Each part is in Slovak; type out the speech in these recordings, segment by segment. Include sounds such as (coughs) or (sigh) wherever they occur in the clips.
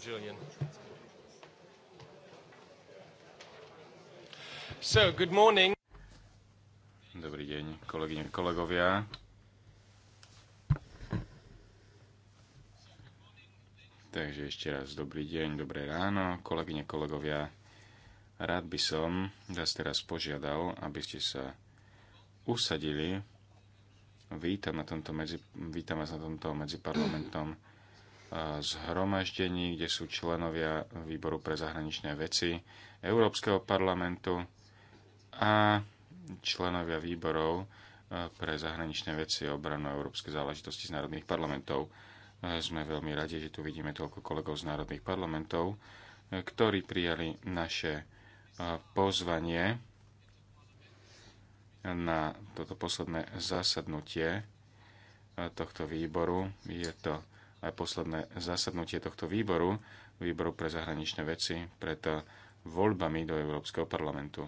Julian. So, good morning. Dobrý deň, kolegyne, kolegovia. Takže ešte raz dobrý deň, dobré ráno, kolegyne, kolegovia. Rád by som vás teraz požiadal, aby ste sa usadili. Vítam, na tomto medzi, vítam vás na tomto medziparlamentnom E, zhromaždení, kde sú členovia Výboru pre zahraničné veci Európskeho parlamentu a členovia výborov e, pre zahraničné veci a obranu európskej záležitosti z národných parlamentov. E, sme veľmi radi, že tu vidíme toľko kolegov z národných parlamentov, ktorí prijali naše pozvanie na toto posledné zasadnutie tohto výboru. Je to posledné zasadnutie tohto výboru, výboru pre zahraničné veci, pred eh, voľbami do Európskeho parlamentu.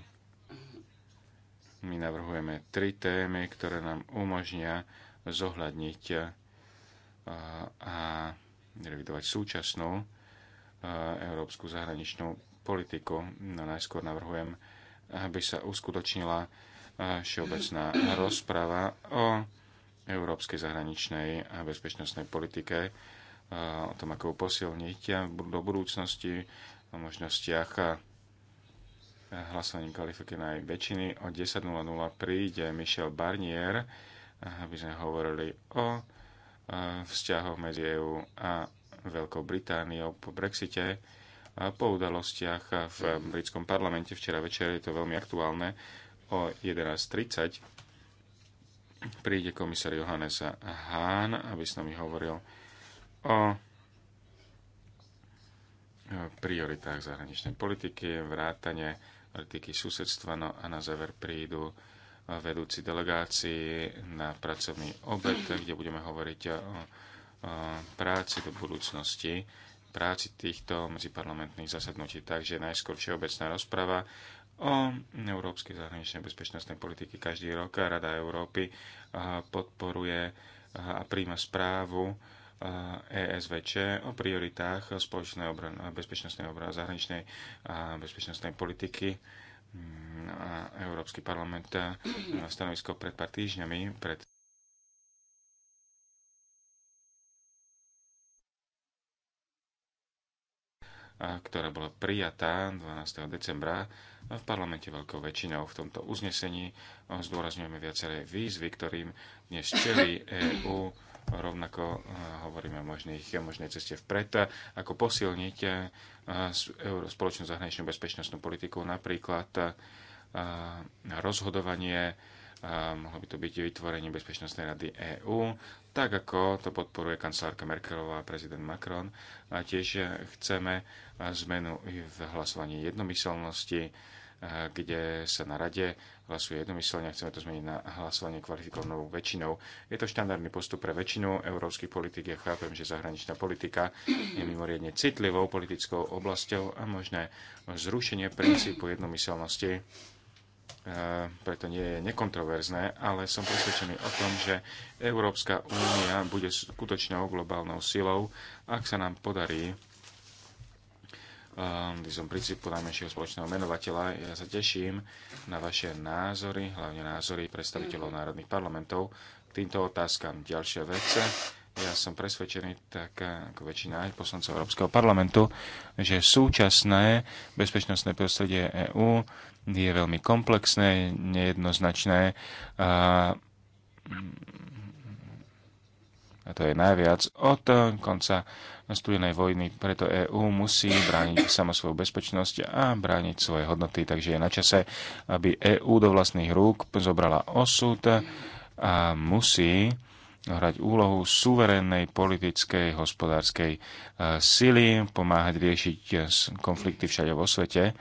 My navrhujeme tri témy, ktoré nám umožnia zohľadniť eh, a revidovať súčasnú eh, európsku zahraničnú politiku. No najskôr navrhujem, aby sa uskutočnila všeobecná rozprava o európskej zahraničnej a bezpečnostnej politike, o tom, ako ju posilniť do budúcnosti, o možnostiach a hlasovaním kvalifikovanej väčšiny. O 10.00 príde Michel Barnier, aby sme hovorili o vzťahoch medzi EU a Veľkou Britániou po Brexite a po udalostiach v britskom parlamente. Včera večer je to veľmi aktuálne o 11.30 príde komisár Johannes Hahn, aby s nami hovoril o prioritách zahraničnej politiky, vrátane politiky susedstva, no a na záver prídu vedúci delegácii na pracovný obed, kde budeme hovoriť o, o práci do budúcnosti, práci týchto medziparlamentných zasadnutí. Takže najskôr všeobecná rozprava o európskej zahraničnej bezpečnostnej politiky. Každý rok Rada Európy podporuje a príjma správu ESVČ o prioritách spoločnej obran- bezpečnostnej obrany zahraničnej a bezpečnostnej politiky. A Európsky parlament stanovisko pred pár týždňami, pred ktorá bola prijatá 12. decembra v parlamente veľkou väčšinou. V tomto uznesení eh, zdôrazňujeme viaceré výzvy, ktorým dnes čelí EÚ. Rovnako eh, hovoríme o možných, možnej ceste vpred, eh, ako posilniť spoločnú zahraničnú bezpečnostnú politiku, napríklad rozhodovanie mohlo by to byť vytvorenie Bezpečnostnej rady EÚ, tak ako to podporuje kancelárka Merkelová a prezident Macron. A tiež chceme zmenu v hlasovaní jednomyselnosti, kde sa na rade hlasuje jednomyselne a chceme to zmeniť na hlasovanie kvalifikovanou väčšinou. Je to štandardný postup pre väčšinu európskych politik. Ja chápem, že zahraničná politika je mimoriadne citlivou politickou oblasťou a možné zrušenie princípu jednomyselnosti preto nie je nekontroverzné, ale som presvedčený o tom, že Európska únia bude skutočnou globálnou silou, ak sa nám podarí kde um, som princípu najmenšieho spoločného menovateľa. Ja sa teším na vaše názory, hlavne názory predstaviteľov národných parlamentov k týmto otázkam. ďalšie vece ja som presvedčený, tak eh, ako väčšina aj poslancov Európskeho parlamentu, že súčasné bezpečnostné prostredie EÚ je veľmi komplexné, nejednoznačné a, eh, a to je najviac od eh, konca studenej vojny, preto EÚ musí brániť samo svoju bezpečnosť a brániť svoje hodnoty, takže je na čase, aby EÚ do vlastných rúk zobrala osud a musí hrať úlohu suverénnej politickej, hospodárskej e, sily, pomáhať riešiť e, konflikty všade vo svete.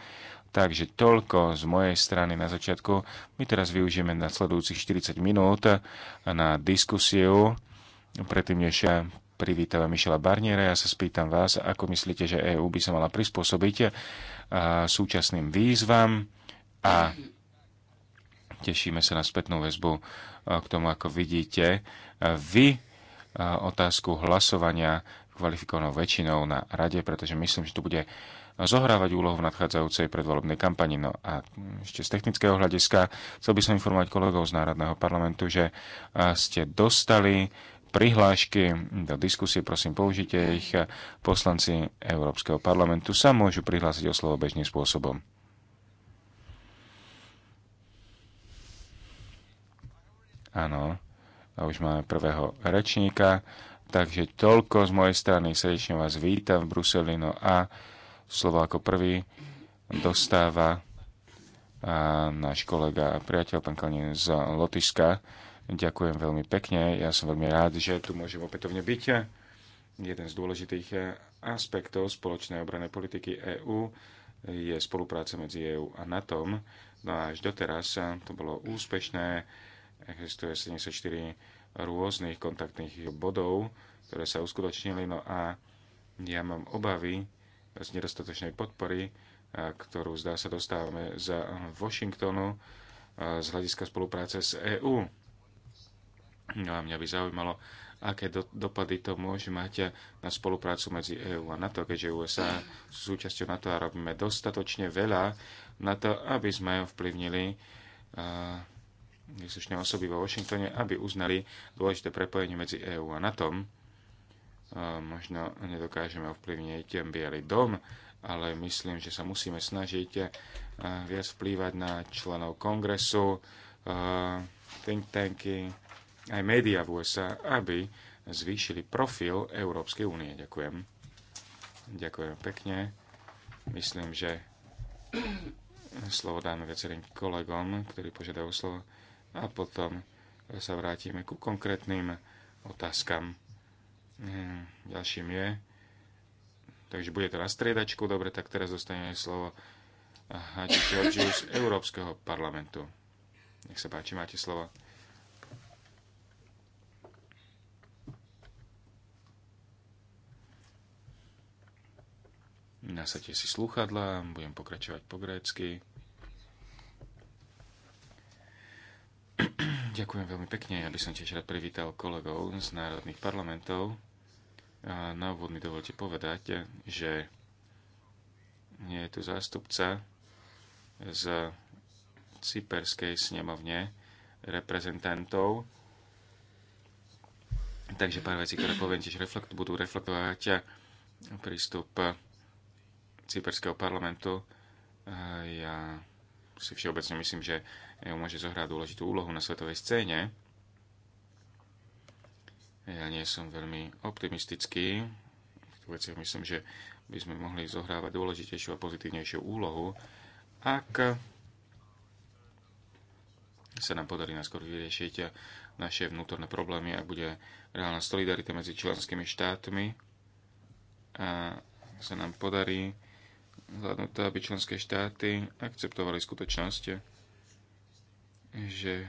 Takže toľko z mojej strany na začiatku. My teraz využijeme nasledujúcich 40 minút e, na diskusiu. Predtým, než privítame Mišela Barniera, ja sa spýtam vás, ako myslíte, že EÚ by sa mala prispôsobiť súčasným výzvam a Tešíme sa na spätnú väzbu e, k tomu, ako vidíte e, vy e, otázku hlasovania kvalifikovanou väčšinou na rade, pretože myslím, že to bude zohrávať úlohu v nadchádzajúcej predvolebnej kampani. No a ešte z technického hľadiska chcel by som informovať kolegov z Národného parlamentu, že ste dostali prihlášky do diskusie, prosím, použite ich. Poslanci Európskeho parlamentu sa môžu prihlásiť o slovo bežným spôsobom. Áno, a už máme prvého rečníka, takže toľko z mojej strany. Srdečne vás vítam v Bruselino a slovo ako prvý dostáva a náš kolega a priateľ, pán Kalnin z Lotyšska. Ďakujem veľmi pekne, ja som veľmi rád, že tu môžem opätovne byť. Jeden z dôležitých aspektov spoločnej obranej politiky EÚ je spolupráca medzi EÚ a NATO. No a až doteraz to bolo úspešné Existuje 74 rôznych kontaktných bodov, ktoré sa uskutočnili, no a ja mám obavy z nedostatočnej podpory, ktorú zdá sa dostávame za Washingtonu z hľadiska spolupráce s EÚ. No a mňa by zaujímalo, aké do, dopady to môže mať na spoluprácu medzi EÚ a NATO, keďže USA sú súčasťou NATO a robíme dostatočne veľa na to, aby sme ovplyvnili uh, príslušné osoby vo Washingtone, aby uznali dôležité prepojenie medzi EÚ a NATO. E, možno nedokážeme ovplyvniť Bielý dom, ale myslím, že sa musíme snažiť e, viac vplývať na členov kongresu, e, think tanky, aj médiá v USA, aby zvýšili profil Európskej únie. Ďakujem. Ďakujem pekne. Myslím, že slovo dáme viacerým kolegom, ktorí požiadajú slovo a potom sa vrátime ku konkrétnym otázkam. Hm, ďalším je, takže bude to na striedačku, dobre, tak teraz dostane slovo Hadži Georgiou z Európskeho parlamentu. Nech sa páči, máte slovo. Nasadte si sluchadla, budem pokračovať po grécky. Ďakujem veľmi pekne. Ja by som tiež rád privítal kolegov z národných parlamentov. A na úvod mi dovolte povedať, že nie je tu zástupca z cyperskej snemovne reprezentantov. Takže pár vecí, ktoré poviem, tiež reflekt, budú reflektovať prístup cyperského parlamentu. Ja si všeobecne myslím, že ja môže zohrať dôležitú úlohu na svetovej scéne. Ja nie som veľmi optimistický. V tú veci myslím, že by sme mohli zohrávať dôležitejšiu a pozitívnejšiu úlohu, ak sa nám podarí naskôr vyriešiť naše vnútorné problémy, ak bude reálna solidarita medzi členskými štátmi a sa nám podarí zvládnuť to, aby členské štáty akceptovali skutočnosť, že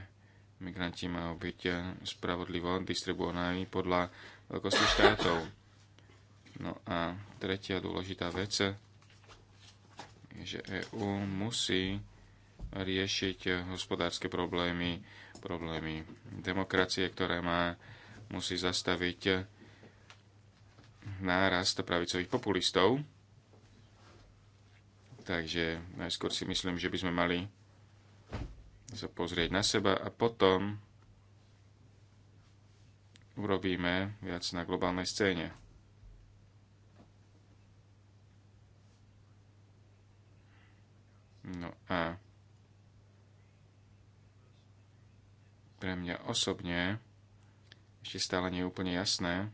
migranti majú byť eh, spravodlivo distribuovaní podľa veľkosti štátov. No a tretia dôležitá vec eh, je, že EÚ musí riešiť eh, hospodárske problémy, problémy demokracie, ktoré má, musí zastaviť nárast pravicových populistov. Takže najskôr si myslím, že by sme mali sa pozrieť na seba a potom urobíme viac na globálnej scéne. No a pre mňa osobne ešte stále nie je úplne jasné,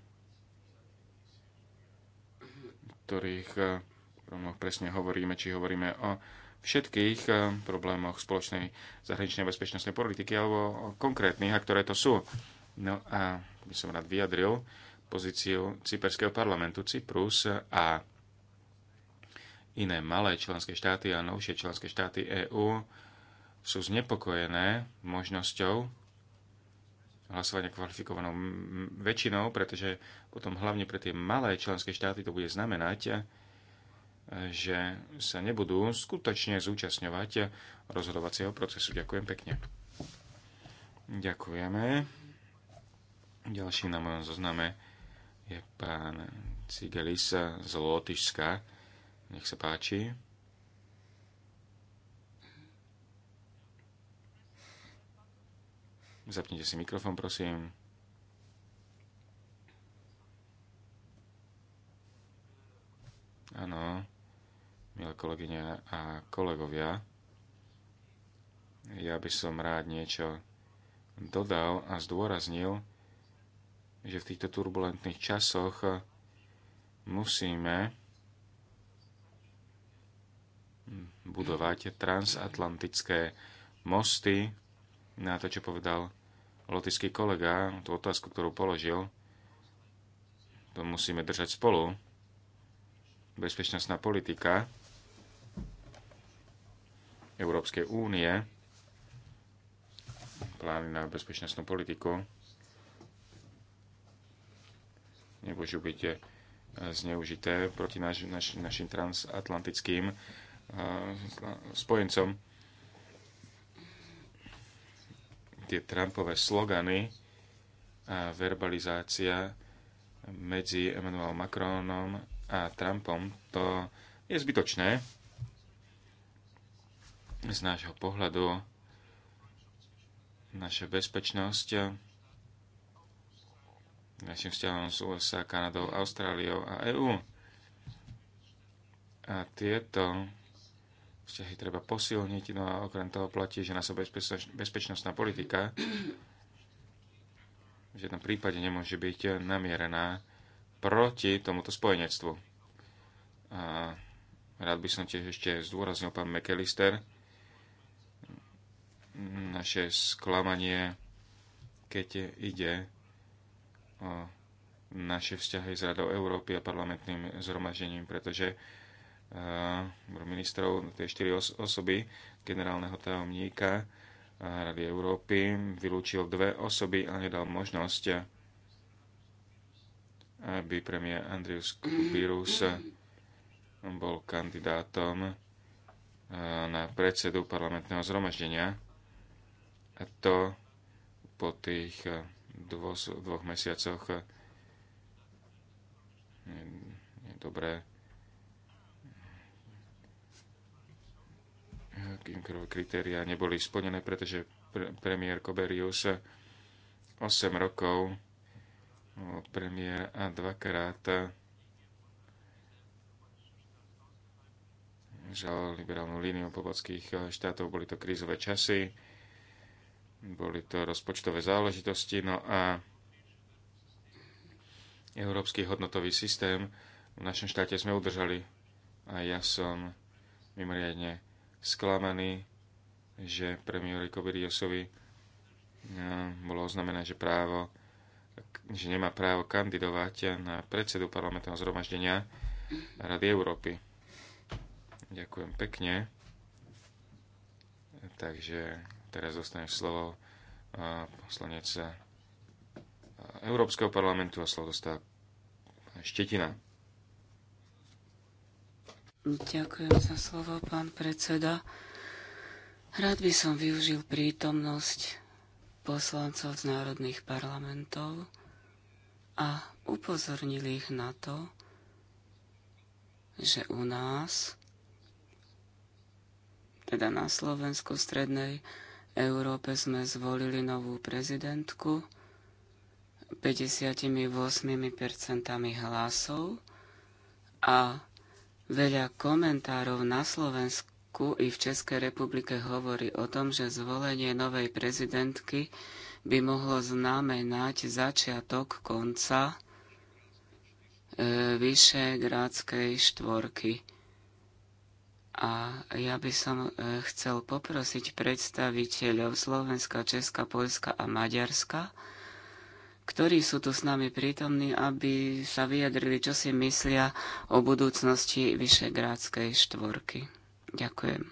ktorých eh, presne hovoríme, či hovoríme o všetkých eh, problémoch spoločnej zahraničnej bezpečnostnej politiky alebo konkrétnych, a ktoré to sú. No a by som rád vyjadril pozíciu Cyperského parlamentu Cyprus a iné malé členské štáty a novšie členské štáty EÚ sú znepokojené možnosťou hlasovania kvalifikovanou väčšinou, pretože potom hlavne pre tie malé členské štáty to bude znamenať, že sa nebudú skutočne zúčastňovať rozhodovacieho procesu. Ďakujem pekne. Ďakujeme. Ďalší na mojom zozname je pán Cigelis z Lotyšska. Nech sa páči. Zapnite si mikrofón, prosím. Áno milé kolegyne a kolegovia. Ja by som rád niečo dodal a zdôraznil, že v týchto turbulentných časoch musíme budovať transatlantické mosty na to, čo povedal lotický kolega, tú otázku, ktorú položil. To musíme držať spolu. Bezpečnostná politika Európskej únie, plány na bezpečnostnú politiku, nemôžu byť eh, zneužité proti naš, naš, našim transatlantickým eh, spojencom. Tie Trumpové slogany a verbalizácia medzi Emmanuel Macronom a Trumpom, to je zbytočné z nášho pohľadu naša bezpečnosť našim vzťahom s USA, Kanadou, Austráliou a EÚ. A tieto vzťahy treba posilniť, no a okrem toho platí, že naša bezpečnostná politika v žiadnom prípade nemôže byť namierená proti tomuto spojenectvu. A rád by som tiež ešte zdôraznil pán McAllister, naše sklamanie, keď ide o naše vzťahy s Radou Európy a parlamentným zhromaždením, pretože uh, ministrov, no, tie štyri os- osoby, generálneho tajomníka eh, Rady Európy, vylúčil dve osoby a nedal možnosť, aby premiér Andrius Kubirus bol kandidátom eh, na predsedu parlamentného zhromaždenia to po tých eh, dvoch, dvoch mesiacoch eh, je dobré kritéria neboli splnené, pretože pre, premiér Koberius 8 eh, rokov premiér a dvakrát žal liberálnu líniu pobalských štátov. Boli to krízové časy boli to rozpočtové záležitosti, no a európsky hodnotový systém v našom štáte sme udržali a ja som mimoriadne sklamaný, že premiéry Koberiosovi eh, bolo oznamené, že právo že nemá právo kandidovať na predsedu parlamentného zhromaždenia Rady Európy. Ďakujem pekne. Takže teraz dostaneš slovo poslanec Európskeho parlamentu a slovo dostá Štetina. Ďakujem za slovo, pán predseda. Rád by som využil prítomnosť poslancov z národných parlamentov a upozornil ich na to, že u nás, teda na Slovensku, Strednej Európe sme zvolili novú prezidentku 58% hlasov a veľa komentárov na Slovensku i v Českej republike hovorí o tom, že zvolenie novej prezidentky by mohlo znamenať začiatok konca e, Vyšegrádskej štvorky. A ja by som e, chcel poprosiť predstaviteľov Slovenska, Česka, Polska a Maďarska, ktorí sú tu s nami prítomní, aby sa vyjadrili, čo si myslia o budúcnosti Vyšegrádskej štvorky. Ďakujem.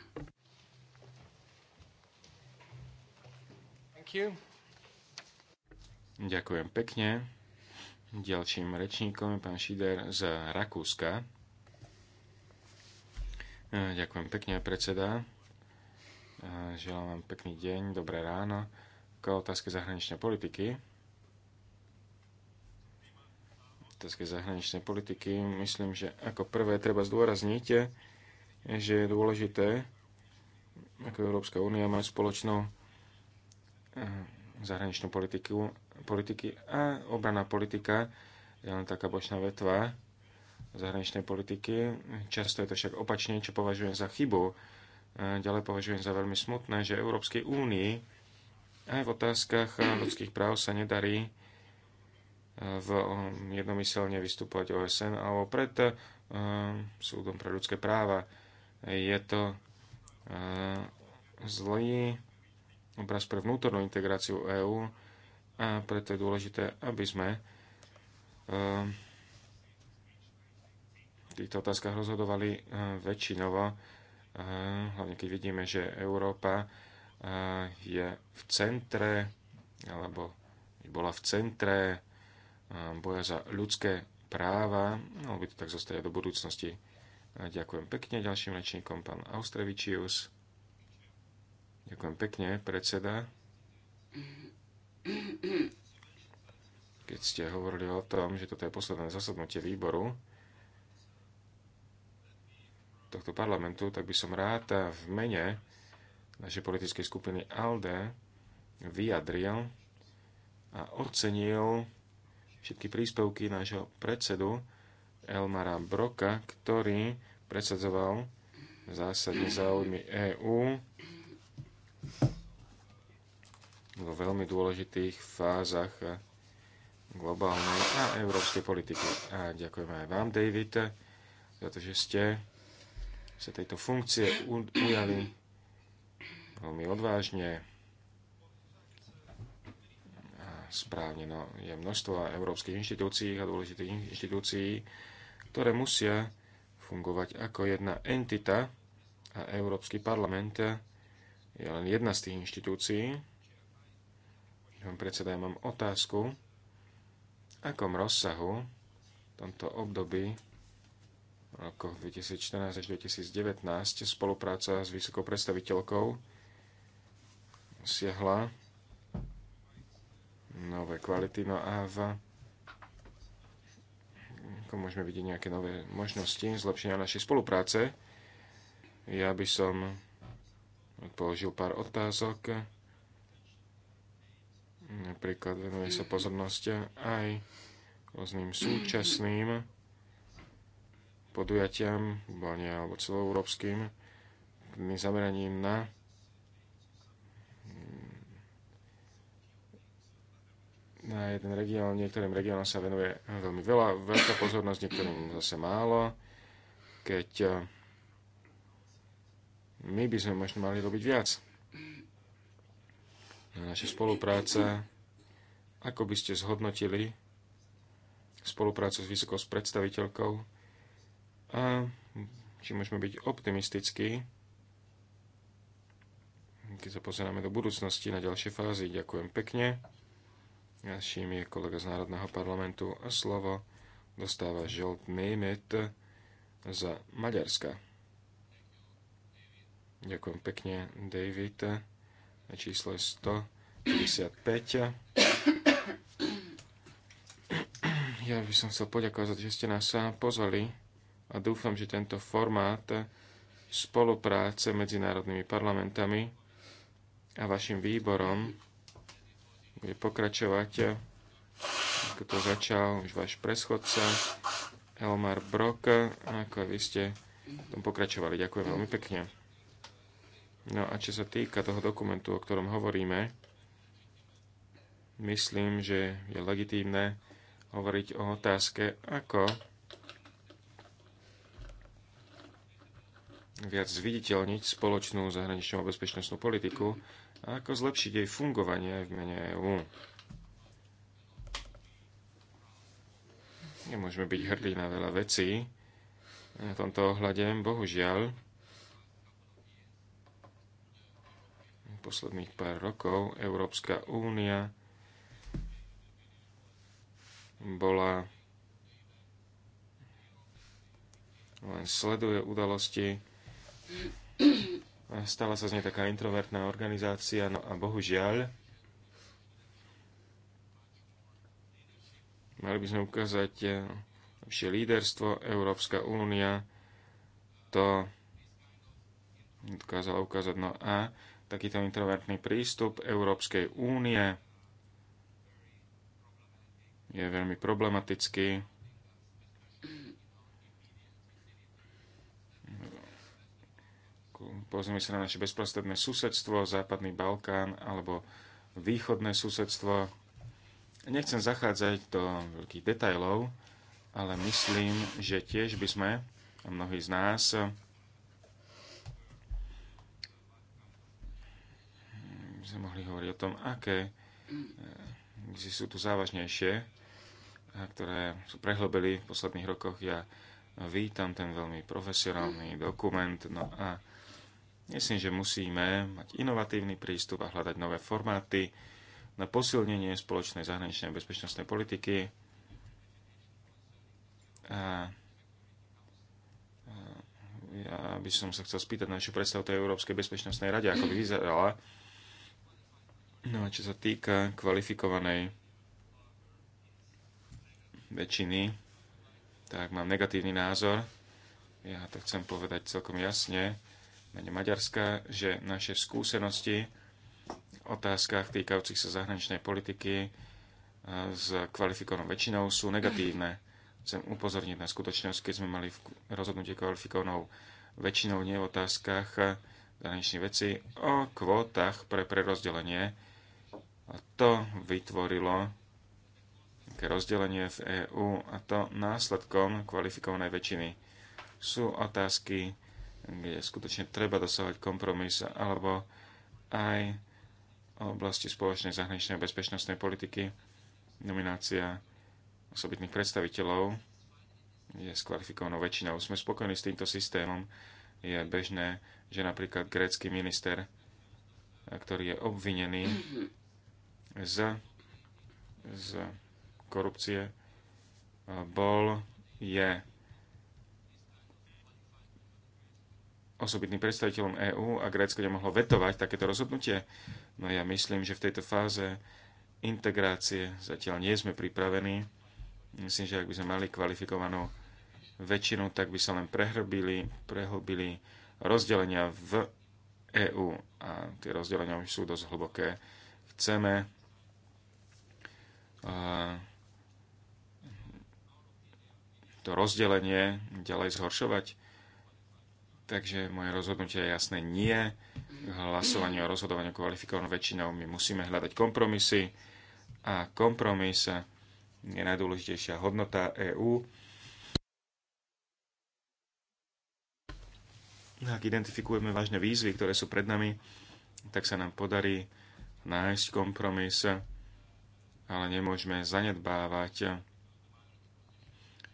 Ďakujem pekne. Ďalším rečníkom je pán Šider z Rakúska. E, ďakujem pekne, predseda. E, želám vám pekný deň, dobré ráno. K otázke zahraničnej politiky. Otázke zahraničnej politiky myslím, že ako prvé treba zdôrazniť, že je dôležité, ako Európska únia má spoločnú e, zahraničnú politiku, politiky a obraná politika je len taká bočná vetva zahraničnej politiky. Často je to však opačne, čo považujem za chybu. E, ďalej považujem za veľmi smutné, že Európskej únii aj v otázkach ľudských práv sa nedarí e, v jednomyselne vystupovať OSN alebo pred e, súdom pre ľudské práva. Je to zlý obraz pre vnútornú integráciu EÚ a preto je dôležité, aby sme uh, týchto otázkach rozhodovali eh, väčšinovo, eh, hlavne keď vidíme, že Európa eh, je v centre, alebo bola v centre boja za ľudské práva, alebo by to tak zostaje do budúcnosti. Ďakujem pekne ďalším rečníkom, pán Austrevičius. Ďakujem pekne, predseda. Keď ste hovorili o tom, že toto je posledné zasadnutie výboru, tohto parlamentu, tak by som rád v mene našej politickej skupiny ALDE vyjadril a ocenil všetky príspevky nášho predsedu Elmara Broka, ktorý predsadzoval zásadne záujmy EÚ vo veľmi dôležitých fázach globálnej a európskej politiky. A ďakujeme aj vám, David, za to, že ste sa tejto funkcie ujali veľmi odvážne a správne. No, je množstvo európskych inštitúcií a dôležitých inštitúcií, ktoré musia fungovať ako jedna entita a Európsky parlament je len jedna z tých inštitúcií. Pán predseda, ja mám otázku, akom rozsahu v tomto období rokoch 2014 až 2019 spolupráca s vysokou predstaviteľkou siahla nové kvality. No a v, ako môžeme vidieť nejaké nové možnosti zlepšenia našej spolupráce. Ja by som položil pár otázok. Napríklad venuje sa pozornosť aj rôznym súčasným podujatiam, globálne alebo celoeurópskym, zameraním na mm, na jeden región, niektorým regiónom sa venuje veľmi veľa, veľká pozornosť, niektorým zase málo. Keď e, my by sme možno mali robiť viac. Naša spolupráca, ako by ste zhodnotili spoluprácu s vysokou predstaviteľkou a či môžeme byť optimistickí, keď sa pozeráme do budúcnosti na ďalšie fázy. Ďakujem pekne. Ďalším je kolega z Národného parlamentu a slovo dostáva Žolt Nejmet za Maďarska. Ďakujem pekne, David. Číslo je 155. Ja by som chcel poďakovať za to, že ste nás pozvali a dúfam, že tento formát spolupráce medzi národnými parlamentami a vašim výborom bude pokračovať, ako to začal už váš preschodca Elmar Brok, ako vy ste v tom pokračovali. Ďakujem veľmi pekne. No a čo sa týka toho dokumentu, o ktorom hovoríme, myslím, že je legitímne hovoriť o otázke, ako viac zviditeľniť spoločnú zahraničnú a bezpečnostnú politiku a ako zlepšiť jej fungovanie v mene EÚ. Nemôžeme byť hrdí na veľa vecí. Na tomto ohľade, bohužiaľ, posledných pár rokov Európska únia bola len sleduje udalosti Stala sa z nej taká introvertná organizácia, no a bohužiaľ, mali by sme ukázať eh, lepšie líderstvo. Európska únia to dokázala ukázať. No a takýto introvertný prístup Európskej únie je veľmi problematický. pozrieme sa na naše bezprostredné susedstvo, západný Balkán alebo východné susedstvo. Nechcem zachádzať do veľkých detajlov, ale myslím, že tiež by sme, mnohí z nás, by sme mohli hovoriť o tom, aké eh, sú tu závažnejšie, ktoré sú prehlbili v posledných rokoch. Ja vítam ten veľmi profesionálny dokument. No a Myslím, že musíme mať inovatívny prístup a hľadať nové formáty na posilnenie spoločnej zahraničnej a bezpečnostnej politiky. A ja by som sa chcel spýtať na našu predstavu tej Európskej bezpečnostnej rade, ako by vyzerala. No a čo sa týka kvalifikovanej väčšiny, tak mám negatívny názor. Ja to chcem povedať celkom jasne mene Maďarska, že naše skúsenosti v otázkach týkajúcich sa zahraničnej politiky e, s kvalifikovanou väčšinou sú negatívne. Chcem upozorniť na skutočnosť, keď sme mali rozhodnutie kvalifikovanou väčšinou nie v otázkach e, zahraničných veci, o kvótach pre prerozdelenie. A to vytvorilo také rozdelenie v EÚ a to následkom kvalifikovanej väčšiny. Sú otázky kde skutočne treba dosahovať kompromis, alebo aj v oblasti spoločnej zahraničnej a bezpečnostnej politiky nominácia osobitných predstaviteľov je s kvalifikovanou väčšinou. Sme spokojní s týmto systémom. Je bežné, že napríklad grécky minister, ktorý je obvinený z, z korupcie, bol, je osobitným predstaviteľom EÚ a Grécko nemohlo vetovať takéto rozhodnutie? No ja myslím, že v tejto fáze integrácie zatiaľ nie sme pripravení. Myslím, že ak by sme mali kvalifikovanú väčšinu, tak by sa len prehrbili, prehlbili rozdelenia v EÚ. A tie rozdelenia už sú dosť hlboké. Chceme to rozdelenie ďalej zhoršovať. Takže moje rozhodnutie je jasné nie. Hlasovanie o rozhodovaní kvalifikovanou väčšinou my musíme hľadať kompromisy a kompromis je najdôležitejšia hodnota EÚ. Ak identifikujeme vážne výzvy, ktoré sú pred nami, tak sa nám podarí nájsť kompromis, ale nemôžeme zanedbávať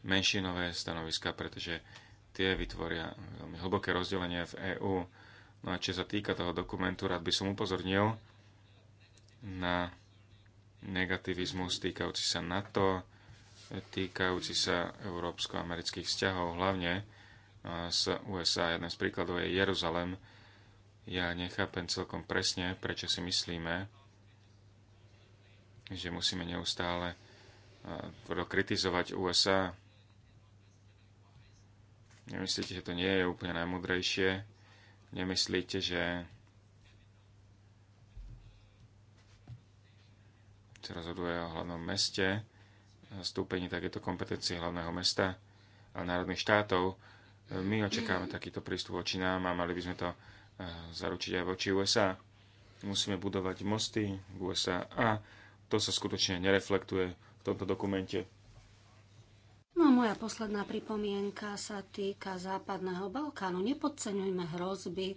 menšinové stanoviska, pretože Tie vytvoria veľmi hlboké rozdelenie v EÚ. No a čo sa týka toho dokumentu, rád by som upozornil na negativizmus týkajúci sa NATO, týkajúci sa európsko-amerických vzťahov, hlavne z USA. Jeden z príkladov je Jeruzalem. Ja nechápem celkom presne, prečo si myslíme, že musíme neustále kritizovať USA Nemyslíte, že to nie je úplne najmudrejšie? Nemyslíte, že sa rozhoduje o hlavnom meste, stúpení takéto kompetencie hlavného mesta a národných štátov. My očakávame takýto prístup voči nám a mali by sme to eh, zaručiť aj voči USA. Musíme budovať mosty v USA a to sa skutočne nereflektuje v tomto dokumente. No a moja posledná pripomienka sa týka Západného Balkánu. Nepodceňujme hrozby,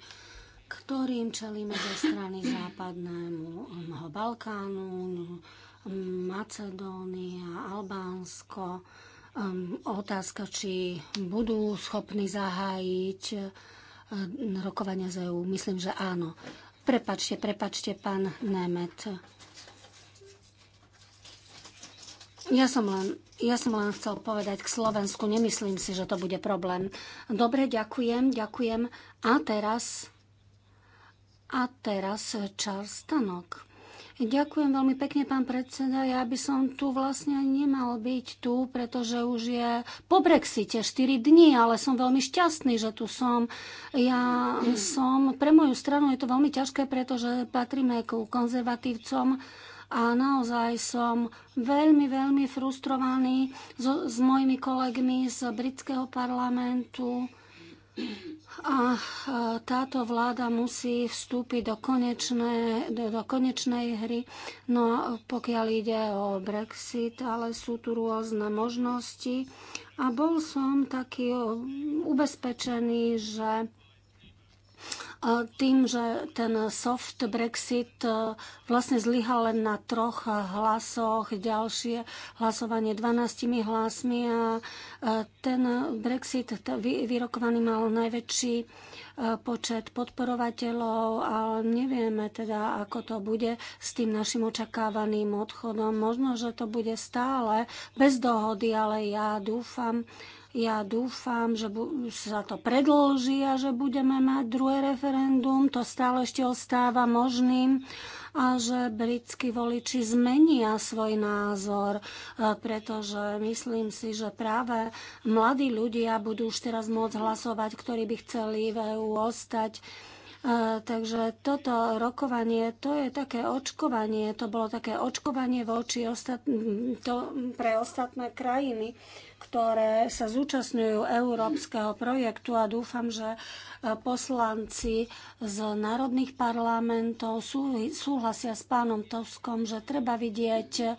ktorým čelíme zo strany Západného Balkánu, Macedónia, Albánsko. Ehm, otázka, či budú schopní zahájiť ehm, rokovania z EU. Myslím, že áno. Prepačte, prepačte, pán Nemet. Ja som len ja som len chcel povedať k Slovensku, nemyslím si, že to bude problém. Dobre, ďakujem, ďakujem. A teraz, a teraz Charles Tanok. Ďakujem veľmi pekne, pán predseda. Ja by som tu vlastne nemal byť tu, pretože už je po Brexite 4 dní, ale som veľmi šťastný, že tu som. Ja som, pre moju stranu je to veľmi ťažké, pretože patríme ku konzervatívcom a naozaj som veľmi, veľmi frustrovaný so, s mojimi kolegmi z britského parlamentu. A e, táto vláda musí vstúpiť do, konečné, do, do konečnej hry. No a pokiaľ ide o Brexit, ale sú tu rôzne možnosti. A bol som taký e, ubezpečený, že tým, že ten soft Brexit e, vlastne zlyhal len na troch hlasoch, ďalšie hlasovanie 12 hlasmi a e, ten Brexit vyrokovaný mal najväčší e, počet podporovateľov, ale nevieme teda, ako to bude s tým našim očakávaným odchodom. Možno, že to bude stále bez dohody, ale ja dúfam, ja dúfam, že sa to predlží a že budeme mať druhé referendum. To stále ešte ostáva možným a že britskí voliči zmenia svoj názor, e, pretože myslím si, že práve mladí ľudia budú už teraz môcť hlasovať, ktorí by chceli v EU ostať. Takže toto rokovanie, to je také očkovanie, to bolo také očkovanie voči ostat- to, pre ostatné krajiny, ktoré sa zúčastňujú európskeho projektu a dúfam, že e, poslanci z národných parlamentov súhlasia s pánom Toskom, že treba vidieť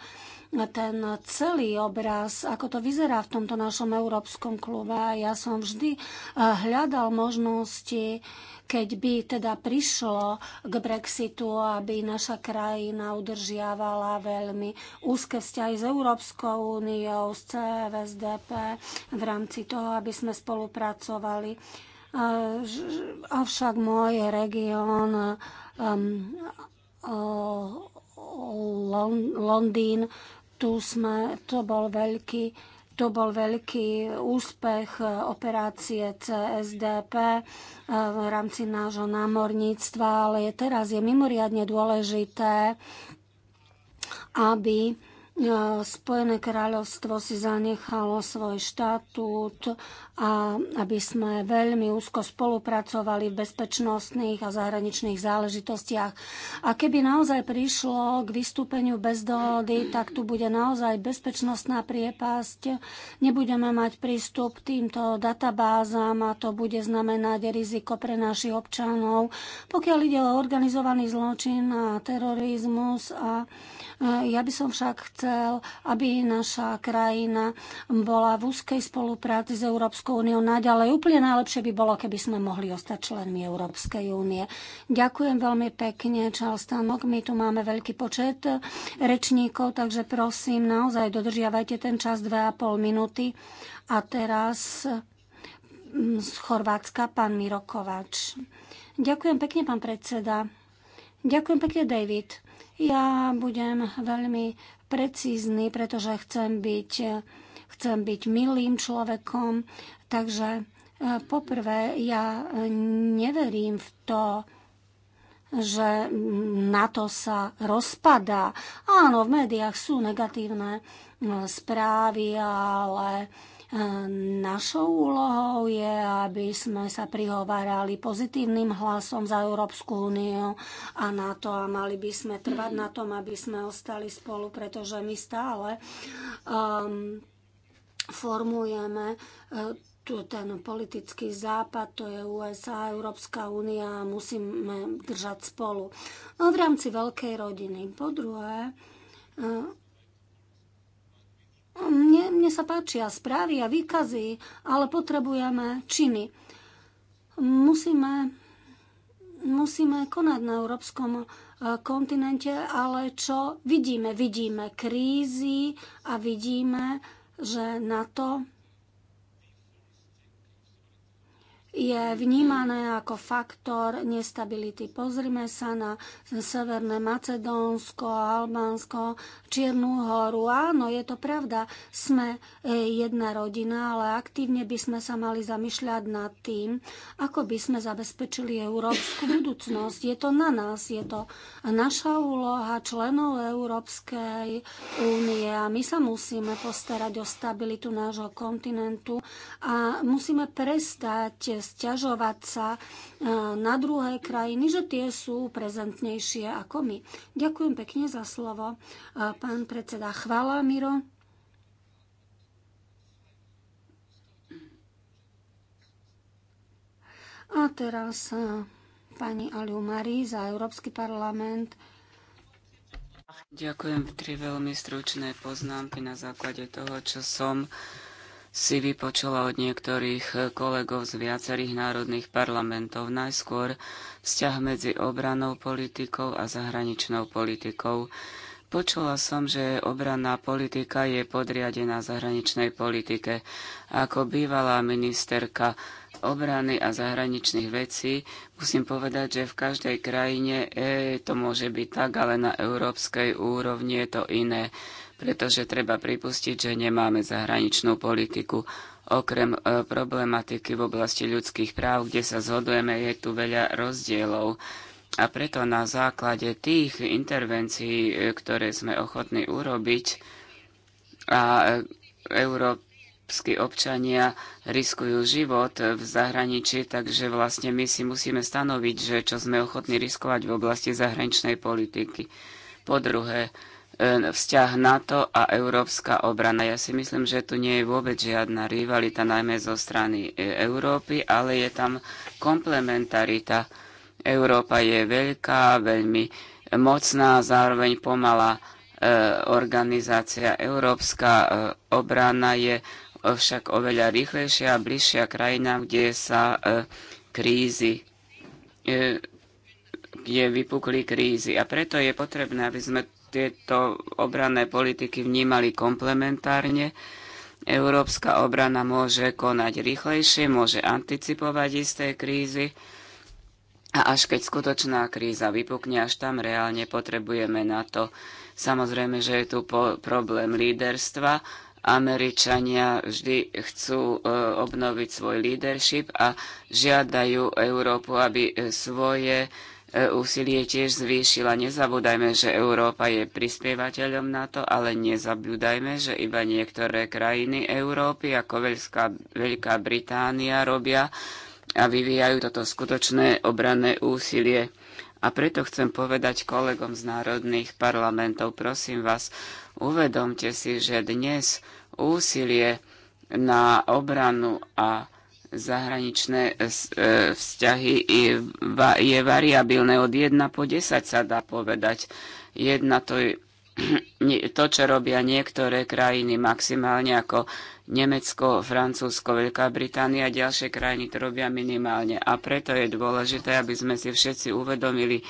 ten celý obraz, ako to vyzerá v tomto našom európskom klube. Ja som vždy eh, hľadal možnosti, keď by teda prišlo k Brexitu, aby naša krajina udržiavala veľmi úzke vzťahy s Európskou úniou, s CVSDP, v rámci toho, aby sme spolupracovali. Eh, avšak môj región um, Londýn tu sme, to bol veľký to bol veľký úspech e, operácie CSDP e, v rámci nášho námorníctva, ale je teraz je mimoriadne dôležité, aby Spojené kráľovstvo si zanechalo svoj štatút a aby sme veľmi úzko spolupracovali v bezpečnostných a zahraničných záležitostiach. A keby naozaj prišlo k vystúpeniu bez dohody, tak tu bude naozaj bezpečnostná priepasť. Nebudeme mať prístup k týmto databázam a to bude znamenať riziko pre našich občanov. Pokiaľ ide o organizovaný zločin a terorizmus a E, ja by som však chcel, aby naša krajina bola v úzkej spolupráci s Európskou úniou naďalej. Úplne najlepšie by bolo, keby sme mohli ostať členmi Európskej únie. Ďakujem veľmi pekne, Charles Tanok. My tu máme veľký počet rečníkov, takže prosím, naozaj dodržiavajte ten čas 2,5 minúty. A teraz mm, z Chorvátska pán Miro Kovač. Ďakujem pekne, pán predseda. Ďakujem pekne, David. Ja budem veľmi precízny, pretože chcem byť, chcem byť milým človekom, takže e, poprvé ja neverím v to, že NATO sa rozpadá. Áno, v médiách sú negatívne e, správy, ale Našou úlohou je, aby sme sa prihovárali pozitívnym hlasom za Európsku úniu a na to a mali by sme trvať na tom, aby sme ostali spolu, pretože my stále um, formujeme uh, tu ten politický západ, to je USA, Európska únia a musíme držať spolu. No, v rámci veľkej rodiny. Po druhé, uh, No, mne, mne sa páčia správy a výkazy, ale potrebujeme činy. Musíme, musíme konať na európskom e, kontinente, ale čo vidíme? Vidíme krízy a vidíme, že na to je vnímané ako faktor nestability. Pozrime sa na Severné Macedónsko, Albánsko, Čiernu horu. Áno, je to pravda, sme e, jedna rodina, ale aktívne by sme sa mali zamýšľať nad tým, ako by sme zabezpečili európsku budúcnosť. Je to na nás, je to naša úloha členov Európskej únie a my sa musíme postarať o stabilitu nášho kontinentu a musíme prestať stiažovať sa e, na druhé krajiny, že tie sú prezentnejšie ako my. Ďakujem pekne za slovo, e, pán predseda. Chvála, Miro. A teraz e, pani Aliu Marí za Európsky parlament. Ďakujem. Tri veľmi stručné poznámky na základe toho, čo som si vypočula od niektorých kolegov z viacerých národných parlamentov. Najskôr vzťah medzi obranou politikou a zahraničnou politikou. Počula som, že obranná politika je podriadená zahraničnej politike. Ako bývalá ministerka obrany a zahraničných vecí, musím povedať, že v každej krajine e, to môže byť tak, ale na európskej úrovni je to iné pretože treba pripustiť, že nemáme zahraničnú politiku. Okrem e, problematiky v oblasti ľudských práv, kde sa zhodujeme, je tu veľa rozdielov. A preto na základe tých intervencií, e, ktoré sme ochotní urobiť, a e, európsky občania riskujú život v zahraničí, takže vlastne my si musíme stanoviť, že čo sme ochotní riskovať v oblasti zahraničnej politiky. Po druhé, E, vzťah NATO a európska obrana. Ja si myslím, že tu nie je vôbec žiadna rivalita, najmä zo strany e, Európy, ale je tam komplementarita. Európa je veľká, veľmi mocná, zároveň pomalá e, organizácia. Európska obrana je však oveľa rýchlejšia a bližšia krajina, kde sa krízy kde vypukli krízy. A preto je potrebné, aby sme tieto obranné politiky vnímali komplementárne. Európska obrana môže konať rýchlejšie, môže anticipovať isté krízy a až keď skutočná kríza vypukne, až tam reálne potrebujeme na to. Samozrejme, že je tu problém líderstva. Američania vždy chcú e, obnoviť svoj leadership a žiadajú Európu, aby e, svoje e, E, úsilie tiež zvýšila. Nezabúdajme, že Európa je prispievateľom NATO, ale nezabúdajme, že iba niektoré krajiny Európy, ako Veľská, Veľká Británia, robia a vyvíjajú toto skutočné obranné úsilie. A preto chcem povedať kolegom z národných parlamentov, prosím vás, uvedomte si, že dnes úsilie na obranu a zahraničné e, e, vzťahy je variabilné. Od 1 po 10 sa dá povedať. Jedna to je (clears throat) to, čo robia niektoré krajiny maximálne ako Nemecko, Francúzsko, Veľká Británia a ďalšie krajiny to robia minimálne. A preto je dôležité, aby sme si všetci uvedomili,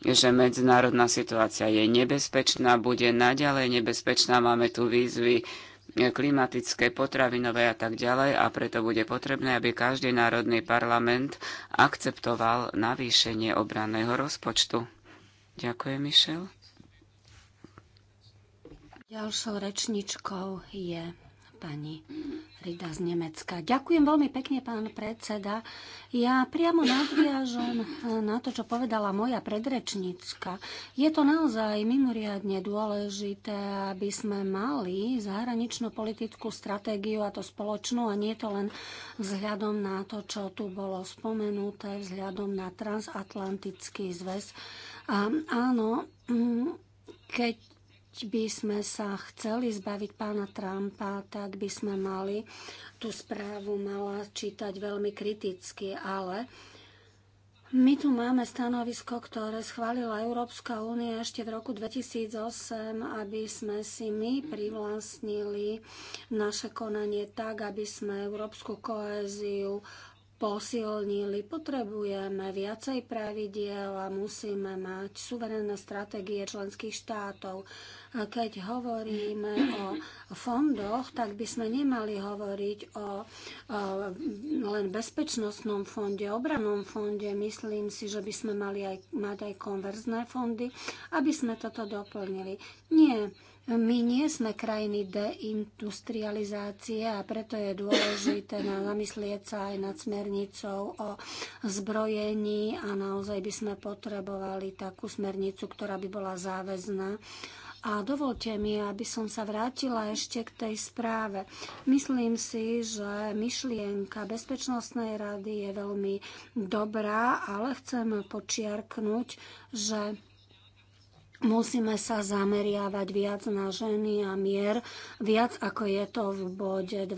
že medzinárodná situácia je nebezpečná, bude naďalej nebezpečná. Máme tu výzvy klimatické, potravinové a tak ďalej a preto bude potrebné, aby každý národný parlament akceptoval navýšenie obranného rozpočtu. Ďakujem, Michel. Ďalšou rečničkou je pani Rida z Nemecka. Ďakujem veľmi pekne, pán predseda. Ja priamo nadviažem eh, na to, čo povedala moja predrečníčka. Je to naozaj mimoriadne dôležité, aby sme mali zahraničnú politickú stratégiu a to spoločnú a nie to len vzhľadom na to, čo tu bolo spomenuté, vzhľadom na transatlantický zväz. A áno, mm, keď by sme sa chceli zbaviť pána Trumpa, tak by sme mali tú správu mala čítať veľmi kriticky, ale my tu máme stanovisko, ktoré schválila Európska únia ešte v roku 2008, aby sme si my privlastnili naše konanie tak, aby sme európsku koéziu posilnili. Potrebujeme viacej pravidiel a musíme mať suverénne stratégie členských štátov. Keď hovoríme o fondoch, tak by sme nemali hovoriť o, o len bezpečnostnom fonde, obrannom fonde. Myslím si, že by sme mali aj, mať aj konverzné fondy, aby sme toto doplnili. Nie, my nie sme krajiny deindustrializácie a preto je dôležité na zamyslieť sa aj nad smernicou o zbrojení a naozaj by sme potrebovali takú smernicu, ktorá by bola záväzná a dovolte mi, aby som sa vrátila ešte k tej správe. Myslím si, že myšlienka Bezpečnostnej rady je veľmi dobrá, ale chcem počiarknúť, že Musíme sa zameriavať viac na ženy a mier, viac ako je to v bode 20.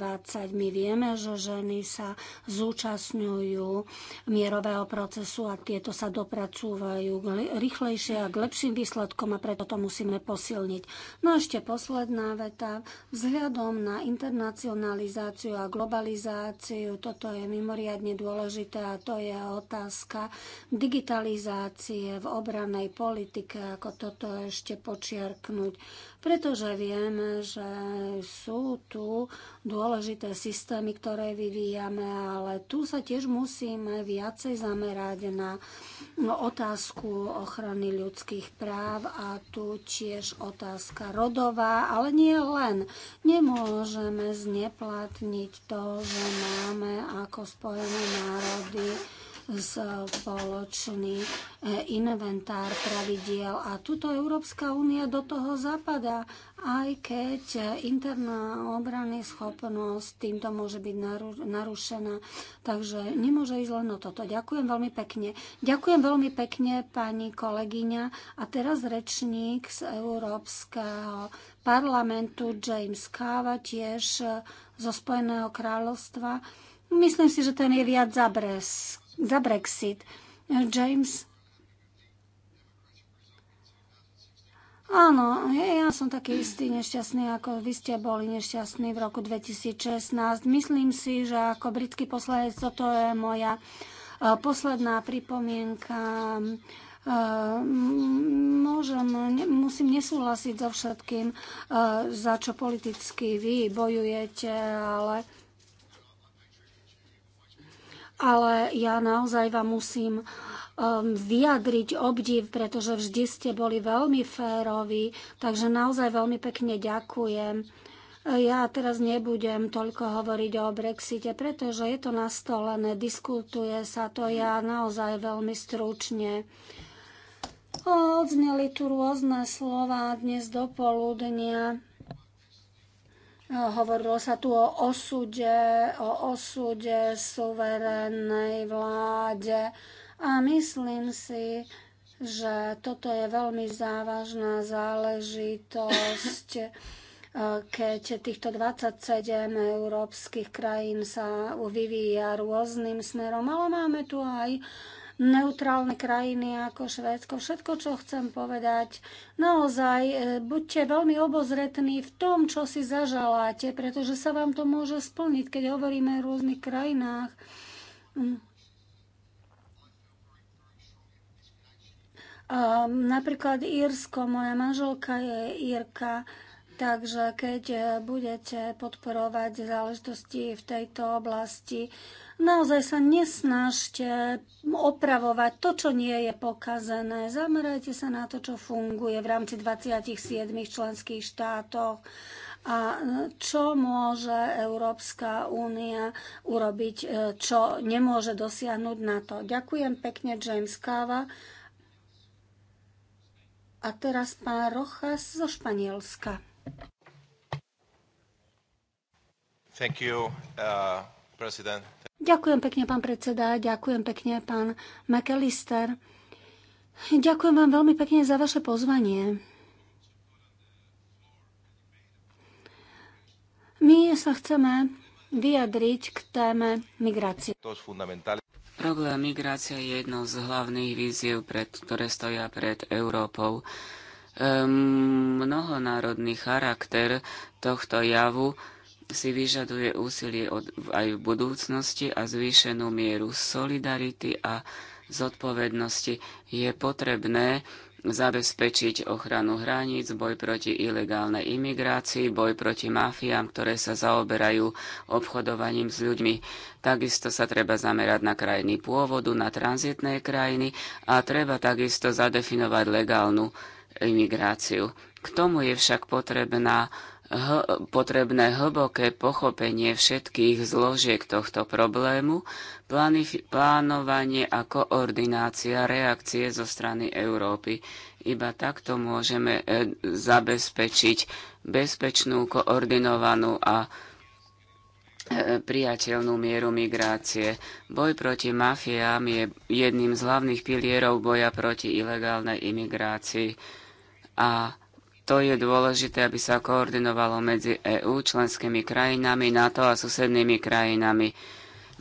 My vieme, že ženy sa zúčastňujú mierového procesu a tieto sa dopracúvajú rýchlejšie a k lepším výsledkom a preto to musíme posilniť. No a ešte posledná veta. Vzhľadom na internacionalizáciu a globalizáciu, toto je mimoriadne dôležité a to je otázka digitalizácie v obranej politike, ako to toto ešte počiarknúť, pretože vieme, že sú tu dôležité systémy, ktoré vyvíjame, ale tu sa tiež musíme viacej zamerať na otázku ochrany ľudských práv a tu tiež otázka rodová, ale nie len. Nemôžeme zneplatniť to, že máme ako Spojené národy spoločný e, inventár pravidiel. A tuto Európska únia do toho zapadá, aj keď interná obrany schopnosť týmto môže byť narušená. Takže nemôže ísť len o toto. Ďakujem veľmi pekne. Ďakujem veľmi pekne, pani kolegyňa. A teraz rečník z Európskeho parlamentu James Káva tiež zo Spojeného kráľovstva. Myslím si, že ten je viac zabresk za Brexit. James Áno, ja som taký istý nešťastný, ako vy ste boli nešťastní v roku 2016. Myslím si, že ako britský poslanec toto je moja e, posledná pripomienka. E, môžem, musím nesúhlasiť so všetkým, e, za čo politicky vy bojujete, ale ale ja naozaj vám musím um, vyjadriť obdiv, pretože vždy ste boli veľmi férovi, takže naozaj veľmi pekne ďakujem. Ja teraz nebudem toľko hovoriť o Brexite, pretože je to nastolené, diskutuje sa to ja naozaj veľmi stručne. Odzneli tu rôzne slova dnes do poludnia. E, hovorilo sa tu o osude, o osude suverénnej vláde a myslím si, že toto je veľmi závažná záležitosť, e, keď týchto 27 európskych krajín sa vyvíja rôznym smerom, ale máme tu aj neutrálne krajiny ako Švédsko. Všetko, čo chcem povedať, naozaj e, buďte veľmi obozretní v tom, čo si zažaláte, pretože sa vám to môže splniť, keď hovoríme o rôznych krajinách. Mm. napríklad Írsko, moja manželka je Írka. Takže keď e, budete podporovať záležitosti v tejto oblasti, naozaj sa nesnažte opravovať to, čo nie je pokazené. Zamerajte sa na to, čo funguje v rámci 27 členských štátov a e, čo môže Európska únia urobiť, e, čo nemôže dosiahnuť na to. Ďakujem pekne, James Kava. A teraz pán Rocha zo Španielska. Thank you, uh, Ďakujem pekne, pán predseda, ďakujem pekne, pán McAllister. Ďakujem vám veľmi pekne za vaše pozvanie. My sa chceme vyjadriť k téme migrácie. Problém migrácie je jednou z hlavných víziev, pred, ktoré stoja pred Európou. Ehm, mnohonárodný charakter tohto javu si vyžaduje úsilie od, aj v budúcnosti a zvýšenú mieru solidarity a zodpovednosti. Je potrebné zabezpečiť ochranu hraníc, boj proti ilegálnej imigrácii, boj proti mafiám, ktoré sa zaoberajú obchodovaním s ľuďmi. Takisto sa treba zamerať na krajiny pôvodu, na tranzitné krajiny a treba takisto zadefinovať legálnu imigráciu. K tomu je však potrebná h- potrebné hlboké pochopenie všetkých zložiek tohto problému, plánovanie a koordinácia reakcie zo strany Európy. Iba takto môžeme e, zabezpečiť bezpečnú, koordinovanú a e, priateľnú mieru migrácie. Boj proti mafiám je jedným z hlavných pilierov boja proti ilegálnej imigrácii a to je dôležité, aby sa koordinovalo medzi EÚ, členskými krajinami, NATO a susednými krajinami.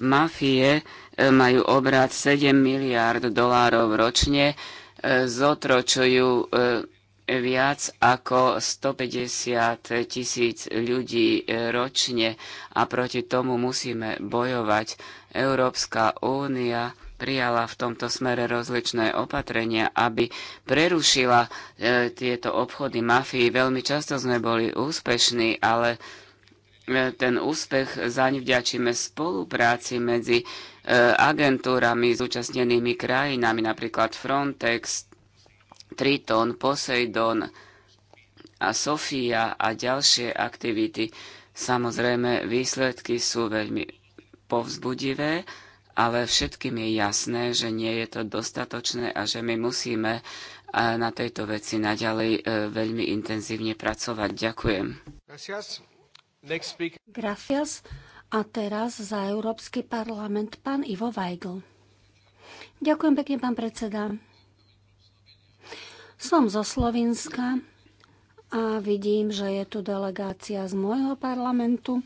Mafie e, majú obrad 7 miliárd dolárov ročne, e, zotročujú e, viac ako 150 tisíc ľudí ročne a proti tomu musíme bojovať. Európska únia prijala v tomto smere rozličné opatrenia, aby prerušila e, tieto obchody mafii. Veľmi často sme boli úspešní, ale e, ten úspech zaň vďačíme spolupráci medzi e, agentúrami, zúčastnenými krajinami, napríklad Frontex, Triton, Poseidon a Sofia a ďalšie aktivity. Samozrejme, výsledky sú veľmi povzbudivé ale všetkým je jasné, že nie je to dostatočné a že my musíme eh, na tejto veci naďalej eh, veľmi intenzívne pracovať. Ďakujem. Gracias. A teraz za Európsky parlament pán Ivo Weigl. Ďakujem pekne, pán predseda. Som zo Slovenska a vidím, že je tu delegácia z môjho parlamentu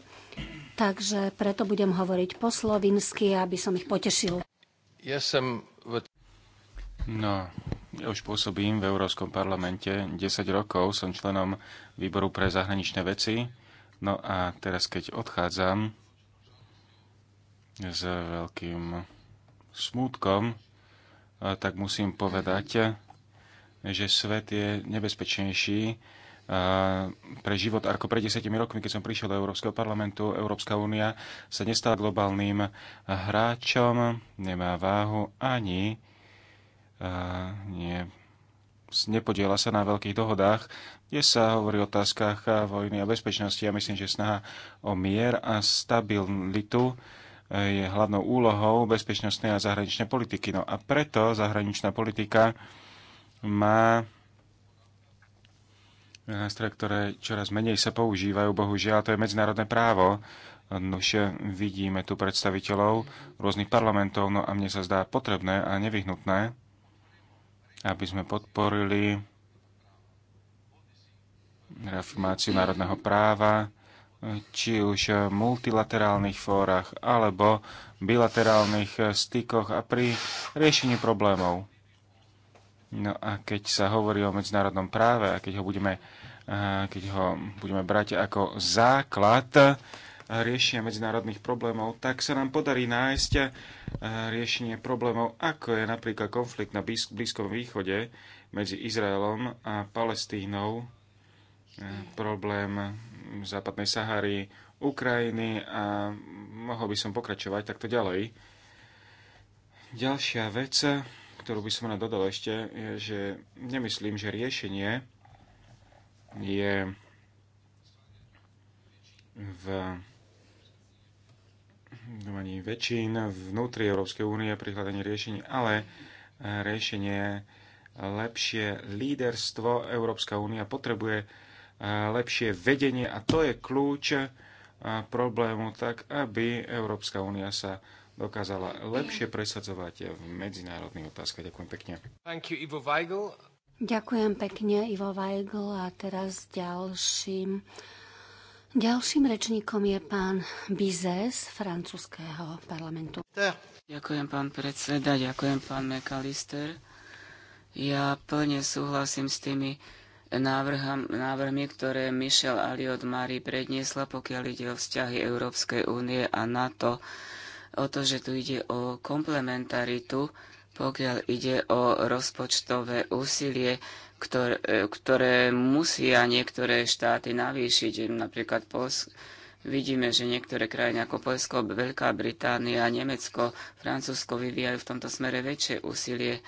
takže preto budem hovoriť po slovinsky, aby som ich potešil. Ja som... No, ja už pôsobím v Európskom parlamente. 10 rokov som členom výboru pre zahraničné veci. No a teraz, keď odchádzam s veľkým smútkom, eh, tak musím povedať, že svet je nebezpečnejší, pre život ako pred desiatimi rokmi, keď som prišiel do Európskeho parlamentu. Európska únia sa nestala globálnym hráčom, nemá váhu ani nie, nepodiela sa na veľkých dohodách, kde sa hovorí o otázkach vojny a bezpečnosti. Ja myslím, že snaha o mier a stabilitu e, je hlavnou úlohou bezpečnostnej a zahraničnej politiky. No a preto zahraničná politika má nástroje, ktoré čoraz menej sa používajú, bohužiaľ, to je medzinárodné právo. Nož vidíme tu predstaviteľov rôznych parlamentov, no a mne sa zdá potrebné a nevyhnutné, aby sme podporili reformáciu národného práva, či už v multilaterálnych fórach alebo bilaterálnych stykoch a pri riešení problémov. No a keď sa hovorí o medzinárodnom práve a keď ho budeme, keď ho budeme brať ako základ riešenia medzinárodných problémov, tak sa nám podarí nájsť riešenie problémov, ako je napríklad konflikt na Blízkom východe medzi Izraelom a Palestínou, problém západnej Sahary, Ukrajiny a mohol by som pokračovať takto ďalej. Ďalšia vec, ktorú by som na dodal ešte, je, že nemyslím, že riešenie je v domovaní väčšin vnútri Európskej únie pri hľadaní riešení, ale riešenie lepšie líderstvo. Európska únia potrebuje lepšie vedenie a to je kľúč problému tak, aby Európska únia sa dokázala lepšie presadzovať v medzinárodných otázkach. Ďakujem pekne. Thank you, Ivo Weigl. Ďakujem pekne, Ivo Weigl. A teraz ďalším, ďalším rečníkom je pán Bizes z francúzského parlamentu. Ďakujem, pán predseda, ďakujem, pán McAllister. Ja plne súhlasím s tými návrham, návrhmi, ktoré Michel Aliot Marie predniesla, pokiaľ ide o vzťahy Európskej únie a NATO o to, že tu ide o komplementaritu, pokiaľ ide o rozpočtové úsilie, ktoré, e, ktoré musia niektoré štáty navýšiť. Napríklad Polsk, vidíme, že niektoré krajiny ako Polsko, Veľká Británia, Nemecko, Francúzsko vyvíjajú v tomto smere väčšie úsilie.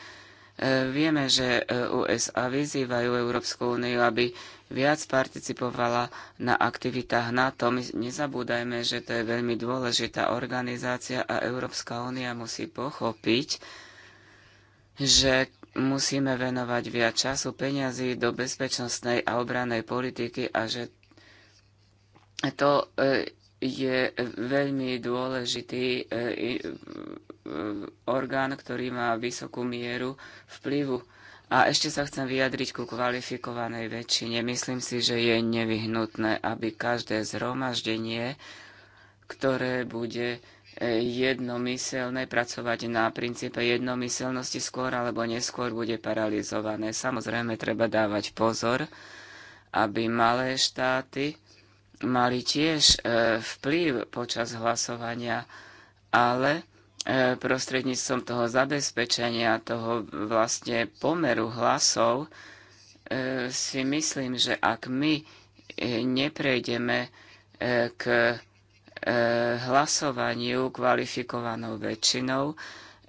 E, vieme, že e, USA vyzývajú Európsku úniu, aby viac participovala na aktivitách NATO. My nezabúdajme, že to je veľmi dôležitá organizácia a Európska únia musí pochopiť, že musíme venovať viac času, peňazí do bezpečnostnej a obranej politiky a že to e, je veľmi dôležitý e, e, orgán, ktorý má vysokú mieru vplyvu a ešte sa chcem vyjadriť ku kvalifikovanej väčšine. Myslím si, že je nevyhnutné, aby každé zhromaždenie, ktoré bude e, jednomyselné, pracovať na princípe jednomyselnosti skôr alebo neskôr bude paralizované. Samozrejme, treba dávať pozor, aby malé štáty mali tiež e, vplyv počas hlasovania, ale E, prostredníctvom toho zabezpečenia, toho vlastne pomeru hlasov, e, si myslím, že ak my e, neprejdeme k hlasovaniu kvalifikovanou väčšinou,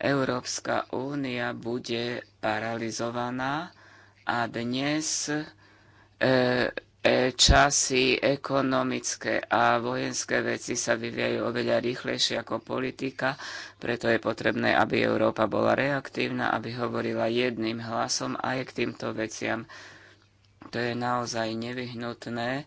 Európska únia bude paralizovaná a dnes E, časy ekonomické a vojenské veci sa vyvíjajú oveľa rýchlejšie ako politika, preto je potrebné, aby Európa bola reaktívna, aby hovorila jedným hlasom aj k týmto veciam. To je naozaj nevyhnutné,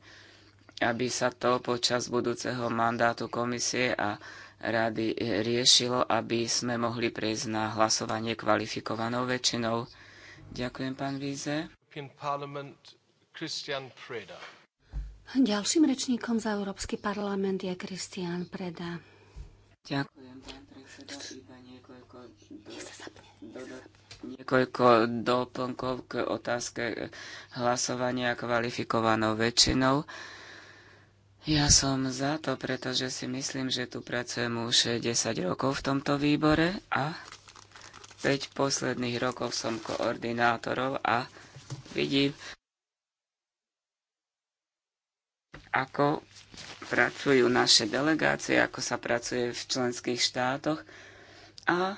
aby sa to počas budúceho mandátu komisie a rady riešilo, aby sme mohli prejsť na hlasovanie kvalifikovanou väčšinou. Ďakujem, pán Víze. Christian Preda. Ďalším rečníkom za Európsky parlament je Christian Preda. Ďakujem, pán predseda. niekoľko, do... niekoľko doplnkov k otázke hlasovania kvalifikovanou väčšinou. Ja som za to, pretože si myslím, že tu pracujem už 10 rokov v tomto výbore a 5 posledných rokov som koordinátorov a vidím, ako pracujú naše delegácie, ako sa pracuje v členských štátoch. A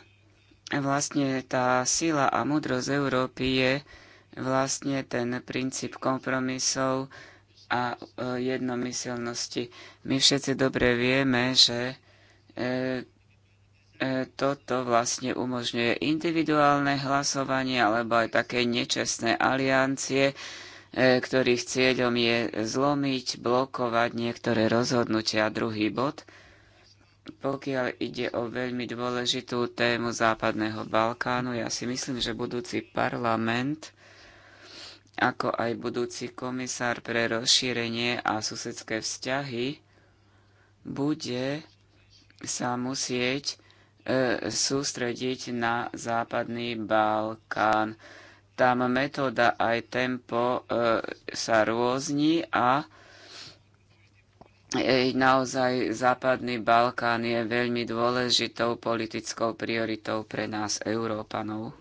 vlastne tá sila a múdrosť Európy je vlastne ten princíp kompromisov a e, jednomyselnosti. My všetci dobre vieme, že e, e, toto vlastne umožňuje individuálne hlasovanie alebo aj také nečestné aliancie, E, ktorých cieľom je zlomiť, blokovať niektoré rozhodnutia. Druhý bod, pokiaľ ide o veľmi dôležitú tému Západného Balkánu, ja si myslím, že budúci parlament, ako aj budúci komisár pre rozšírenie a susedské vzťahy, bude sa musieť e, sústrediť na Západný Balkán tam metóda aj tempo e, sa rôzni a e, naozaj Západný Balkán je veľmi dôležitou politickou prioritou pre nás, Európanov.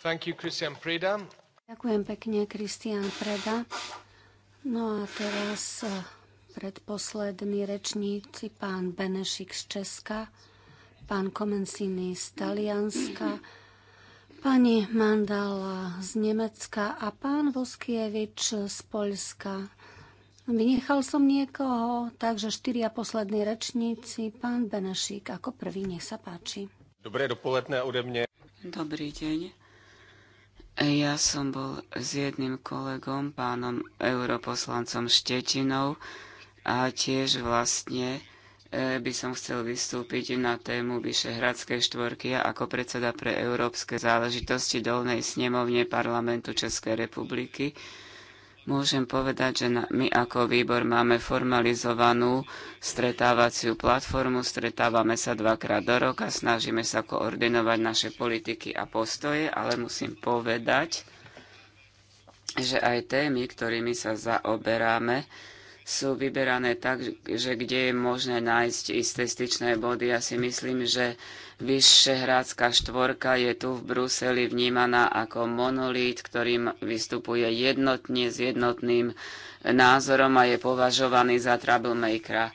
You, Ďakujem pekne, Kristian Preda. No a teraz e, predposledný rečníci, pán Benešik z Česka, pán Komensiny z Talianska, pani Mandala z Nemecka a pán Voskievič z Polska. Vynechal som niekoho, takže štyria poslední rečníci. Pán Benešík ako prvý, nech sa páči. Dobré dopoledne ode mne. Dobrý deň. Ja som bol s jedným kolegom, pánom europoslancom Štetinou a tiež vlastne E, by som chcel vystúpiť na tému Vyšehradskej štvorky a ako predseda pre európske záležitosti Dolnej snemovne parlamentu Českej republiky. Môžem povedať, že my ako výbor máme formalizovanú stretávaciu platformu, stretávame sa dvakrát do roka, snažíme sa koordinovať naše politiky a postoje, ale musím povedať, že aj témy, ktorými sa zaoberáme, sú vyberané tak, že kde je možné nájsť isté styčné body. Ja si myslím, že Vyšehrádzka štvorka je tu v Bruseli vnímaná ako monolít, ktorým vystupuje jednotne s jednotným názorom a je považovaný za troublemakera. E,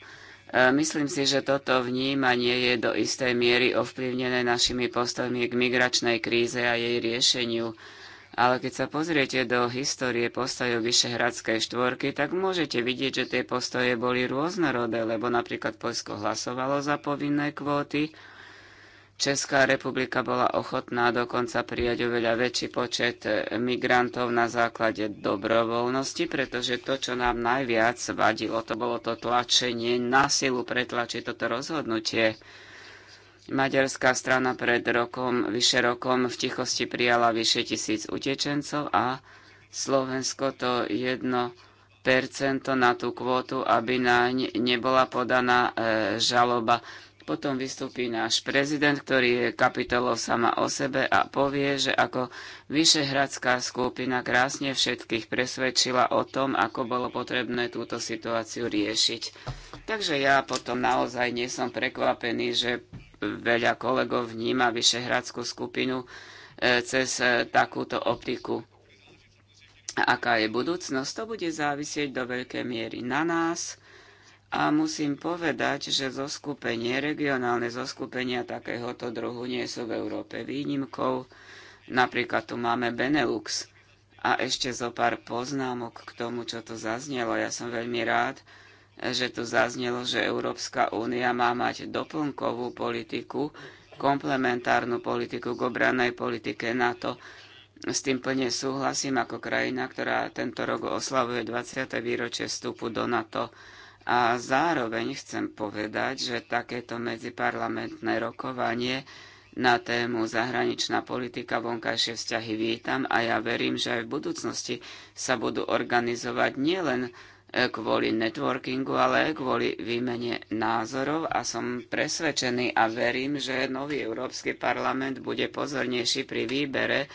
myslím si, že toto vnímanie je do istej miery ovplyvnené našimi postojmi k migračnej kríze a jej riešeniu. Ale keď sa pozriete do histórie postojov Vyšehradskej štvorky, tak môžete vidieť, že tie postoje boli rôznorodé, lebo napríklad Poľsko hlasovalo za povinné kvóty, Česká republika bola ochotná dokonca prijať oveľa väčší počet migrantov na základe dobrovoľnosti, pretože to, čo nám najviac vadilo, to bolo to tlačenie na silu pretlačiť toto rozhodnutie. Maďarská strana pred rokom, vyše rokom v tichosti prijala vyše tisíc utečencov a Slovensko to jedno percento na tú kvótu, aby naň nebola podaná e, žaloba. Potom vystúpi náš prezident, ktorý je kapitolou sama o sebe a povie, že ako vyšehradská skupina krásne všetkých presvedčila o tom, ako bolo potrebné túto situáciu riešiť. Takže ja potom naozaj nie som prekvapený, že veľa kolegov vníma Vyšehradskú skupinu e, cez e, takúto optiku. Aká je budúcnosť, to bude závisieť do veľkej miery na nás. A musím povedať, že zoskupenie, regionálne zoskupenia takéhoto druhu nie sú v Európe výnimkou. Napríklad tu máme Benelux. A ešte zo pár poznámok k tomu, čo to zaznelo. Ja som veľmi rád, že tu zaznelo, že Európska únia má mať doplnkovú politiku, komplementárnu politiku k obranej politike NATO. S tým plne súhlasím ako krajina, ktorá tento rok oslavuje 20. výročie vstupu do NATO. A zároveň chcem povedať, že takéto medziparlamentné rokovanie na tému zahraničná politika, vonkajšie vzťahy vítam a ja verím, že aj v budúcnosti sa budú organizovať nielen kvôli networkingu, ale aj kvôli výmene názorov a som presvedčený a verím, že nový Európsky parlament bude pozornejší pri výbere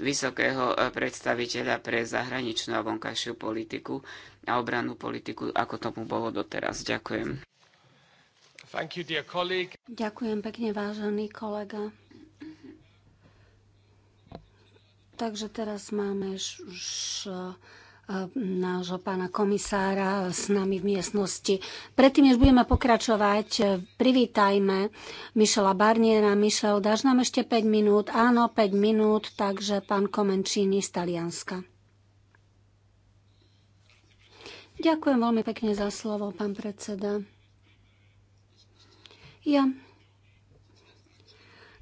vysokého e, predstaviteľa pre zahraničnú a vonkajšiu politiku a obranú politiku, ako tomu bolo doteraz. Ďakujem. You, Ďakujem pekne, vážený kolega. Takže teraz máme už, už E, nášho pána komisára s nami v miestnosti. Predtým, než budeme pokračovať, e, privítajme Mišela Barniera. Mišel, dáš nám ešte 5 minút? Áno, 5 minút, takže pán Komenčíny z Talianska. Ďakujem veľmi pekne za slovo, pán predseda. Ja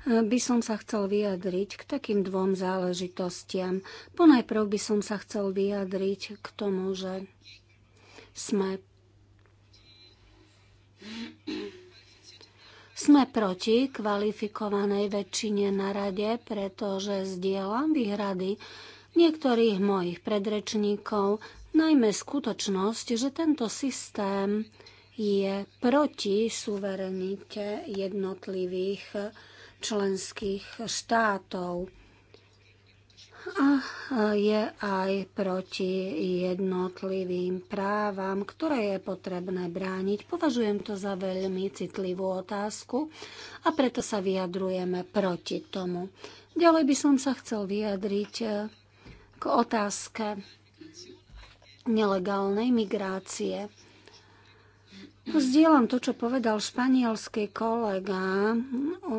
by som sa chcel vyjadriť k takým dvom záležitostiam. Ponajprv by som sa chcel vyjadriť k tomu, že sme sme proti kvalifikovanej väčšine na rade, pretože zdieľam výhrady niektorých mojich predrečníkov, najmä skutočnosť, že tento systém je proti suverenite jednotlivých členských štátov a je aj proti jednotlivým právam, ktoré je potrebné brániť. Považujem to za veľmi citlivú otázku a preto sa vyjadrujeme proti tomu. Ďalej by som sa chcel vyjadriť eh, k otázke nelegálnej migrácie. Zdieľam to, čo povedal španielský kolega.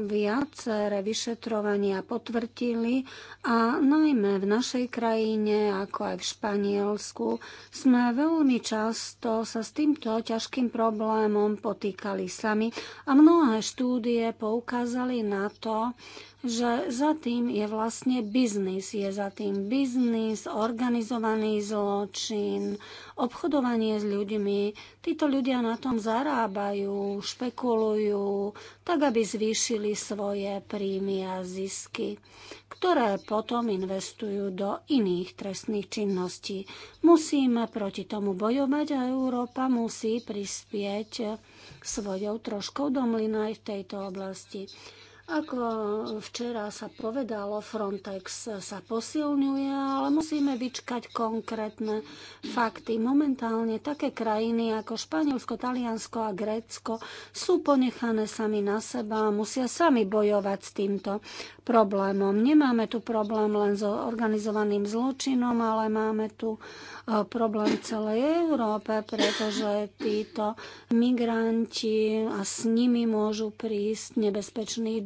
Viaceré vyšetrovania potvrdili a najmä v našej krajine, ako aj v Španielsku, sme veľmi často sa s týmto ťažkým problémom potýkali sami a mnohé štúdie poukázali na to, že za tým je vlastne biznis. Je za tým biznis, organizovaný zločin, obchodovanie s ľuďmi. Títo ľudia na tom zarábajú, špekulujú, tak aby zvýšili svoje príjmy a zisky, ktoré potom investujú do iných trestných činností. Musíme proti tomu bojovať a Európa musí prispieť svojou troškou do mlyna aj v tejto oblasti. Ako včera sa povedalo, Frontex sa posilňuje, ale musíme vyčkať konkrétne fakty. Momentálne také krajiny ako Španielsko, Taliansko a Grécko sú ponechané sami na seba a musia sami bojovať s týmto problémom. Nemáme tu problém len s organizovaným zločinom, ale máme tu e, problém celej Európe, pretože títo migranti a s nimi môžu prísť nebezpeční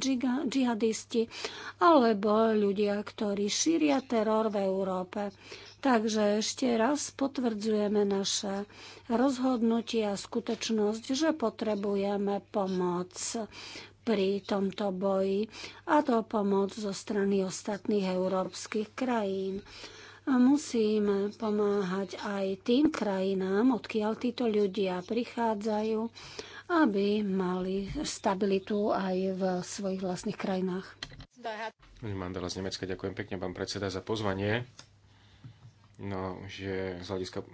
džihadisti alebo ľudia, ktorí šíria teror v Európe. Takže ešte raz potvrdzujeme naše rozhodnutie a skutočnosť, že potrebujeme pomoc pri tomto boji a to pomoc zo strany ostatných európskych krajín. Musíme pomáhať aj tým krajinám, odkiaľ títo ľudia prichádzajú, aby mali stabilitu aj v svojich vlastných krajinách. Pani Mandela z Nemecka, ďakujem pekne pán predseda za pozvanie. No, že z hľadiska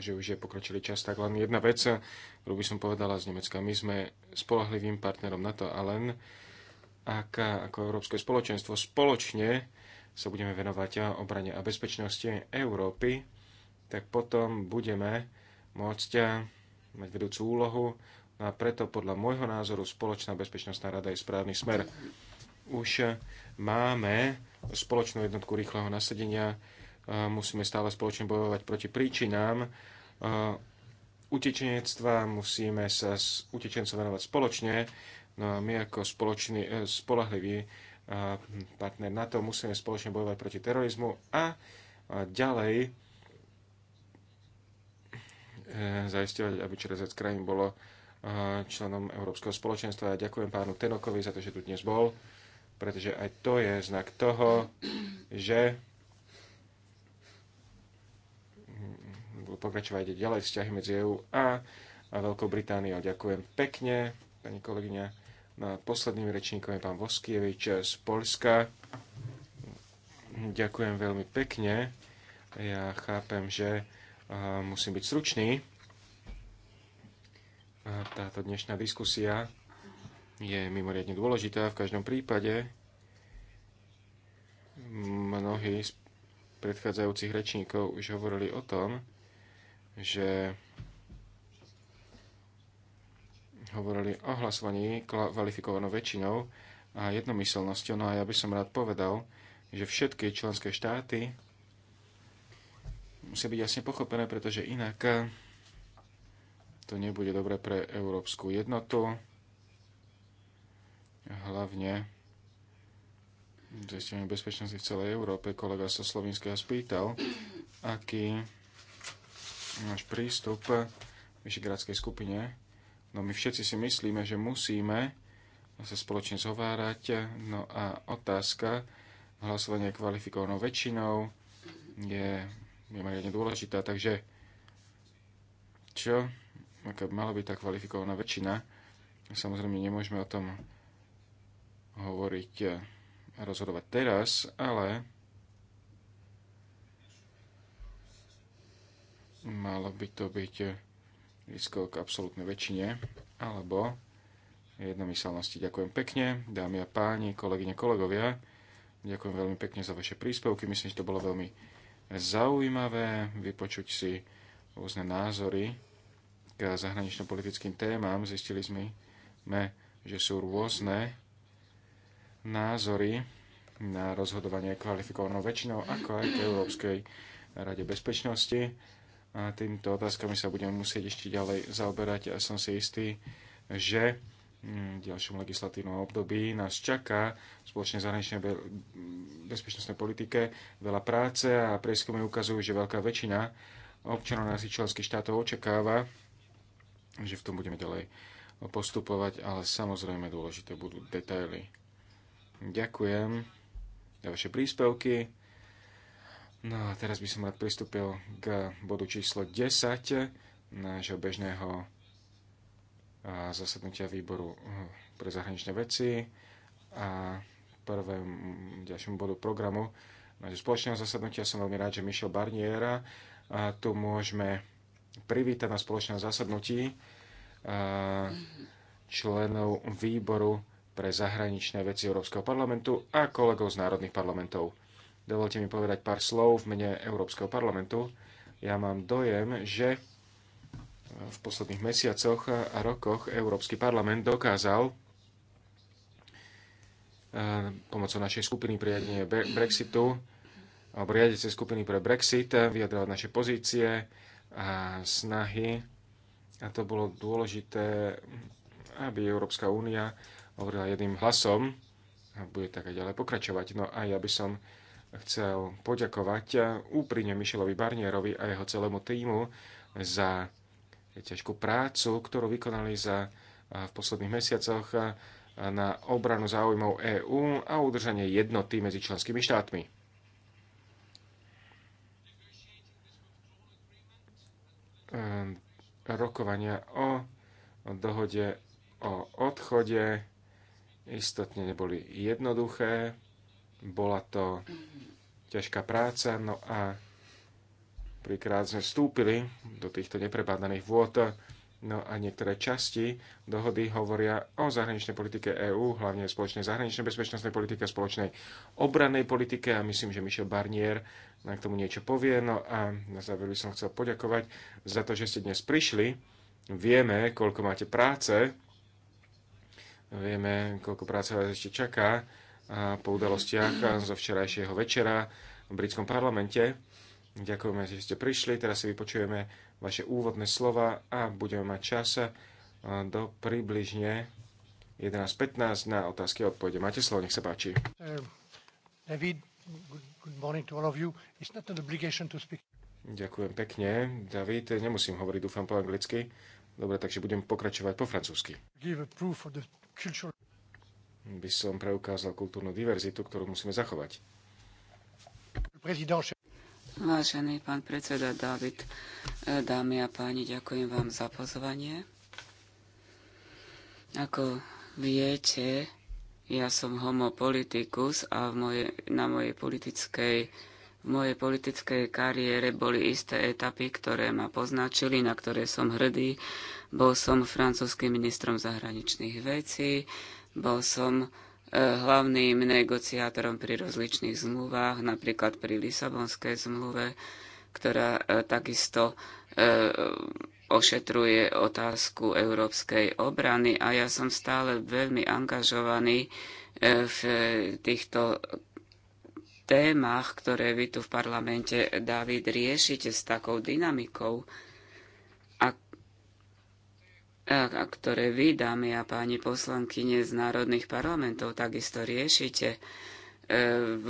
že už je pokročilý čas, tak len jedna vec, ktorú by som povedala z Nemecka. My sme spolahlivým partnerom NATO a len ak ako Európske spoločenstvo spoločne sa budeme venovať obrane a bezpečnosti Európy, tak potom budeme môcť mať vedúcu úlohu no a preto podľa môjho názoru Spoločná bezpečnostná rada je správny smer. Už máme spoločnú jednotku rýchleho nasadenia, musíme stále spoločne bojovať proti príčinám utečenectva, musíme sa s utečencom venovať spoločne, no a my ako spoločný, e, spolahlivý e, partner na to musíme spoločne bojovať proti terorizmu a ďalej e, zaistiovať, aby Čerezec krajín bolo členom Európskeho spoločenstva. Ja ďakujem pánu Tenokovi za to, že tu dnes bol, pretože aj to je znak toho, že pokračovať ďalej vzťahy medzi EÚ a Veľkou Britániou. Ďakujem pekne, pani kolegyňa. No a posledným rečníkom je pán Voskievič z Polska. Ďakujem veľmi pekne. Ja chápem, že musím byť stručný. Táto dnešná diskusia je mimoriadne dôležitá v každom prípade. Mnohí z predchádzajúcich rečníkov už hovorili o tom, že hovorili o hlasovaní kvalifikovanou väčšinou a jednomyselnosťou. No a ja by som rád povedal, že všetky členské štáty musia byť jasne pochopené, pretože inak to nebude dobre pre európsku jednotu. Hlavne zistenie bezpečnosti v celej Európe. Kolega sa Slovinského spýtal, aký náš prístup v Vyšegradskej skupine. No my všetci si myslíme, že musíme sa spoločne zhovárať. No a otázka hlasovania kvalifikovanou väčšinou je mimoriadne dôležitá. Takže čo? Aká mala byť tá kvalifikovaná väčšina? Samozrejme nemôžeme o tom hovoriť a rozhodovať teraz, ale malo by to byť blízko k absolútnej väčšine, alebo jednomyselnosti. Ďakujem pekne, dámy a páni, kolegyne, kolegovia. Ďakujem veľmi pekne za vaše príspevky. Myslím, že to bolo veľmi zaujímavé vypočuť si rôzne názory k zahranično-politickým témam. Zistili sme, že sú rôzne názory na rozhodovanie kvalifikovanou väčšinou, ako aj k Európskej rade bezpečnosti týmito otázkami sa budeme musieť ešte ďalej zaoberať ja som si istý, že mm, v ďalšom legislatívnom období nás čaká spoločne zahraničnej be bezpečnostnej politike veľa práce a prieskumy ukazujú, že veľká väčšina občanov nás členských štátov očakáva, že v tom budeme ďalej postupovať, ale samozrejme dôležité budú detaily. Ďakujem za vaše príspevky. No a teraz by som rád pristúpil k bodu číslo 10 nášho bežného zasadnutia výboru e, pre zahraničné veci a prvom ďalšiemu bodu programu nášho spoločného zasadnutia. Som veľmi rád, že Michel Barniera a tu môžeme privítať na spoločnom zasadnutí členov výboru pre zahraničné veci Európskeho parlamentu a kolegov z národných parlamentov. Dovolte mi povedať pár slov v mene Európskeho parlamentu. Ja mám dojem, že v posledných mesiacoch a rokoch Európsky parlament dokázal eh, pomocou našej skupiny priadenie Brexitu alebo riadiacej skupiny pre Brexit vyjadrovať naše pozície a snahy. A to bolo dôležité, aby Európska únia hovorila jedným hlasom a bude tak aj ďalej pokračovať. No a ja by som chcel poďakovať úprimne Michelovi Barnierovi a jeho celému týmu za ťažkú prácu, ktorú vykonali za, v posledných mesiacoch na obranu záujmov EÚ a udržanie jednoty medzi členskými štátmi. Ehm, rokovania o dohode o odchode istotne neboli jednoduché bola to ťažká práca, no a prvýkrát sme vstúpili do týchto neprebádaných vôd, no a niektoré časti dohody hovoria o zahraničnej politike EÚ, hlavne spoločnej zahraničnej bezpečnostnej politike, spoločnej obrannej politike a myslím, že Michel Barnier nám k tomu niečo povie. No a na záver by som chcel poďakovať za to, že ste dnes prišli. Vieme, koľko máte práce, vieme, koľko práce vás ešte čaká po udalostiach zo včerajšieho večera v britskom parlamente. Ďakujeme, že ste prišli. Teraz si vypočujeme vaše úvodné slova a budeme mať čas do približne 11.15 na otázky a odpovede. Máte slovo, nech sa páči. Uh, Ďakujem pekne. David, nemusím hovoriť, dúfam, po anglicky. Dobre, takže budem pokračovať po francúzsky by som preukázal kultúrnu diverzitu, ktorú musíme zachovať. Vážený pán predseda David, eh, dámy a páni, ďakujem vám za pozvanie. Ako viete, ja som homopolitikus a v moje, na mojej politickej, v mojej politickej kariére boli isté etapy, ktoré ma poznačili, na ktoré som hrdý. Bol som francúzským ministrom zahraničných vecí, bol som e, hlavným negociátorom pri rozličných zmluvách, napríklad pri Lisabonskej zmluve, ktorá e, takisto e, ošetruje otázku európskej obrany a ja som stále veľmi angažovaný v týchto témach, ktoré vy tu v parlamente, David, riešite s takou dynamikou a ktoré vy, dámy a páni poslankyne z národných parlamentov, takisto riešite e, v,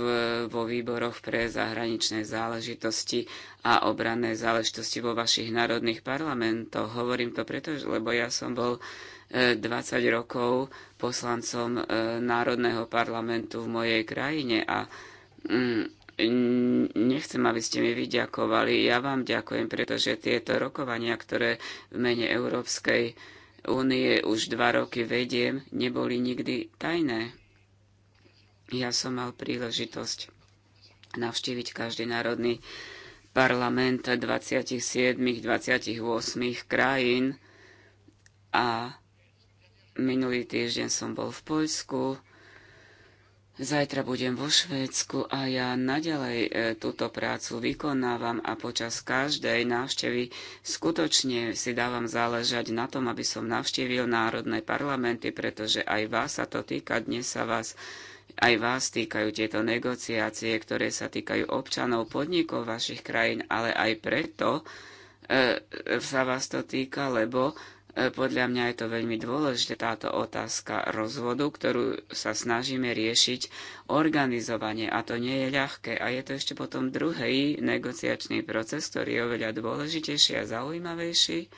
vo výboroch pre zahraničné záležitosti a obranné záležitosti vo vašich národných parlamentoch. Hovorím to preto, lebo ja som bol 20 e, rokov poslancom e, Národného parlamentu v mojej krajine a mm, Nechcem, aby ste mi vyďakovali. Ja vám ďakujem, pretože tieto rokovania, ktoré v mene Európskej únie už dva roky vediem, neboli nikdy tajné. Ja som mal príležitosť navštíviť každý národný parlament 27, 28 krajín a minulý týždeň som bol v Poľsku, Zajtra budem vo Švédsku a ja naďalej e, túto prácu vykonávam a počas každej návštevy skutočne si dávam záležať na tom, aby som navštívil národné parlamenty, pretože aj vás sa to týka, dnes sa vás aj vás týkajú tieto negociácie, ktoré sa týkajú občanov, podnikov vašich krajín, ale aj preto e, sa vás to týka, lebo E, podľa mňa je to veľmi dôležité táto otázka rozvodu, ktorú sa snažíme riešiť organizovanie a to nie je ľahké. A je to ešte potom druhý negociačný proces, ktorý je oveľa dôležitejší a zaujímavejší.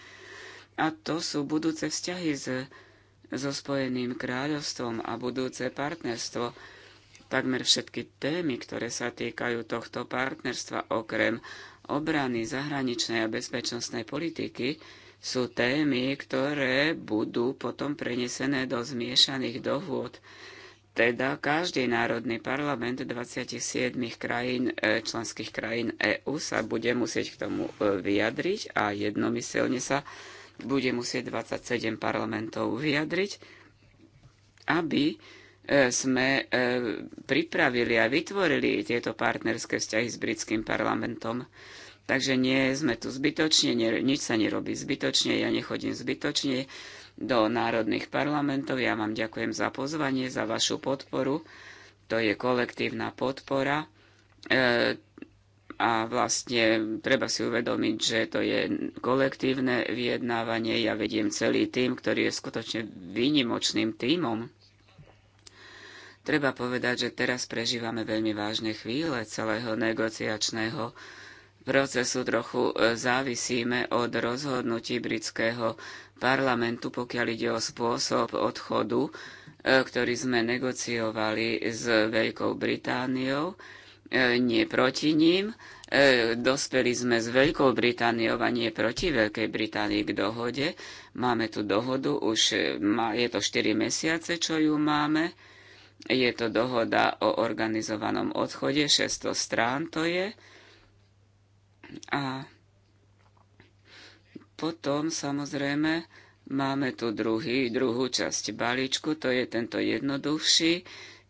A to sú budúce vzťahy s, so Spojeným kráľovstvom a budúce partnerstvo. Takmer všetky témy, ktoré sa týkajú tohto partnerstva, okrem obrany, zahraničnej a bezpečnostnej politiky, sú témy, ktoré budú potom prenesené do zmiešaných dohôd. Teda každý národný parlament 27 krajín, e, členských krajín EÚ sa bude musieť k tomu e, vyjadriť a jednomyselne sa bude musieť 27 parlamentov vyjadriť, aby e, sme pripravili a vytvorili tieto partnerské vzťahy s britským parlamentom. Takže nie sme tu zbytočne, nie, nič sa nerobí zbytočne, ja nechodím zbytočne do národných parlamentov. Ja vám ďakujem za pozvanie, za vašu podporu. To je kolektívna podpora. E, a vlastne treba si uvedomiť, že to je kolektívne vyjednávanie. Ja vediem celý tým, ktorý je skutočne výnimočným týmom. Treba povedať, že teraz prežívame veľmi vážne chvíle celého negociačného procesu trochu e, závisíme od rozhodnutí britského parlamentu, pokiaľ ide o spôsob odchodu, e, ktorý sme negociovali s Veľkou Britániou, e, nie proti ním. Dospeli sme s Veľkou Britániou a nie proti Veľkej Británii k dohode. Máme tu dohodu, už je to 4 mesiace, čo ju máme. Je to dohoda o organizovanom odchode, 600 strán to je a potom samozrejme máme tu druhý, druhú časť balíčku, to je tento jednoduchší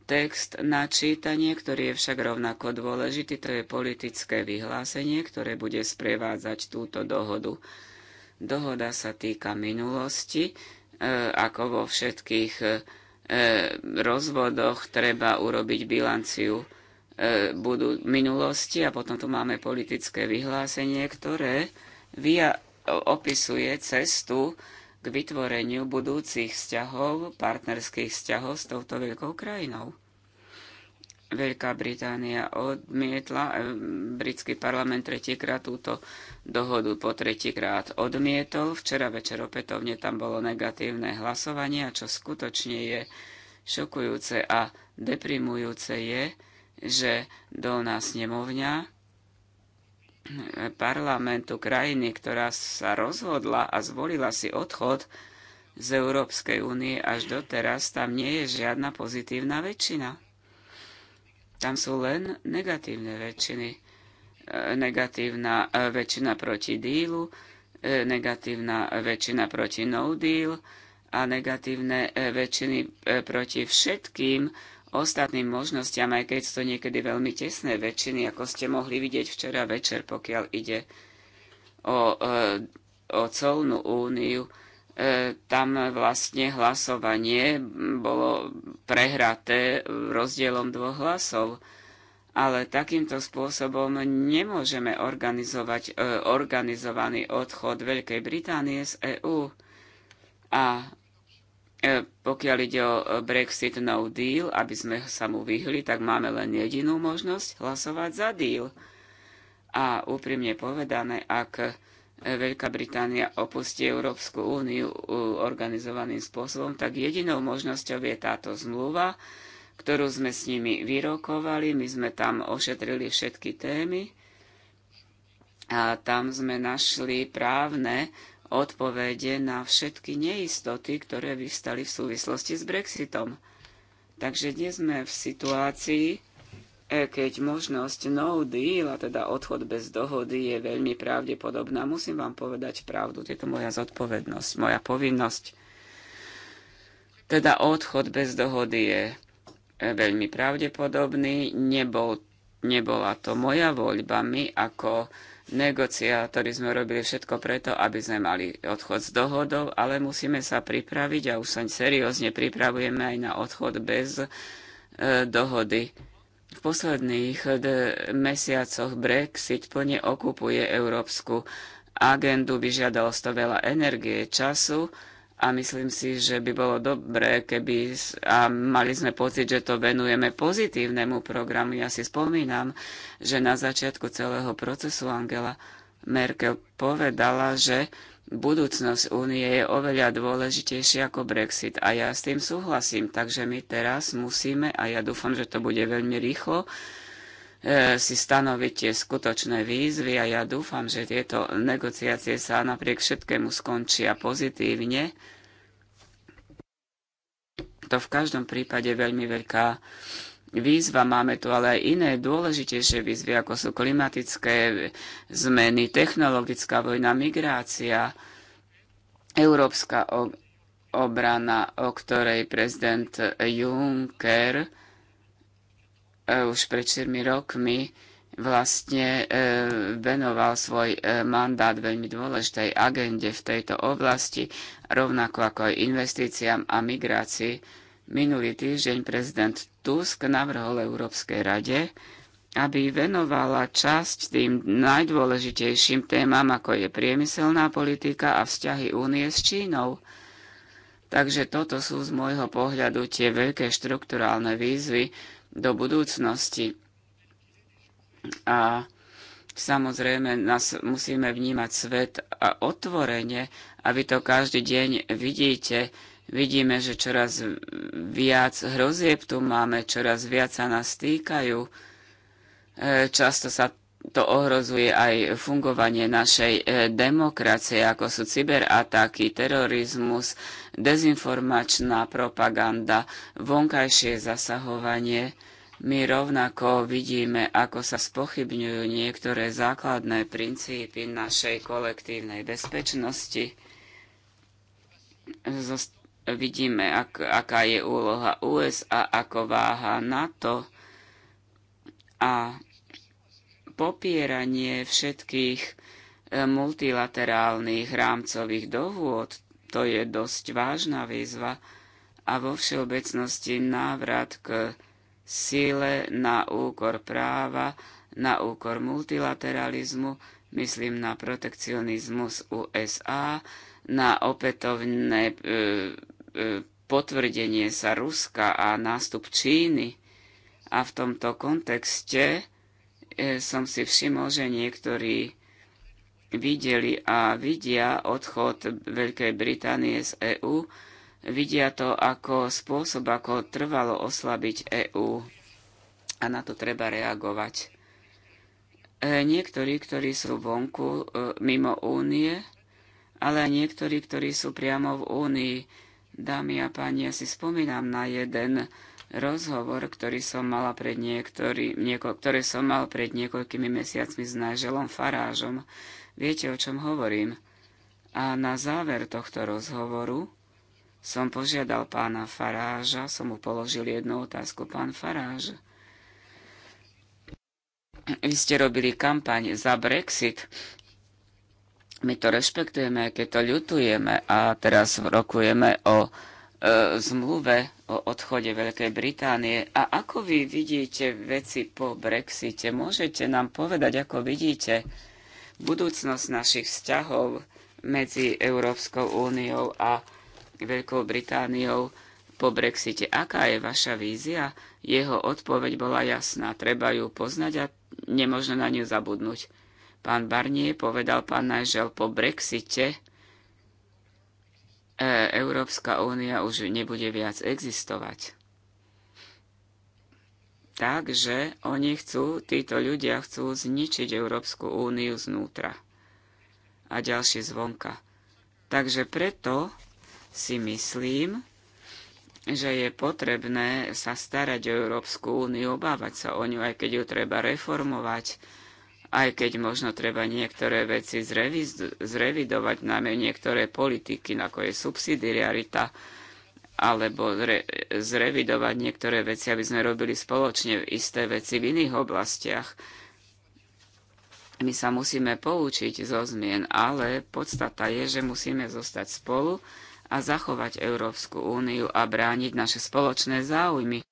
text na čítanie, ktorý je však rovnako dôležitý, to je politické vyhlásenie, ktoré bude sprevádzať túto dohodu. Dohoda sa týka minulosti, e, ako vo všetkých e, e, rozvodoch treba urobiť bilanciu E, budú minulosti a potom tu máme politické vyhlásenie, ktoré via- opisuje cestu k vytvoreniu budúcich vzťahov, partnerských vzťahov s touto veľkou krajinou. Veľká Británia odmietla, e, britský parlament tretíkrát túto dohodu po tretíkrát odmietol. Včera večer opätovne tam bolo negatívne hlasovanie a čo skutočne je šokujúce a deprimujúce je, že dolná snemovňa parlamentu krajiny, ktorá sa rozhodla a zvolila si odchod z Európskej únie až doteraz, tam nie je žiadna pozitívna väčšina. Tam sú len negatívne väčšiny. E, negatívna e, väčšina proti dílu, e, negatívna väčšina proti no deal a negatívne väčšiny proti všetkým ostatným možnostiam, aj keď sú to niekedy veľmi tesné väčšiny, ako ste mohli vidieť včera večer, pokiaľ ide o, e, o colnú úniu. E, tam vlastne hlasovanie bolo prehraté rozdielom dvoch hlasov. Ale takýmto spôsobom nemôžeme organizovať e, organizovaný odchod Veľkej Británie z EÚ. A E, pokiaľ ide o e, Brexit no deal, aby sme sa mu vyhli, tak máme len jedinú možnosť hlasovať za deal. A úprimne povedané, ak e, Veľká Británia opustí Európsku úniu organizovaným spôsobom, tak jedinou možnosťou je táto zmluva, ktorú sme s nimi vyrokovali. My sme tam ošetrili všetky témy a tam sme našli právne odpovede na všetky neistoty, ktoré vyvstali v súvislosti s Brexitom. Takže dnes sme v situácii, e, keď možnosť no deal, a teda odchod bez dohody, je veľmi pravdepodobná. Musím vám povedať pravdu, je to moja zodpovednosť, moja povinnosť. Teda odchod bez dohody je e, veľmi pravdepodobný. Nebol, nebola to moja voľba. My ako negociátori sme robili všetko preto, aby sme mali odchod s dohodou, ale musíme sa pripraviť a už sa seriózne pripravujeme aj na odchod bez e, dohody. V posledných e, mesiacoch Brexit plne okupuje európsku agendu, vyžiadalo to veľa energie, času, a myslím si, že by bolo dobré, keby a mali sme pocit, že to venujeme pozitívnemu programu. Ja si spomínam, že na začiatku celého procesu Angela Merkel povedala, že budúcnosť únie je oveľa dôležitejšia ako Brexit a ja s tým súhlasím, takže my teraz musíme, a ja dúfam, že to bude veľmi rýchlo, E, si stanoviť tie skutočné výzvy a ja dúfam, že tieto negociácie sa napriek všetkému skončia pozitívne. To v každom prípade veľmi veľká výzva. Máme tu ale aj iné dôležitejšie výzvy, ako sú klimatické zmeny, technologická vojna, migrácia, európska obrana, o ktorej prezident Juncker E, už pred 4 rokmi vlastne e, venoval svoj e, mandát veľmi dôležitej agende v tejto oblasti, rovnako ako aj investíciám a migrácii. Minulý týždeň prezident Tusk navrhol Európskej rade, aby venovala časť tým najdôležitejším témam, ako je priemyselná politika a vzťahy únie s Čínou. Takže toto sú z môjho pohľadu tie veľké štrukturálne výzvy, do budúcnosti. A samozrejme nás musíme vnímať svet a otvorene, a vy to každý deň vidíte. Vidíme, že čoraz viac hrozieb tu máme, čoraz viac sa nás týkajú. E, často sa to ohrozuje aj fungovanie našej e, demokracie, ako sú cyberataky, terorizmus, dezinformačná propaganda, vonkajšie zasahovanie. My rovnako vidíme, ako sa spochybňujú niektoré základné princípy našej kolektívnej bezpečnosti. Zost vidíme, ak, aká je úloha USA, ako váha NATO a popieranie všetkých e, multilaterálnych rámcových dohôd, to je dosť vážna výzva a vo všeobecnosti návrat k sile na úkor práva, na úkor multilateralizmu, myslím na protekcionizmus USA, na opätovné e, e, potvrdenie sa Ruska a nástup Číny. A v tomto kontexte E, som si všimol, že niektorí videli a vidia odchod Veľkej Británie z EÚ, vidia to ako spôsob, ako trvalo oslabiť EÚ a na to treba reagovať. E, niektorí, ktorí sú vonku, e, mimo únie, ale niektorí, ktorí sú priamo v únii. Dámy a páni, ja si spomínam na jeden rozhovor, ktorý som mala pred niektorý, nieko, ktorý som mal pred niekoľkými mesiacmi s náželom Farážom. Viete, o čom hovorím? A na záver tohto rozhovoru som požiadal pána Faráža, som mu položil jednu otázku. Pán Faráž, vy ste robili kampaň za Brexit. My to rešpektujeme, keď to ľutujeme a teraz rokujeme o E, zmluve o odchode Veľkej Británie. A ako vy vidíte veci po Brexite? Môžete nám povedať, ako vidíte budúcnosť našich vzťahov medzi Európskou úniou a Veľkou Britániou po Brexite? Aká je vaša vízia? Jeho odpoveď bola jasná. Treba ju poznať a nemôžno na ňu zabudnúť. Pán Barnier povedal pán Najžel po Brexite, E, Európska únia už nebude viac existovať. Takže oni chcú, títo ľudia chcú zničiť Európsku úniu znútra a ďalšie zvonka. Takže preto si myslím, že je potrebné sa starať o Európsku úniu, obávať sa o ňu, aj keď ju treba reformovať, aj keď možno treba niektoré veci zreviz- zrevidovať, najmä niektoré politiky, ako je subsidiarita, alebo re- zrevidovať niektoré veci, aby sme robili spoločne isté veci v iných oblastiach. My sa musíme poučiť zo zmien, ale podstata je, že musíme zostať spolu a zachovať Európsku úniu a brániť naše spoločné záujmy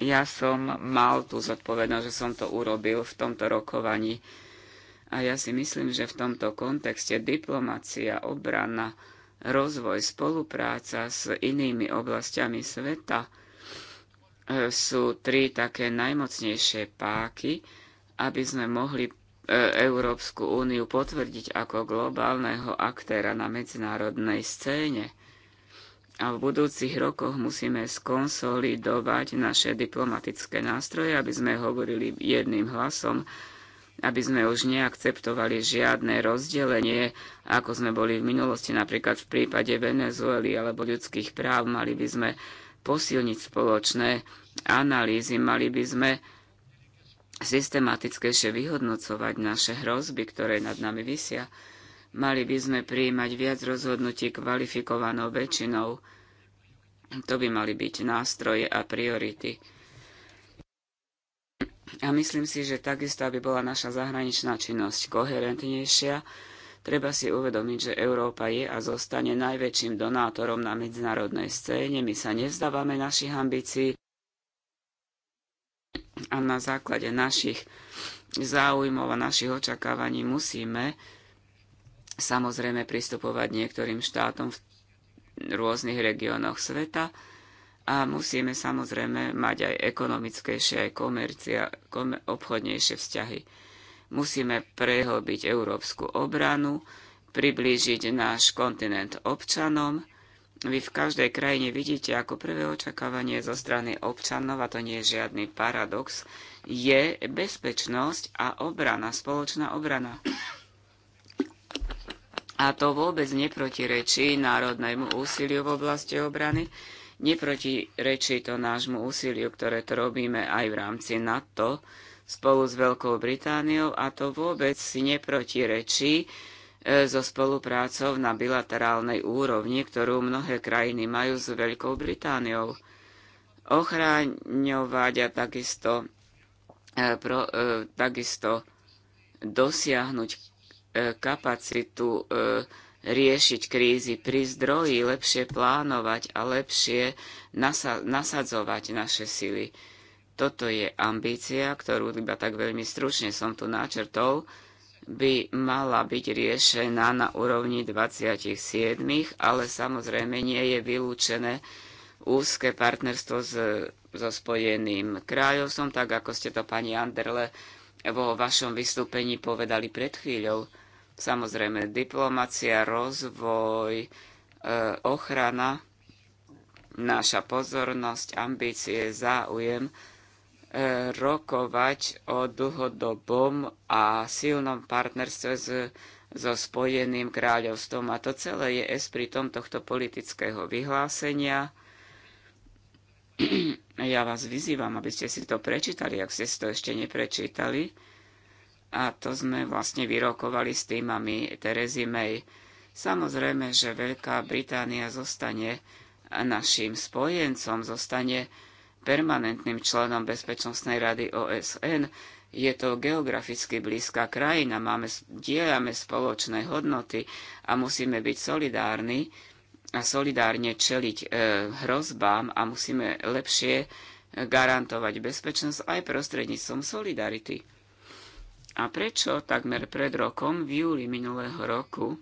ja som mal tú zodpovednosť, že som to urobil v tomto rokovaní. A ja si myslím, že v tomto kontexte diplomacia, obrana, rozvoj, spolupráca s inými oblastiami sveta e, sú tri také najmocnejšie páky, aby sme mohli e, Európsku úniu potvrdiť ako globálneho aktéra na medzinárodnej scéne a v budúcich rokoch musíme skonsolidovať naše diplomatické nástroje, aby sme hovorili jedným hlasom, aby sme už neakceptovali žiadne rozdelenie, ako sme boli v minulosti, napríklad v prípade Venezuely alebo ľudských práv. Mali by sme posilniť spoločné analýzy, mali by sme systematickejšie vyhodnocovať naše hrozby, ktoré nad nami vysia Mali by sme prijímať viac rozhodnutí kvalifikovanou väčšinou. To by mali byť nástroje a priority. A myslím si, že takisto, aby bola naša zahraničná činnosť koherentnejšia, treba si uvedomiť, že Európa je a zostane najväčším donátorom na medzinárodnej scéne. My sa nevzdávame našich ambícií a na základe našich záujmov a našich očakávaní musíme samozrejme pristupovať niektorým štátom v rôznych regiónoch sveta a musíme samozrejme mať aj ekonomickejšie, aj komercia, kom, obchodnejšie vzťahy. Musíme prehlbiť európsku obranu, priblížiť náš kontinent občanom. Vy v každej krajine vidíte ako prvé očakávanie zo strany občanov, a to nie je žiadny paradox, je bezpečnosť a obrana, spoločná obrana. A to vôbec neprotirečí národnému úsiliu v oblasti obrany, neprotirečí to nášmu úsiliu, ktoré to robíme aj v rámci NATO spolu s Veľkou Britániou a to vôbec si neprotirečí e, so spoluprácou na bilaterálnej úrovni, ktorú mnohé krajiny majú s Veľkou Britániou. Ochráňovať a takisto, e, e, takisto dosiahnuť E, kapacitu e, riešiť krízy pri zdroji, lepšie plánovať a lepšie nasadzovať naše sily. Toto je ambícia, ktorú iba tak veľmi stručne som tu náčrtol, by mala byť riešená na úrovni 27, ale samozrejme nie je vylúčené úzke partnerstvo s, so Spojeným kráľovstvom, tak ako ste to, pani Anderle, vo vašom vystúpení povedali pred chvíľou Samozrejme, diplomacia, rozvoj, e, ochrana, naša pozornosť, ambície, záujem e, rokovať o dlhodobom a silnom partnerstve s, so Spojeným kráľovstvom. A to celé je espritom tohto politického vyhlásenia. (clears throat) Ja vás vyzývam, aby ste si to prečítali, ak ste si to ešte neprečítali a to sme vlastne vyrokovali s týmami Terezy May. Samozrejme, že Veľká Británia zostane našim spojencom, zostane permanentným členom Bezpečnostnej rady OSN. Je to geograficky blízka krajina, máme, dielame spoločné hodnoty a musíme byť solidárni a solidárne čeliť e, hrozbám a musíme lepšie e, garantovať bezpečnosť aj prostredníctvom solidarity. A prečo takmer pred rokom, v júli minulého roku,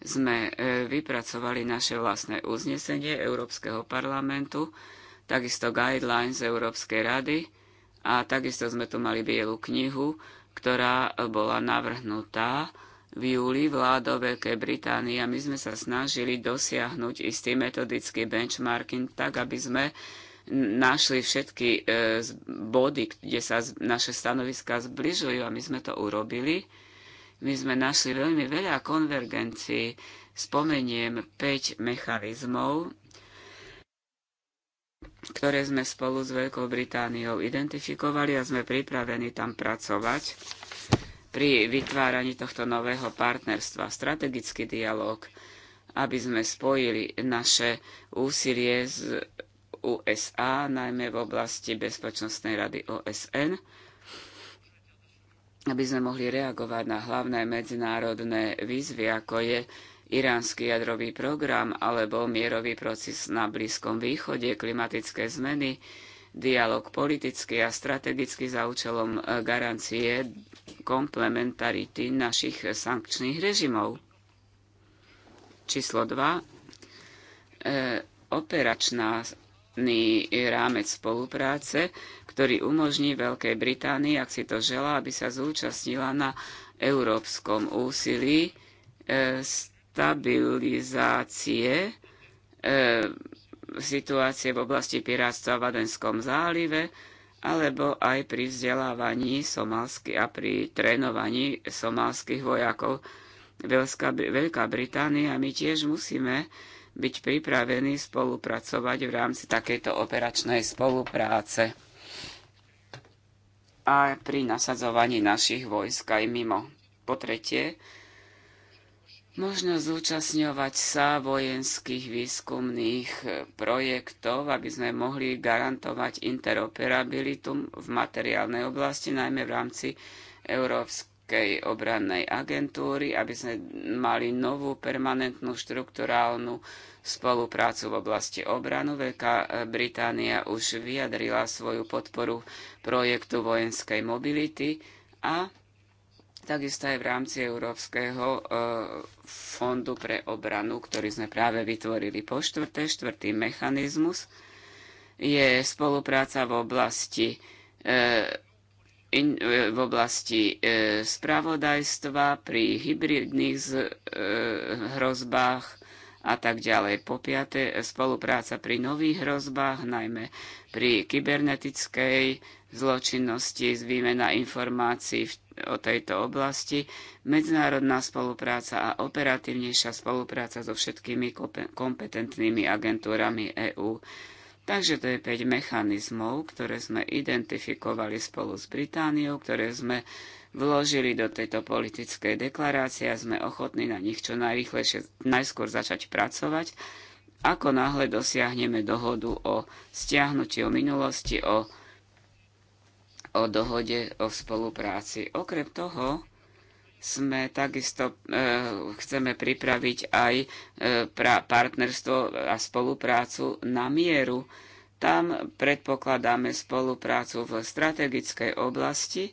sme e, vypracovali naše vlastné uznesenie Európskeho parlamentu, takisto guidelines Európskej rady a takisto sme tu mali bielu knihu, ktorá bola navrhnutá v júli vládou Veľkej Británie a my sme sa snažili dosiahnuť istý metodický benchmarking tak, aby sme našli všetky e, body, kde sa naše stanoviská zbližujú a my sme to urobili. My sme našli veľmi veľa konvergencií. Spomeniem 5 mechanizmov, ktoré sme spolu s Veľkou Britániou identifikovali a sme pripravení tam pracovať pri vytváraní tohto nového partnerstva. Strategický dialog, aby sme spojili naše úsilie s USA, najmä v oblasti Bezpečnostnej rady OSN, aby sme mohli reagovať na hlavné medzinárodné výzvy, ako je iránsky jadrový program alebo mierový proces na Blízkom východe, klimatické zmeny, dialog politický a strategický za účelom e, garancie komplementarity našich sankčných režimov. Číslo 2. E, operačná rámec spolupráce, ktorý umožní Veľkej Británii, ak si to želá, aby sa zúčastnila na európskom úsilí e, stabilizácie e, situácie v oblasti pirátstva v Adenskom zálive, alebo aj pri vzdelávaní somalsky a pri trénovaní somalských vojakov. Veľká Británia, my tiež musíme byť pripravení spolupracovať v rámci takejto operačnej spolupráce a pri nasadzovaní našich vojsk aj mimo. Po tretie, možno zúčastňovať sa vojenských výskumných projektov, aby sme mohli garantovať interoperabilitu v materiálnej oblasti, najmä v rámci Európskej Európskej obrannej agentúry, aby sme mali novú permanentnú štruktúrálnu spoluprácu v oblasti obranu. Veľká e, Británia už vyjadrila svoju podporu projektu vojenskej mobility a takisto aj v rámci Európskeho e, fondu pre obranu, ktorý sme práve vytvorili po štvrté, štvrtý mechanizmus je spolupráca v oblasti e, in, e, v oblasti e, spravodajstva, pri hybridných z, e, hrozbách a tak ďalej. Po piate, spolupráca pri nových hrozbách, najmä pri kybernetickej zločinnosti, výmena informácií v, o tejto oblasti, medzinárodná spolupráca a operatívnejšia spolupráca so všetkými kompetentnými agentúrami EÚ. EU Takže to je 5 mechanizmov, ktoré sme identifikovali spolu s Britániou, ktoré sme vložili do tejto politickej deklarácie a sme ochotní na nich čo najrýchlejšie, najskôr začať pracovať, ako náhle dosiahneme dohodu o stiahnutí o minulosti, o, o dohode o spolupráci. Okrem toho, sme takisto e, chceme pripraviť aj e, pra, partnerstvo a spoluprácu na mieru. Tam predpokladáme spoluprácu v strategickej oblasti, e,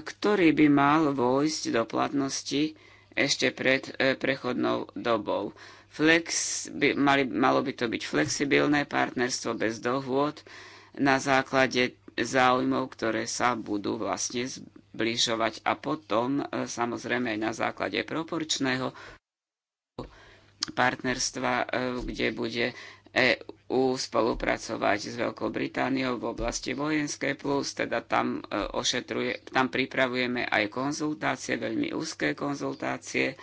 ktorý by mal vojsť do platnosti ešte pred e, prechodnou dobou. Flex by, mali, malo by to byť flexibilné partnerstvo bez dohôd na základe záujmov, ktoré sa budú vlastne približovať. A potom, e, samozrejme aj na základe proporčného partnerstva, e, kde bude EU spolupracovať s Veľkou Britániou v oblasti vojenskej plus, teda tam, e, ošetruje, tam pripravujeme aj konzultácie, veľmi úzké konzultácie,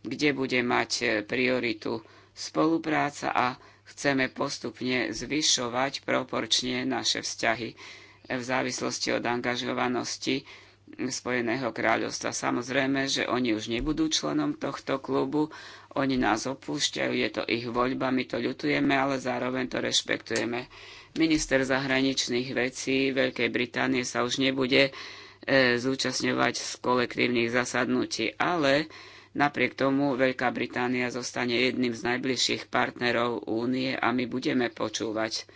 kde bude mať prioritu spolupráca a chceme postupne zvyšovať proporčne naše vzťahy v závislosti od angažovanosti Spojeného kráľovstva. Samozrejme, že oni už nebudú členom tohto klubu, oni nás opúšťajú, je to ich voľba, my to ľutujeme, ale zároveň to rešpektujeme. Minister zahraničných vecí Veľkej Británie sa už nebude e, zúčastňovať z kolektívnych zasadnutí, ale napriek tomu Veľká Británia zostane jedným z najbližších partnerov únie a my budeme počúvať.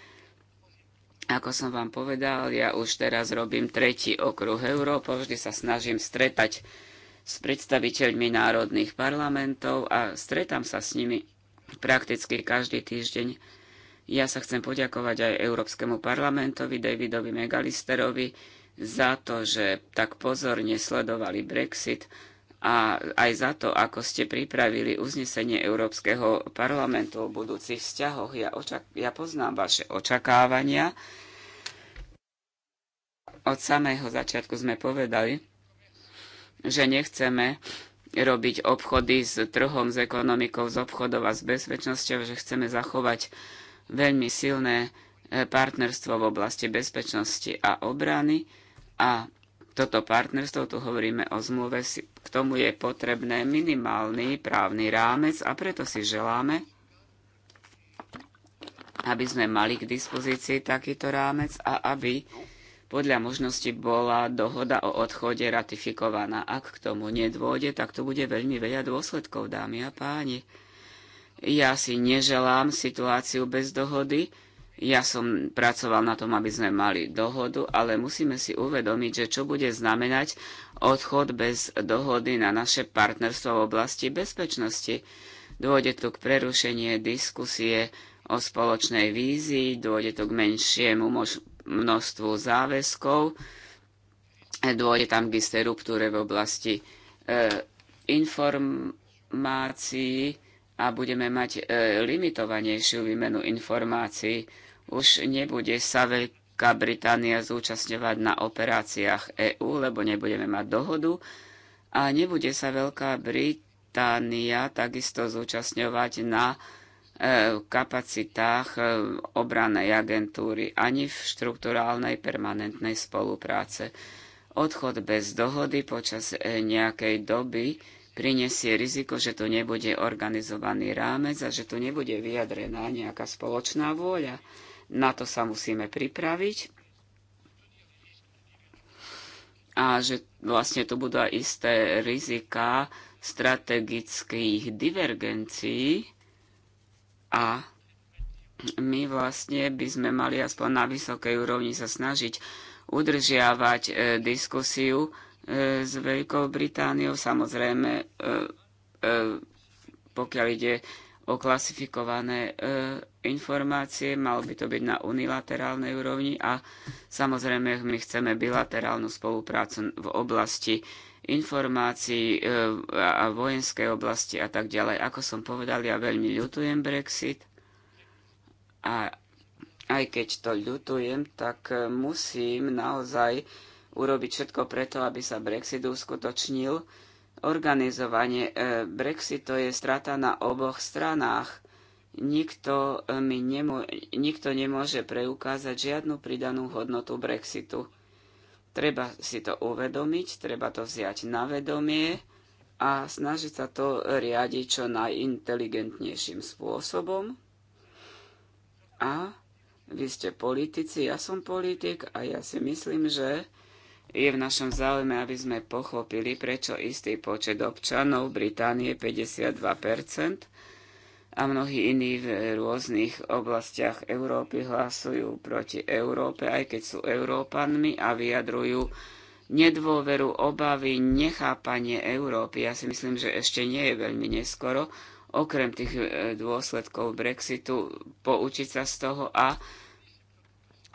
Ako som vám povedal, ja už teraz robím tretí okruh Európa, vždy sa snažím stretať s predstaviteľmi národných parlamentov a stretám sa s nimi prakticky každý týždeň. Ja sa chcem poďakovať aj Európskemu parlamentovi, Davidovi Megalisterovi, za to, že tak pozorne sledovali Brexit a aj za to, ako ste pripravili uznesenie Európskeho parlamentu o budúcich vzťahoch. Ja, očak- ja poznám vaše očakávania. Od samého začiatku sme povedali, že nechceme robiť obchody s trhom, s ekonomikou, s obchodov a s bezpečnosťou, že chceme zachovať veľmi silné e, partnerstvo v oblasti bezpečnosti a obrany a toto partnerstvo, tu hovoríme o zmluve, k tomu je potrebné minimálny právny rámec a preto si želáme, aby sme mali k dispozícii takýto rámec a aby podľa možnosti bola dohoda o odchode ratifikovaná. Ak k tomu nedôjde, tak to bude veľmi veľa dôsledkov, dámy a páni. Ja si neželám situáciu bez dohody, ja som pracoval na tom, aby sme mali dohodu, ale musíme si uvedomiť, že čo bude znamenať odchod bez dohody na naše partnerstvo v oblasti bezpečnosti. Dôjde tu k prerušenie diskusie o spoločnej vízii, dôjde tu k menšiemu množstvu záväzkov, dôjde tam k istej ruptúre v oblasti e, informácií a budeme mať e, limitovanejšiu výmenu informácií už nebude sa Veľká Británia zúčastňovať na operáciách EÚ, lebo nebudeme mať dohodu a nebude sa Veľká Británia takisto zúčastňovať na v e, kapacitách e, obranej agentúry ani v štruktúrálnej permanentnej spolupráce. Odchod bez dohody počas e, nejakej doby prinesie riziko, že tu nebude organizovaný rámec a že tu nebude vyjadrená nejaká spoločná vôľa. Na to sa musíme pripraviť. A že vlastne tu budú aj isté rizika strategických divergencií a my vlastne by sme mali aspoň na vysokej úrovni sa snažiť udržiavať e, diskusiu e, s Veľkou Britániou. Samozrejme, e, e, pokiaľ ide o klasifikované e, informácie, malo by to byť na unilaterálnej úrovni a samozrejme my chceme bilaterálnu spoluprácu v oblasti informácií e, a vojenskej oblasti a tak ďalej. Ako som povedal, ja veľmi ľutujem Brexit a aj keď to ľutujem, tak e, musím naozaj urobiť všetko preto, aby sa Brexit uskutočnil Organizovanie e, Brexitu je strata na oboch stranách. Nikto, e, mi nemô- nikto nemôže preukázať žiadnu pridanú hodnotu Brexitu. Treba si to uvedomiť, treba to vziať na vedomie a snažiť sa to riadiť čo najinteligentnejším spôsobom. A vy ste politici, ja som politik a ja si myslím, že je v našom záujme, aby sme pochopili, prečo istý počet občanov Británie 52% a mnohí iní v rôznych oblastiach Európy hlasujú proti Európe, aj keď sú Európanmi a vyjadrujú nedôveru, obavy, nechápanie Európy. Ja si myslím, že ešte nie je veľmi neskoro, okrem tých e, dôsledkov Brexitu, poučiť sa z toho a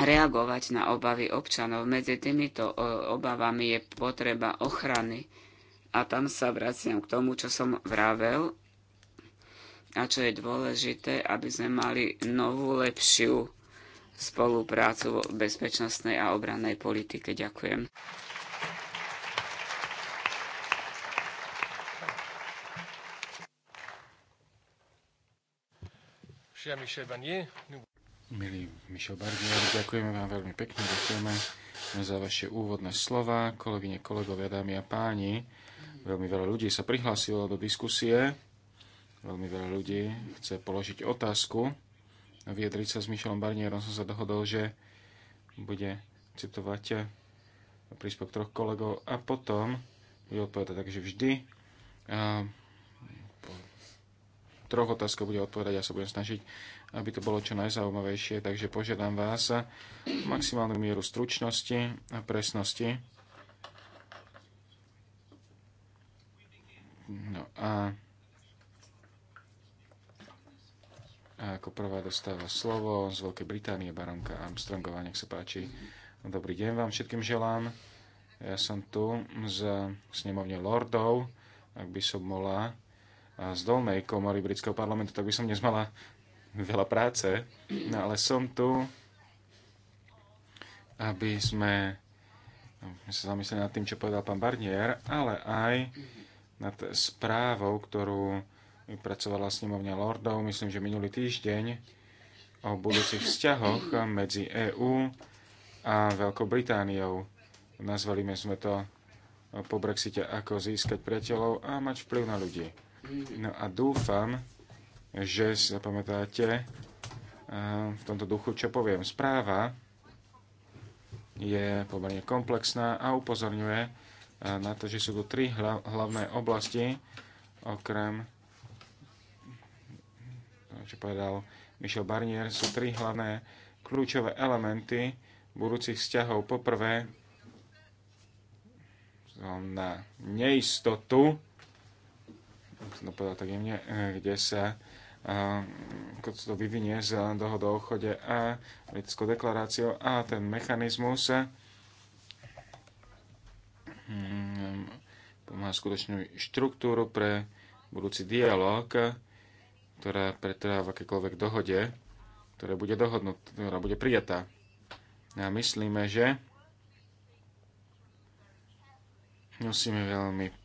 reagovať na obavy občanov. Medzi týmito obavami je potreba ochrany. A tam sa vraciam k tomu, čo som vravel a čo je dôležité, aby sme mali novú, lepšiu spoluprácu v bezpečnostnej a obrannej politike. Ďakujem. Cher Michel Barnier, nous... Milý Mišel Bardier, ďakujeme vám veľmi pekne, ďakujeme za vaše úvodné slova. Kolegyne, kolegovia, dámy a páni, veľmi veľa ľudí sa prihlásilo do diskusie, veľmi veľa ľudí chce položiť otázku a vyjadriť sa s Michelom Barnierom. Som sa dohodol, že bude citovať príspevok troch kolegov a potom bude odpovedať. Takže vždy a, troch otázkov bude odpovedať. Ja sa budem snažiť aby to bolo čo najzaujímavejšie, takže požiadam vás maximálnu mieru stručnosti a presnosti. No a, a ako prvá dostáva slovo z Veľkej Británie baronka Armstrongová, nech sa páči. Dobrý deň vám všetkým želám. Ja som tu z snemovne Lordov, ak by som mohla. z dolnej komory britského parlamentu, tak by som dnes mala veľa práce, no ale som tu, aby sme, My sa zamysleli nad tým, čo povedal pán Barnier, ale aj nad správou, ktorú vypracovala snemovňa Lordov, myslím, že minulý týždeň, o budúcich vzťahoch medzi EÚ a Veľkou Britániou. Nazvali sme to po Brexite ako získať priateľov a mať vplyv na ľudí. No a dúfam, že zapamätáte eh, v tomto duchu, čo poviem. Správa je pomerne komplexná a upozorňuje eh, na to, že sú tu tri hlavné oblasti, okrem čo povedal Michel Barnier, sú tri hlavné kľúčové elementy budúcich vzťahov. Poprvé, na neistotu, som to povedal tak jemne, eh, kde sa eh, keď sa to vyvinie z dohodou o ochode a vedeckou deklaráciou a ten mechanizmus pomáha eh, skutočnú štruktúru pre budúci dialog, ktorá pretrvá v akékoľvek dohode, ktorá bude dohodnutá, ktorá bude prijatá. A myslíme, že musíme veľmi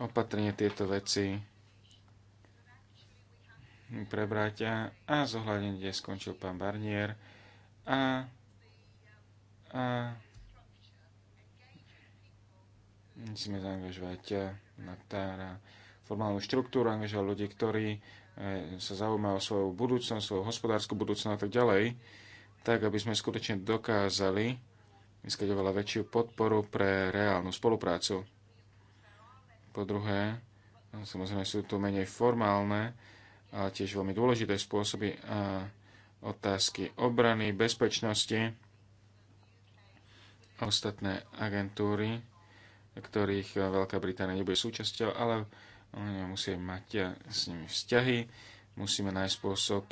opatrne tieto veci prebrať a zohľadniť, kde skončil pán Barnier a, a musíme zaangažovať e, na formálnu štruktúru, angažovať ľudí, ktorí e, sa zaujímajú o svoju budúcnosť, svoju hospodárskú budúcnosť a tak ďalej, tak aby sme skutočne dokázali získať oveľa väčšiu podporu pre reálnu spoluprácu. Po druhé, samozrejme sú tu menej formálne, ale tiež veľmi dôležité spôsoby a otázky obrany, bezpečnosti a ostatné agentúry, ktorých Veľká Británia nebude súčasťou, ale musíme mať s nimi vzťahy, musíme nájsť spôsob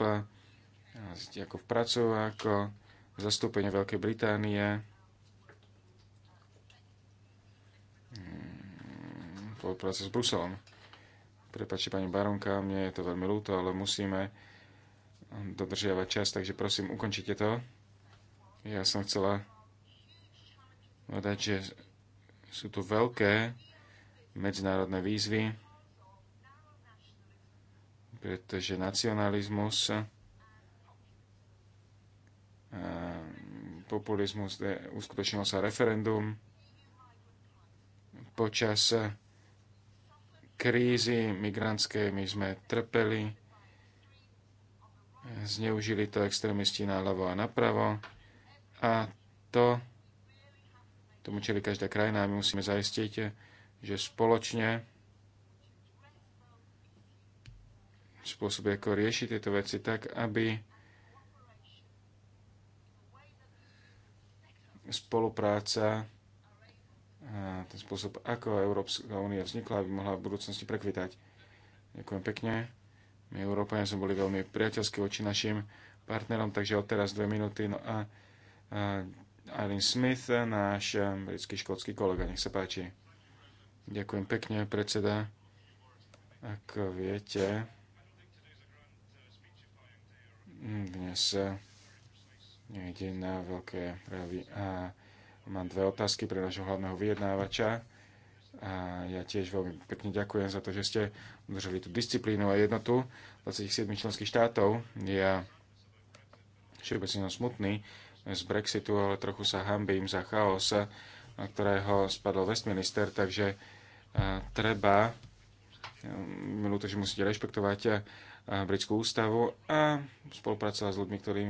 ako v ako zastúpenie Veľkej Británie spolupráce s Bruselom. Prepačte, pani Baronka, mne je to veľmi ľúto, ale musíme dodržiavať čas, takže prosím, ukončite to. Ja som chcela povedať, že sú tu veľké medzinárodné výzvy, pretože nacionalizmus eh, populizmus, eh, uskutočnilo sa referendum počas eh, krízy migrantskej my sme trpeli, zneužili to extrémisti ľavo a napravo a to tomu čeli každá krajina a my musíme zaistiť, že spoločne spôsoby, ako riešiť tieto veci tak, aby spolupráca ten spôsob, ako Európska únia vznikla, aby mohla v budúcnosti prekvitať. Ďakujem pekne. My Európania sme boli veľmi priateľskí voči našim partnerom, takže od teraz dve minúty. No a, Eileen Smith, náš britský škótsky kolega, nech sa páči. Ďakujem pekne, predseda. Ako viete, dnes nejde na veľké pravy a Mám dve otázky pre našho hlavného vyjednávača. A ja tiež veľmi pekne ďakujem za to, že ste udržali tú disciplínu a jednotu 27 členských štátov. Ja všeobecne som smutný z Brexitu, ale trochu sa hambím za chaos, na ktorého spadol Westminster, takže e, treba, minúto, e, že musíte rešpektovať e, britskú ústavu a spolupracovať s ľuďmi, ktorí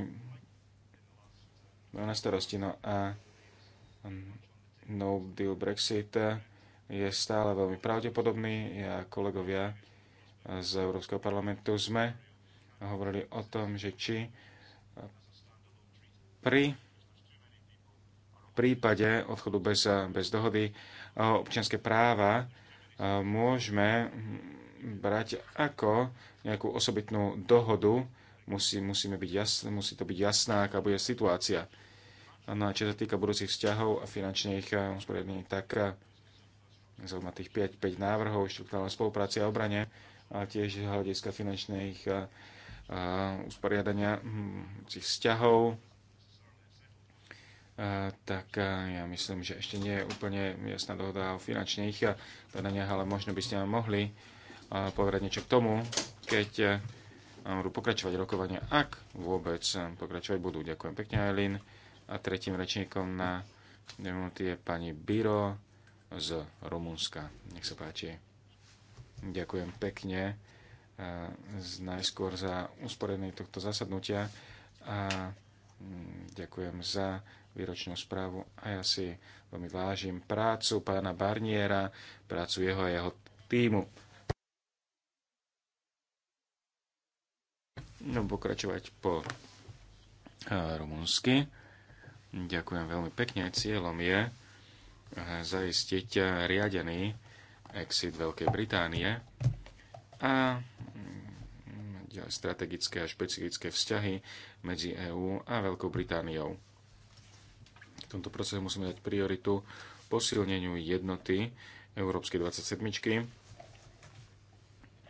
na starosti. No a no deal Brexit je stále veľmi pravdepodobný. Ja a kolegovia z Európskeho parlamentu sme hovorili o tom, že či pri prípade odchodu bez, bez dohody občianské práva môžeme brať ako nejakú osobitnú dohodu. Musí, musíme byť jasné, musí to byť jasná, aká bude situácia. No a čo sa týka budúcich vzťahov a finančných eh, usporiadnení, tak eh, zaujíma tých 5, 5 návrhov štruktúrnej spolupráce a obrane, a tiež z hľadiska finančných eh, usporiadania tých hm, vzťahov, tak ja myslím, že ešte nie je úplne jasná dohoda o finančných dananiach, ale možno by ste nám mohli povedať niečo k tomu, keď budú pokračovať rokovania, ak vôbec pokračovať budú. Ďakujem pekne, Eileen. A tretím rečníkom na minúty je pani Biro z Rumunska. Nech sa páči. Ďakujem pekne eh, najskôr za usporenie tohto zasadnutia a mm, ďakujem za výročnú správu a ja si veľmi vážim prácu pána Barniera, prácu jeho a jeho týmu. No, pokračovať po eh, rumunsky. Ďakujem veľmi pekne. Cieľom je eh, zaistiť eh, riadený exit Veľkej Británie a mm, strategické a špecifické vzťahy medzi EÚ a Veľkou Britániou. V tomto procese musíme dať prioritu posilneniu jednoty Európskej 27.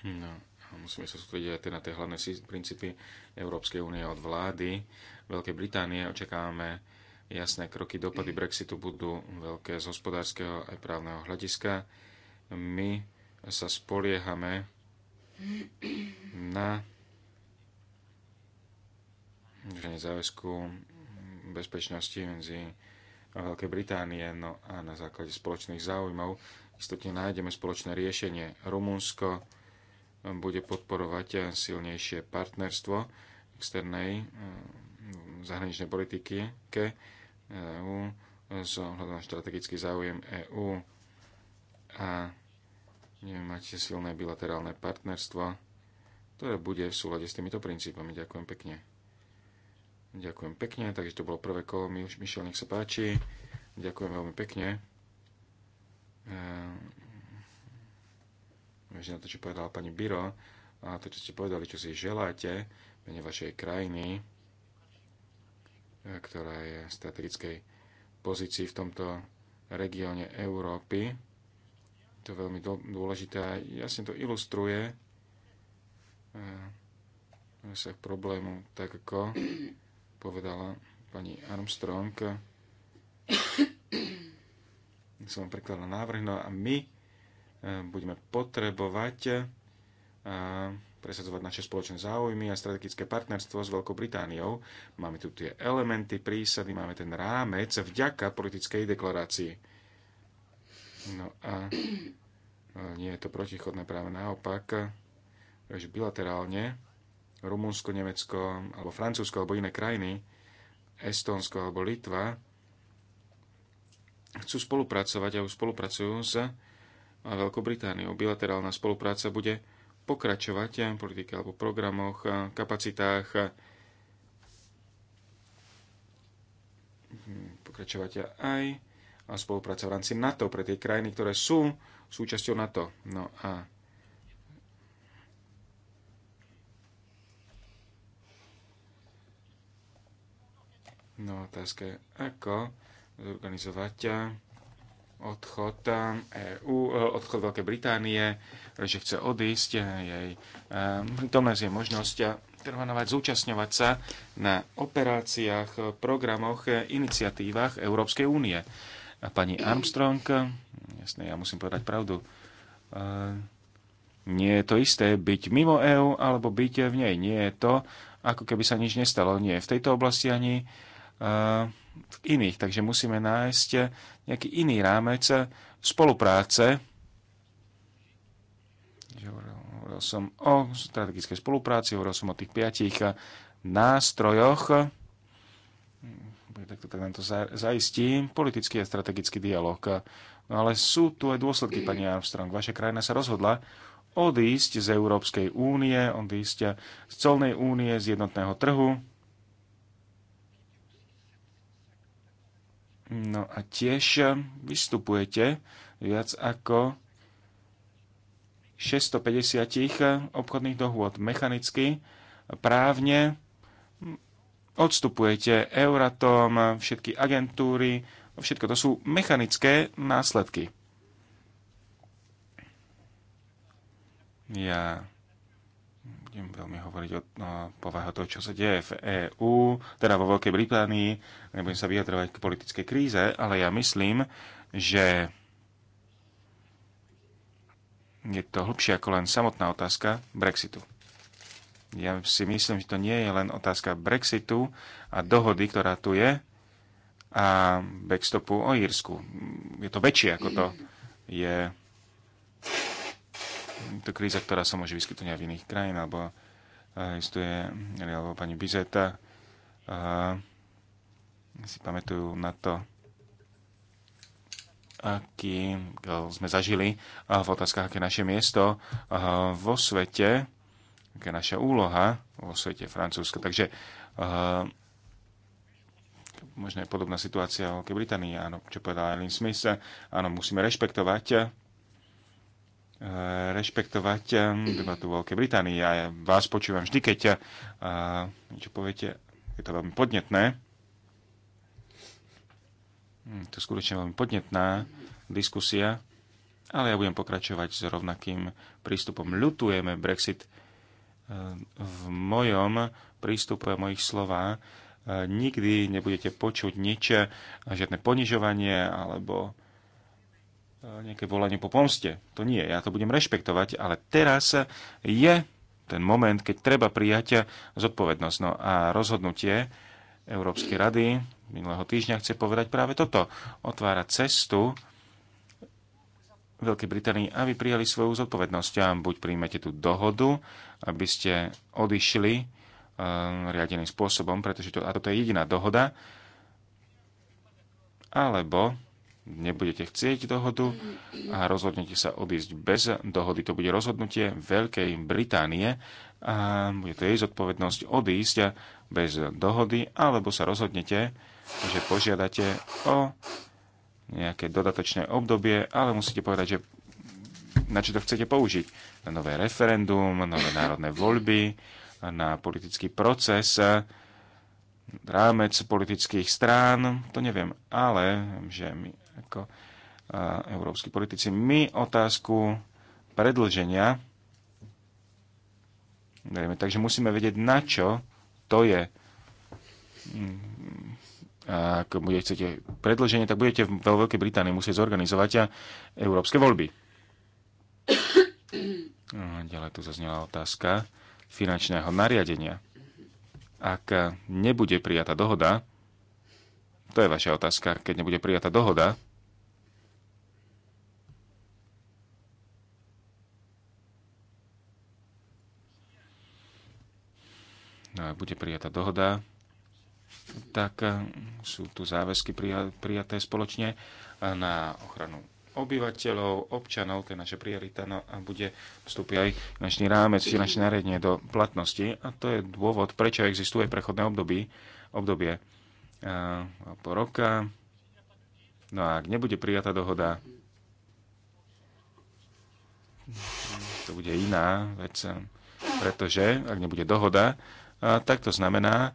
No, a musíme sa sústrediť aj na tie hlavné princípy Európskej únie od vlády Veľkej Británie. Očakávame jasné kroky, dopady Brexitu budú veľké z hospodárskeho aj právneho hľadiska. My sa spoliehame na záväzku bezpečnosti medzi Veľkej Británie no a na základe spoločných záujmov istotne nájdeme spoločné riešenie. Rumunsko bude podporovať silnejšie partnerstvo externej eh, zahraničnej politiky, EÚ s ohľadom strategický záujem EÚ a máte silné bilaterálne partnerstvo, ktoré bude v súlade s týmito princípami. Ďakujem pekne. Ďakujem pekne, takže to bolo prvé kolo. Mišel, nech sa páči. Ďakujem veľmi pekne. Ehm, na to, čo povedala pani Biro, a to, čo ste povedali, čo si želáte, mene vašej krajiny, ktorá je v strategickej pozícii v tomto regióne Európy. To je veľmi dôležité a jasne to ilustruje eh, sa problému, tak ako povedala pani Armstrong. (coughs) Som prekladal návrh, no a my eh, budeme potrebovať eh, presadzovať naše spoločné záujmy a strategické partnerstvo s Veľkou Britániou. Máme tu tie elementy, prísady, máme ten rámec vďaka politickej deklarácii. No a nie je to protichodné práve naopak, že bilaterálne Rumunsko, Nemecko, alebo Francúzsko, alebo iné krajiny, Estonsko alebo Litva, chcú spolupracovať a už spolupracujú s Veľkou Britániou. Bilaterálna spolupráca bude pokračovať v politike alebo programoch, eh, kapacitách, eh, mhm, pokračovať aj a spolupráca v rámci NATO pre tie krajiny, ktoré sú súčasťou NATO. No a No otázka je, ako zorganizovať eh, odchod EU, ehm, e e, odchod Veľkej Británie, že chce odísť, e, jej prítomnosť ehm, je možnosť trvanovať, zúčastňovať sa na operáciách, programoch, iniciatívach Európskej únie. A pani Armstrong, jasne, ja musím povedať pravdu, nie je to isté byť mimo EÚ alebo byť v nej. Nie je to, ako keby sa nič nestalo. Nie v tejto oblasti ani uh, iných. Takže musíme nájsť nejaký iný rámec spolupráce. Hovoril som o strategickej spolupráci, hovoril som o tých piatich nástrojoch. Tak to tak nám to zaistí politický a strategický dialog. No ale sú tu aj dôsledky, pani Armstrong. Vaša krajina sa rozhodla odísť z Európskej únie, odísť z colnej únie, z jednotného trhu No a tiež e, vystupujete viac ako 650 e, obchodných dohôd mechanicky, právne, odstupujete Euratom, všetky agentúry, všetko to sú mechanické následky. Ja nebudem veľmi hovoriť o no, povahu toho, čo sa deje v EÚ, teda vo Veľkej Británii. Nebudem sa vyjadrovať k politickej kríze, ale ja myslím, že je to hlbšie ako len samotná otázka Brexitu. Ja si myslím, že to nie je len otázka Brexitu a dohody, ktorá tu je, a backstopu o Írsku. Je to väčšie ako to je je to kríza, ktorá sa môže vyskytnúť aj v iných krajín, alebo eh, existuje, eh, alebo pani Bizeta, a, eh, si pamätujú na to, aký sme zažili a v otázkach, aké naše miesto a, vo svete, aká naša úloha vo svete Francúzska. Takže a, možno je podobná situácia v Veľkej Británii, áno, čo povedal Eileen Smith, áno, musíme rešpektovať Eh, rešpektovať eh, debatu Veľkej Británii. Ja vás počúvam vždy, keď eh, niečo poviete. Je to veľmi podnetné. Hm, to skutočne veľmi podnetná diskusia, ale ja budem pokračovať s rovnakým prístupom. Ľutujeme Brexit v mojom prístupe, mojich slová nikdy nebudete počuť nič, žiadne ponižovanie alebo E, nejaké volanie po pomste. To nie, ja to budem rešpektovať, ale teraz je ten moment, keď treba prijať zodpovednosť. No a rozhodnutie Európskej rady minulého týždňa chce povedať práve toto. Otvára cestu Veľkej Británii, aby prijali svoju zodpovednosť. A buď príjmete tú dohodu, aby ste odišli um, riadeným spôsobom, pretože to, a toto je jediná dohoda, alebo nebudete chcieť dohodu a rozhodnete sa odísť bez dohody. To bude rozhodnutie Veľkej Británie a bude to jej zodpovednosť odísť bez dohody, alebo sa rozhodnete, že požiadate o nejaké dodatočné obdobie, ale musíte povedať, že na čo to chcete použiť. Na nové referendum, nové národné voľby, na politický proces, rámec politických strán, to neviem, ale že my, ako európsky politici. My otázku predlženia dajme, takže musíme vedieť, na čo to je. A mm. ak bude chcete predlženie, tak budete vo Veľkej Británii musieť zorganizovať európske voľby. No, ďalej tu zaznela otázka finančného nariadenia. Ak nebude prijatá dohoda, to je vaša otázka, keď nebude prijatá dohoda, bude prijatá dohoda, tak e, sú tu záväzky prijaté spoločne na ochranu obyvateľov, občanov, to je naša priorita, no a bude vstúpiť aj finančný rámec, finančné nariadenie do platnosti a to je dôvod, prečo existuje prechodné obdobie, obdobie a, po roka. No a ak nebude prijatá dohoda, to bude iná vec, pretože ak nebude dohoda, tak to znamená,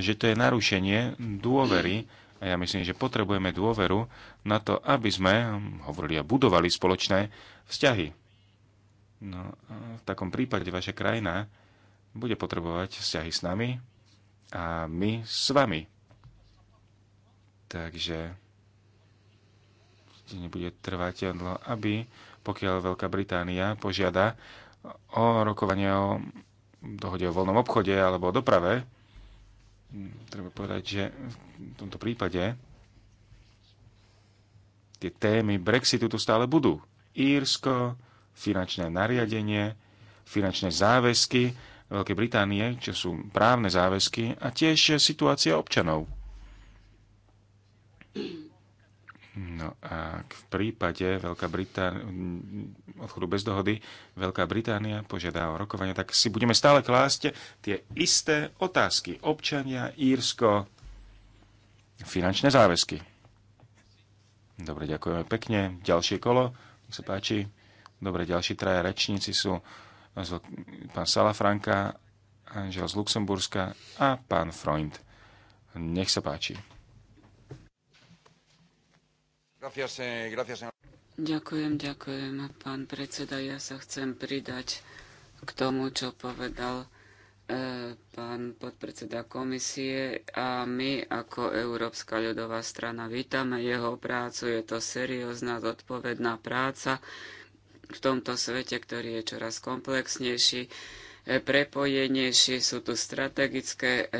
že to je narušenie dôvery a ja myslím, že potrebujeme dôveru na to, aby sme hm, hovorili a budovali spoločné vzťahy. No, v takom prípade vaša krajina bude potrebovať vzťahy s nami a my s vami. Takže nebude trvať dlho, aby pokiaľ Veľká Británia požiada o rokovanie o dohode o voľnom obchode alebo o doprave, hm, treba povedať, že v tomto prípade tie témy Brexitu tu stále budú. Írsko, finančné nariadenie, finančné záväzky Veľkej Británie, čo sú právne záväzky a tiež situácia občanov. No a v prípade Veľká Británia, odchodu bez dohody, Veľká Británia požiada o rokovania, tak si budeme stále klásť tie isté otázky. Občania, Írsko, finančné záväzky. Dobre, ďakujeme pekne. Ďalšie kolo, nech sa páči. Dobre, ďalší traja rečníci sú pán Salafranka, Anžel z Luxemburska a pán Freund. Nech sa páči. Eh, ďakujem, ďakujem, pán predseda. Ja sa chcem pridať k tomu, čo povedal eh, pán podpredseda komisie a my ako Európska ľudová strana vítame jeho prácu. Je to seriózna, zodpovedná práca v tomto svete, ktorý je čoraz komplexnejší, eh, prepojenejší. Sú tu strategické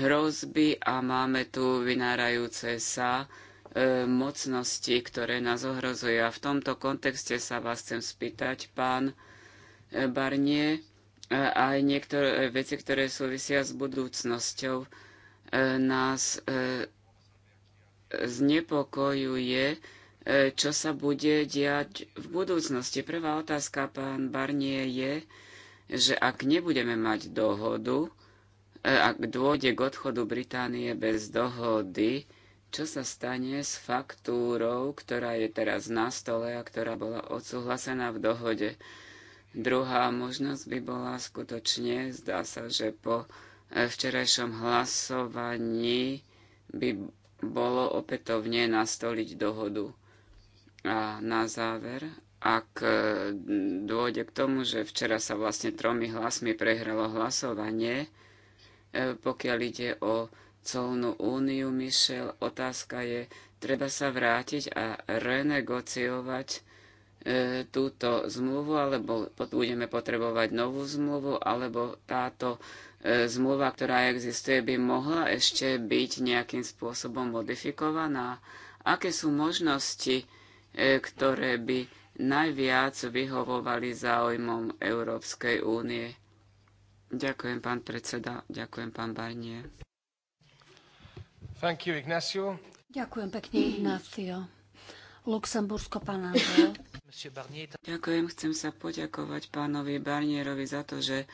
hrozby a máme tu vynárajúce sa E, mocnosti, ktoré nás ohrozujú. A v tomto kontexte sa vás chcem spýtať, pán e, Barnie, e, aj niektoré veci, ktoré súvisia s budúcnosťou, nás znepokojuje, čo sa bude diať v budúcnosti. Prvá otázka, pán Barnie, je, že ak nebudeme mať dohodu, ak dôjde k odchodu Británie bez dohody, čo sa stane s faktúrou, ktorá je teraz na stole a ktorá bola odsúhlasená v dohode. Druhá možnosť by bola skutočne, zdá sa, že po e, včerajšom hlasovaní by bolo opätovne nastoliť dohodu. A na záver, ak e, dôjde k tomu, že včera sa vlastne tromi hlasmi prehralo hlasovanie, e, pokiaľ ide o colnú úniu, Michel. Otázka je, treba sa vrátiť a renegociovať e, túto zmluvu, alebo budeme potrebovať novú zmluvu, alebo táto e, zmluva, ktorá existuje, by mohla ešte byť nejakým spôsobom modifikovaná. Aké sú možnosti, e, ktoré by najviac vyhovovali záujmom Európskej únie? Ďakujem, pán predseda. Ďakujem, pán Barnier. Thank you, Ignacio. Ďakujem pekne, Ignacio. Luxembursko, pán Andel. Ďakujem, chcem sa poďakovať pánovi Barnierovi za to, že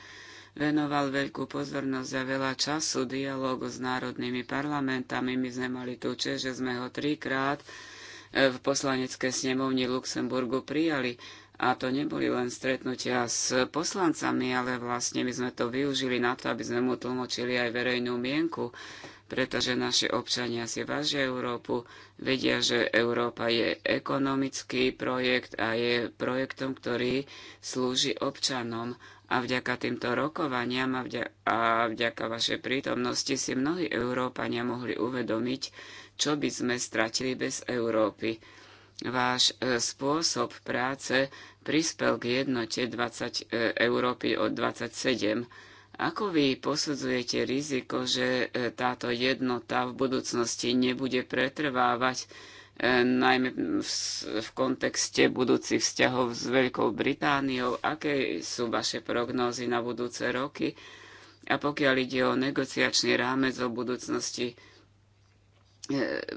venoval veľkú pozornosť a veľa času dialogu s národnými parlamentami. My sme mali tú čest, že sme ho trikrát eh, v poslaneckej snemovni Luxemburgu prijali. A to neboli len stretnutia s poslancami, ale vlastne my sme to využili na to, aby sme mu tlmočili aj verejnú mienku pretože naši občania si vážia Európu, vedia, že Európa je ekonomický projekt a je projektom, ktorý slúži občanom. A vďaka týmto rokovaniam a vďaka, a vďaka vašej prítomnosti si mnohí Európania mohli uvedomiť, čo by sme stratili bez Európy. Váš e, spôsob práce prispel k jednote 20, e, Európy od 27 ako vy posudzujete riziko, že e, táto jednota v budúcnosti nebude pretrvávať, e, najmä v, v kontexte budúcich vzťahov s Veľkou Britániou? Aké sú vaše prognózy na budúce roky? A pokiaľ ide o negociačný rámec o budúcnosti, e,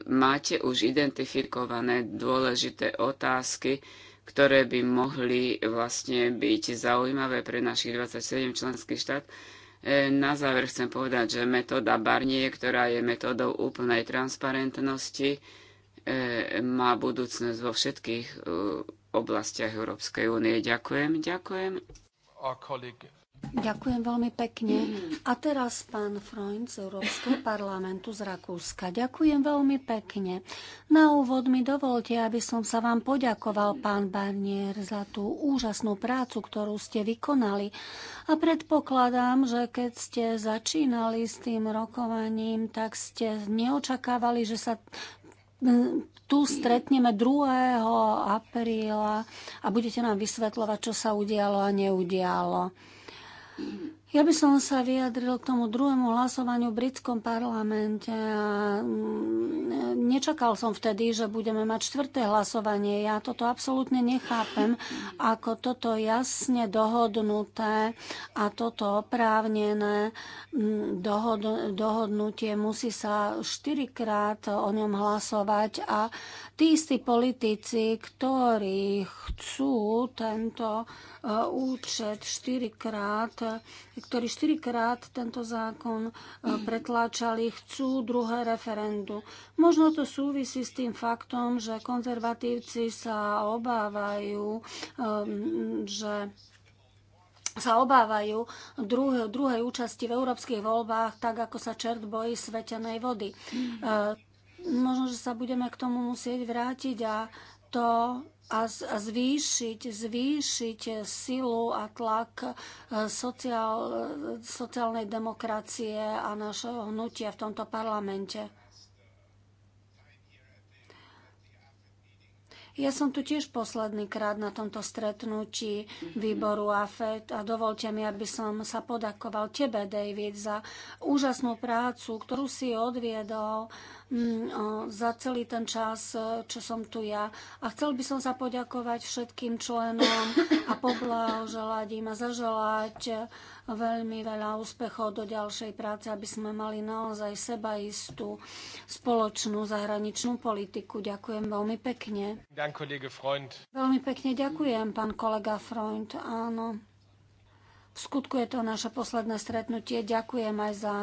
máte už identifikované dôležité otázky, ktoré by mohli vlastne byť zaujímavé pre našich 27 členských štát, E, na záver chcem povedať, že metóda Barnie, ktorá je metódou úplnej transparentnosti, e, má budúcnosť vo všetkých e, oblastiach Európskej únie. Ďakujem, ďakujem. Ďakujem veľmi pekne. A teraz pán Freund z Európskeho parlamentu z Rakúska. Ďakujem veľmi pekne. Na úvod mi dovolte, aby som sa vám poďakoval, pán Barnier, za tú úžasnú prácu, ktorú ste vykonali. A predpokladám, že keď ste začínali s tým rokovaním, tak ste neočakávali, že sa tu stretneme 2. apríla a budete nám vysvetľovať, čo sa udialo a neudialo. Ja by som sa vyjadril k tomu druhému hlasovaniu v britskom parlamente a mm, nečakal som vtedy, že budeme mať štvrté hlasovanie. Ja toto absolútne nechápem, ako toto jasne dohodnuté a toto oprávnené mm, dohod- dohodnutie musí sa štyrikrát o ňom hlasovať a Tí istí politici, ktorí chcú tento eh, účet štyrikrát, ktorí štyrikrát tento zákon eh, pretláčali, chcú druhé referendum. Možno to súvisí s tým faktom, že konzervatívci sa obávajú, ehm, že sa obávajú druhej, druhej účasti v európskych voľbách, tak ako sa čert bojí svetenej vody. Mm možno, že sa budeme k tomu musieť vrátiť a to a, zvýšiť, zvýšiť silu a tlak e, sociál, e, sociálnej demokracie a našeho hnutia v tomto parlamente. Ja som tu tiež posledný krát na tomto stretnutí výboru AFET a dovolte mi, aby som sa podakoval tebe, David, za úžasnú prácu, ktorú si odviedol Mm, za celý ten čas, e, čo som tu ja. A chcel by som sa poďakovať všetkým členom a poblahoželať im a zaželať e, veľmi veľa úspechov do ďalšej práce, aby sme mali naozaj sebaistú spoločnú zahraničnú politiku. Ďakujem veľmi pekne. Veľmi pekne ďakujem, pán kolega Freund. Áno. V skutku je to naše posledné stretnutie. Ďakujem aj za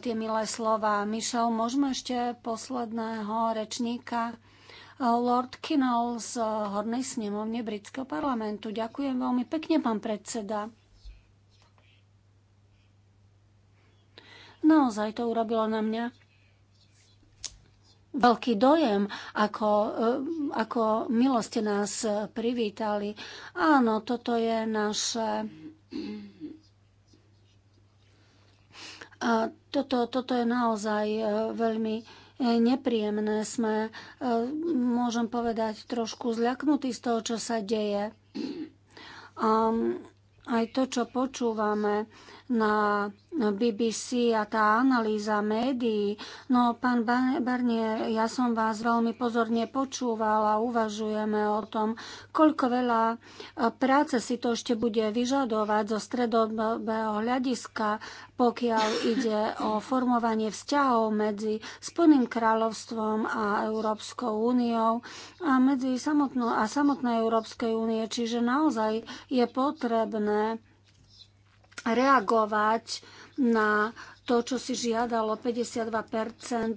tie milé slova. Mišel, môžeme ešte posledného rečníka? Lord Kinnell z Hornej snemovne Britského parlamentu. Ďakujem veľmi pekne, pán predseda. Naozaj to urobilo na mňa veľký dojem, ako, e, ako milo ste nás privítali. Áno, toto je naše a toto, toto je naozaj e, veľmi e, nepríjemné. Sme, e, môžem povedať, trošku zľaknutí z toho, čo sa deje. A aj to, čo počúvame na No, BBC a tá analýza médií. No, pán Barnier, ja som vás veľmi pozorne počúval a uvažujeme o tom, koľko veľa e, práce si to ešte bude vyžadovať zo stredobého hľadiska, pokiaľ ide o formovanie vzťahov medzi Spojeným kráľovstvom a Európskou úniou a medzi samotnou a samotnej Európskej únie. Čiže naozaj je potrebné reagovať na to, čo si žiadalo 52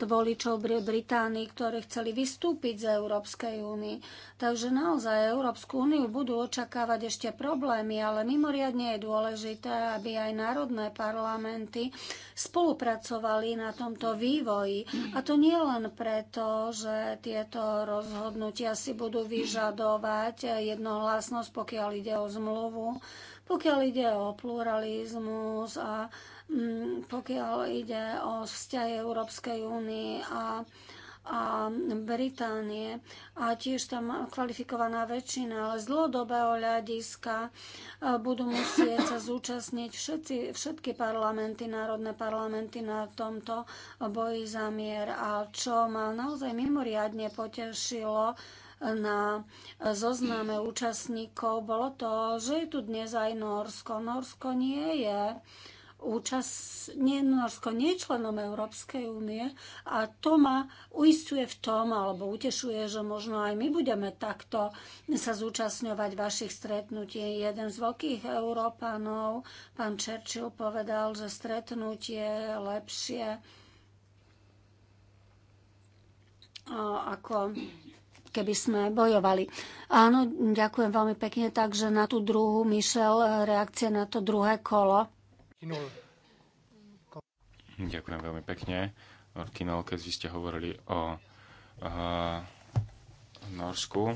voličov Británii, ktorí chceli vystúpiť z Európskej únie. Takže naozaj Európsku úniu budú očakávať ešte problémy, ale mimoriadne je dôležité, aby aj národné parlamenty spolupracovali na tomto vývoji. A to nie len preto, že tieto rozhodnutia si budú vyžadovať jednohlasnosť, pokiaľ ide o zmluvu, pokiaľ ide o pluralizmus a Mm, pokiaľ ide o vzťahy Európskej únie a a Británie a tiež tam kvalifikovaná väčšina, ale z dlhodobého hľadiska e, budú musieť sa zúčastniť všetci, všetky parlamenty, národné parlamenty na tomto boji za mier. A čo ma naozaj mimoriadne potešilo, na zozname účastníkov bolo to, že je tu dnes aj Norsko. Norsko nie je uh, účasť, nie, Norsko nie je členom Európskej únie a to ma uistuje v tom, alebo utešuje, že možno aj my budeme takto sa zúčastňovať vašich stretnutí. Jeden z veľkých Európanov, pán Churchill, povedal, že stretnutie je lepšie ako keby sme bojovali. Áno, ďakujem veľmi pekne, takže na tú druhú, Michel, reakcia na to druhé kolo. Ďakujem veľmi pekne. Kinol, keď vy ste hovorili o uh, Norsku,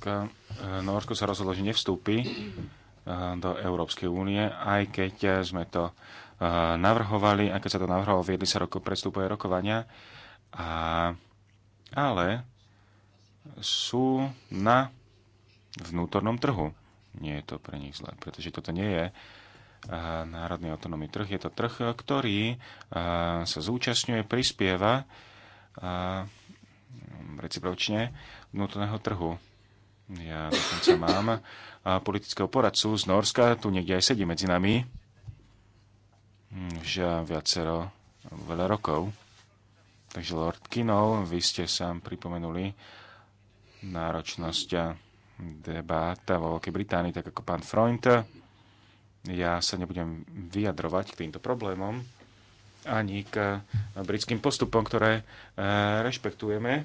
k, e, Norsko sa rozhodlo, že nevstúpi e, do Európskej únie, aj keď e, sme to navrhovali, aj keď sa to navrhovalo, viedli sa roko, predstupové rokovania, a, ale sú na vnútornom trhu. Nie je to pre nich zlé, pretože toto nie je uh, národný autonómny trh. Je to trh, ktorý sa zúčastňuje, prispieva recipročne vnútorného trhu. Ja dokonca (laughs) mám politického poradcu z Norska, tu niekde aj sedí medzi nami, hm, už viacero, veľa rokov. Takže Lord Kinov, vy ste sám pripomenuli náročnosť debáta vo Veľkej Británii, tak ako pán Freund ja sa nebudem vyjadrovať k týmto problémom ani k eh, britským postupom, ktoré eh, rešpektujeme. Eh,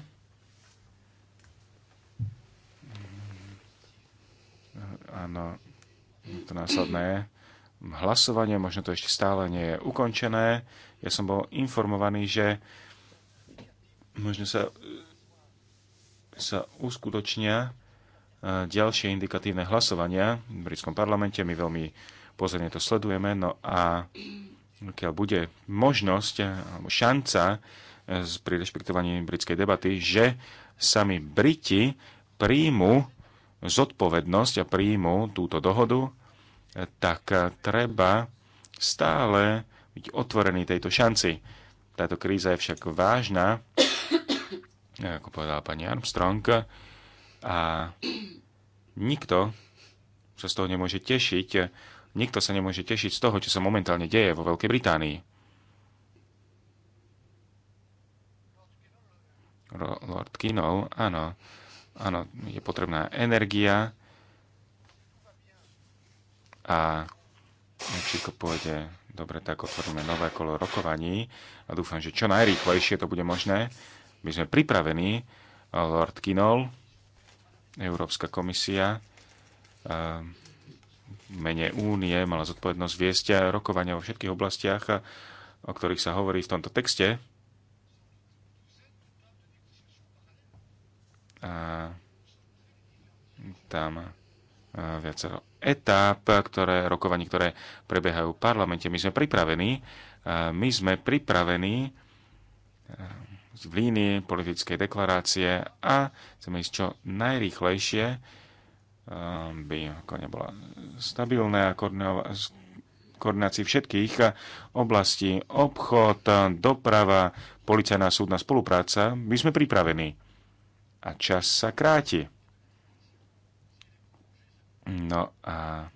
áno, to následné hlasovanie, možno to ešte stále nie je ukončené. Ja som bol informovaný, že možno sa, sa uskutočnia ďalšie indikatívne hlasovania v britskom parlamente. My veľmi pozorne to sledujeme. No a keď bude možnosť alebo šanca eh, pri rešpektovaní britskej debaty, že sami Briti príjmu zodpovednosť a príjmu túto dohodu, eh, tak eh, treba stále byť otvorený tejto šanci. Táto kríza je však vážna, (coughs) ako povedala pani Armstrong, a nikto sa z toho nemôže tešiť, Nikto sa nemôže tešiť z toho, čo sa momentálne deje vo Veľkej Británii. Lord Kinol, áno, áno, je potrebná energia a všetko pôjde dobre, tak otvoríme nové kolo rokovaní a dúfam, že čo najrýchlejšie to bude možné. My sme pripravení, Lord Kinol, Európska komisia, um, mene únie mala zodpovednosť viesť rokovania vo všetkých oblastiach, o ktorých sa hovorí v tomto texte. A tam viacero etáp, ktoré, rokovaní, ktoré prebiehajú v parlamente. My sme pripravení, my sme pripravení v línii politickej deklarácie a chceme ísť čo najrýchlejšie Ehm, by ako nebola stabilné a koordinácii všetkých oblastí, obchod, doprava, policajná súdna spolupráca, my sme pripravení. A čas sa kráti. No a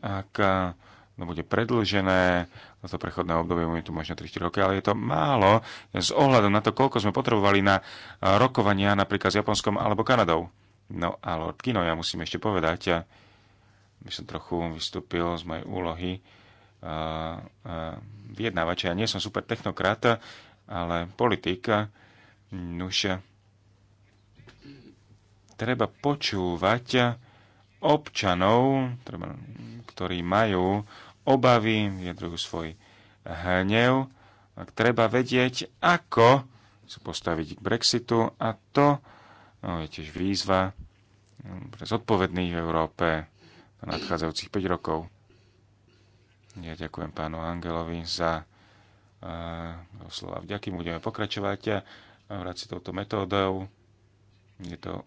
ak to eh, no, bude predlžené na to prechodné obdobie, je tu možno 3-4 roky, ale je to málo s ohľadom na to, koľko sme potrebovali na eh, rokovania napríklad s Japonskom alebo Kanadou. No a Lord Kino, ja musím ešte povedať, ja by som trochu vystúpil z mojej úlohy uh, uh, vyjednávača. Ja nie som super technokrat, ale politika, nuž, treba počúvať občanov, treba, ktorí majú obavy, vyjadrujú svoj hnev. Ak treba vedieť, ako sa postaviť k Brexitu a to no, je tiež výzva mm, pre zodpovedných v Európe na nadchádzajúcich 5 rokov. Ja ďakujem pánu Angelovi za uh, slova vďaky. Budeme pokračovať a vrať si touto metódou. Je to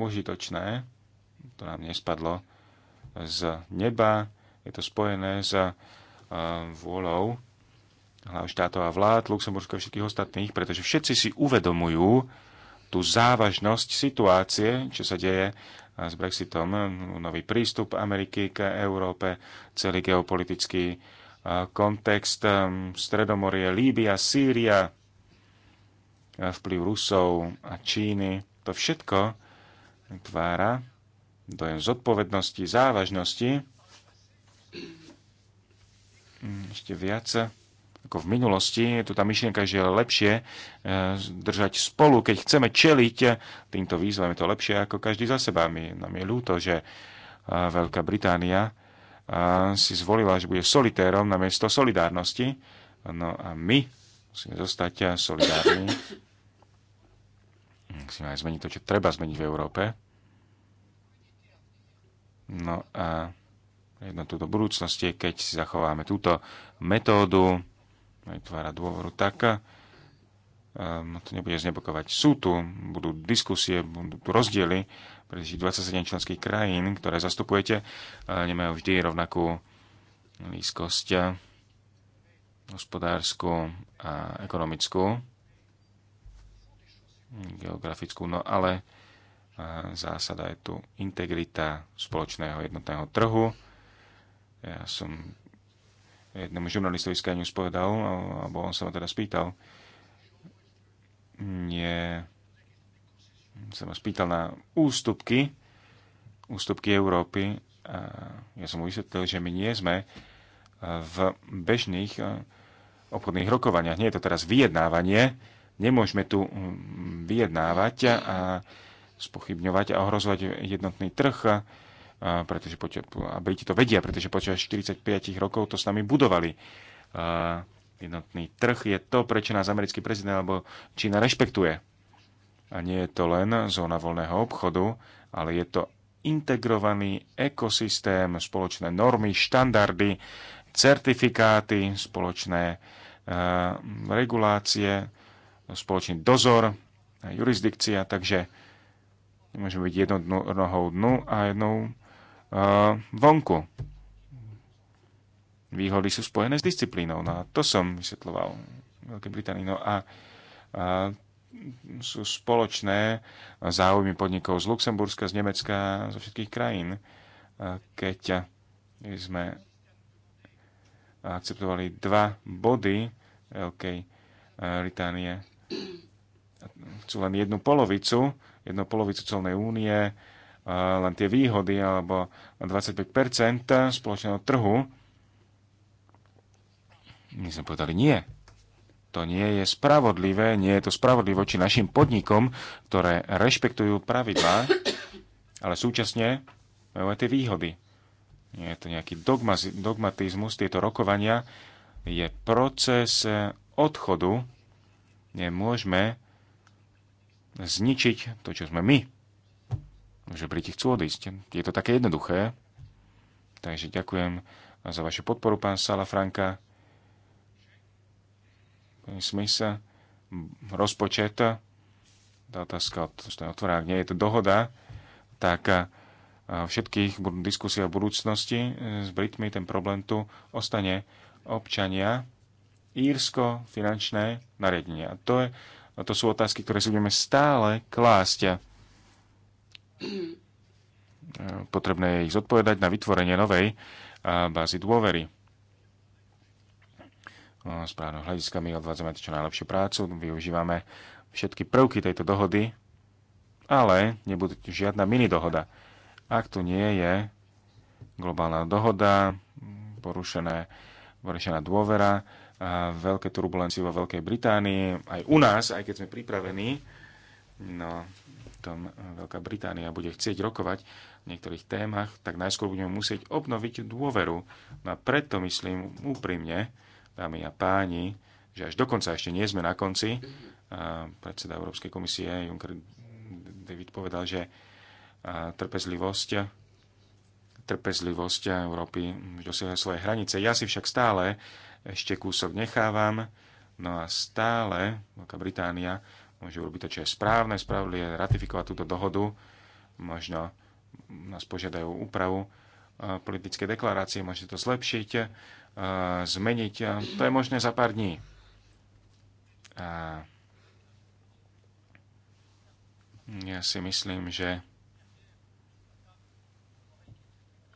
užitočné, to nám nespadlo z neba je to spojené s vôľou hlavy štátov a vlád, Luxembursko a všetkých ostatných, pretože všetci si uvedomujú tú závažnosť situácie, čo sa deje s Brexitom, nový prístup Ameriky k Európe, celý geopolitický kontext, Stredomorie, Líbia, Sýria, vplyv Rusov a Číny. To všetko tvára dojem zodpovednosti, závažnosti Mm, ešte viac ako v minulosti. Je tu tá myšlienka, že je lepšie e, držať spolu. Keď chceme čeliť týmto výzvam, je to lepšie ako každý za seba. My, nám je ľúto, že e, Veľká Británia e, si zvolila, že bude solitérom na miesto solidárnosti. No a my musíme zostať solidárni. Musíme aj zmeniť to, čo treba zmeniť v Európe. No a jednotu do budúcnosti, keď si zachováme túto metódu, vytvára dôveru tak, um, to nebude znepokovať. Sú tu, budú diskusie, budú tu rozdiely, pre 27 členských krajín, ktoré zastupujete, e, nemajú vždy rovnakú blízkosť hospodárskú a ekonomickú, geografickú, no ale e, zásada je tu integrita spoločného jednotného trhu, ja som jednému žurnalistovi z News povedal, alebo on sa ma teda spýtal, nie, sa ma spýtal na ústupky, ústupky Európy a ja som mu vysvetlil, že my nie sme v bežných eh, obchodných rokovaniach. Nie je to teraz vyjednávanie, nemôžeme tu mm, vyjednávať a spochybňovať a ohrozovať jednotný trh pretože a Briti to vedia, pretože počas 45 rokov to s nami budovali. Jednotný trh je to, prečo nás americký prezident alebo Čína rešpektuje. A nie je to len zóna voľného obchodu, ale je to integrovaný ekosystém, spoločné normy, štandardy, certifikáty, spoločné e, regulácie, spoločný dozor, jurisdikcia, takže nemôžeme byť jednou nohou dnu a jednou vonku. Výhody sú spojené s disciplínou. No a to som vysvetloval Veľkej Británii. No a, uh, sú spoločné záujmy podnikov z Luxemburska, z Nemecka, zo všetkých krajín. Keď sme akceptovali dva body Veľkej e, Británie, chcú len jednu polovicu, jednu polovicu celnej únie, len tie výhody alebo 25 spoločného trhu, my sme povedali nie. To nie je spravodlivé, nie je to spravodlivé voči našim podnikom, ktoré rešpektujú pravidlá, ale súčasne majú aj tie výhody. Nie je to nejaký dogma, dogmatizmus, tieto rokovania je proces e, odchodu. Nemôžeme zničiť to, čo sme my že Briti chcú odísť. Je to také jednoduché. Takže ďakujem za vašu podporu, pán Sala Franka. Pani rozpočet, tá otázka otvorá, ak nie je to dohoda, tak všetkých diskusie o budúcnosti e, s Britmi ten problém tu ostane občania, írsko, finančné nariadenie. A to, je, to sú otázky, ktoré si budeme stále klásť. (clears throat) Potrebné je ich zodpovedať na vytvorenie novej bázy dôvery. Z no, právneho hľadiska my odvádzame čo najlepšiu prácu, využívame všetky prvky tejto dohody, ale nebude žiadna mini dohoda. Ak tu nie je globálna dohoda, porušené, porušená dôvera, a veľké turbulencie vo Veľkej Británii, aj u nás, aj keď sme pripravení, no tom Veľká Británia bude chcieť rokovať v niektorých témach, tak najskôr budeme musieť obnoviť dôveru. No a preto myslím úprimne, dámy a páni, že až dokonca ešte nie sme na konci. A predseda Európskej komisie Juncker David povedal, že trpezlivosť trpezlivosť Európy dosiahla svoje hranice. Ja si však stále ešte kúsok nechávam, no a stále Veľká Británia Môže urobiť to, čo je správne, spravili je ratifikovať túto dohodu, možno nás požiadajú úpravu e, politické deklarácie, môžete to zlepšiť, e, zmeniť, e, to je možné za pár dní. A ja si myslím, že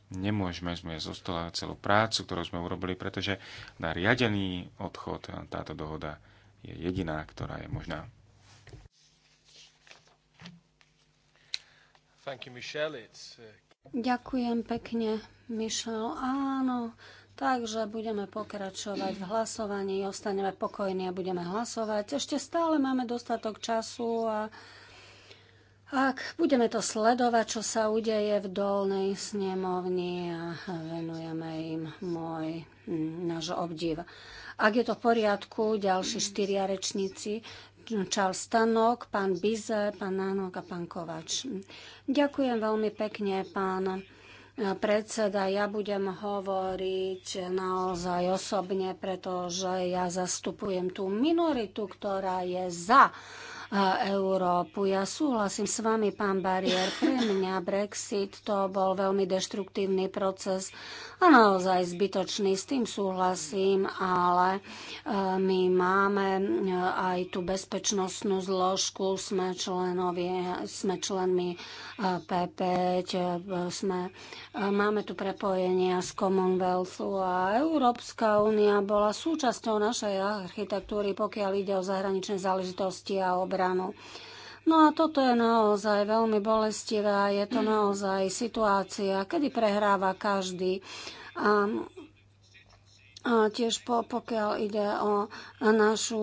nemôžeme sme zostala celú prácu, ktorú sme urobili, pretože na riadený odchod táto dohoda je jediná, ktorá je možná. Uh, Ďakujem pekne, Michel. Áno, takže budeme pokračovať v hlasovaní, ostaneme pokojní a budeme hlasovať. Ešte stále máme dostatok času a ak budeme to sledovať, čo sa udeje v dolnej snemovni a venujeme im môj náš obdiv. Ak je to v poriadku, ďalší štyria rečníci Charles Stanok, pán Bize, pán Nánok a pán Kovač. Ďakujem veľmi pekne, pán e, predseda. Ja budem hovoriť naozaj osobne, pretože ja zastupujem tú minoritu, ktorá je za e, Európu. Ja súhlasím s vami, pán Barier. Pre mňa Brexit to bol veľmi deštruktívny proces a naozaj zbytočný, s tým súhlasím, ale e, my máme e, aj tú bezpečnostnú zložku, sme, členovie, sme členmi e, P5, sme, máme tu prepojenia z Commonwealthu a Európska únia bola súčasťou našej architektúry, pokiaľ ide o zahraničné záležitosti a obranu. No a toto je naozaj veľmi bolestivé je to naozaj situácia, kedy prehráva každý. A a tiež po, pokiaľ ide o našu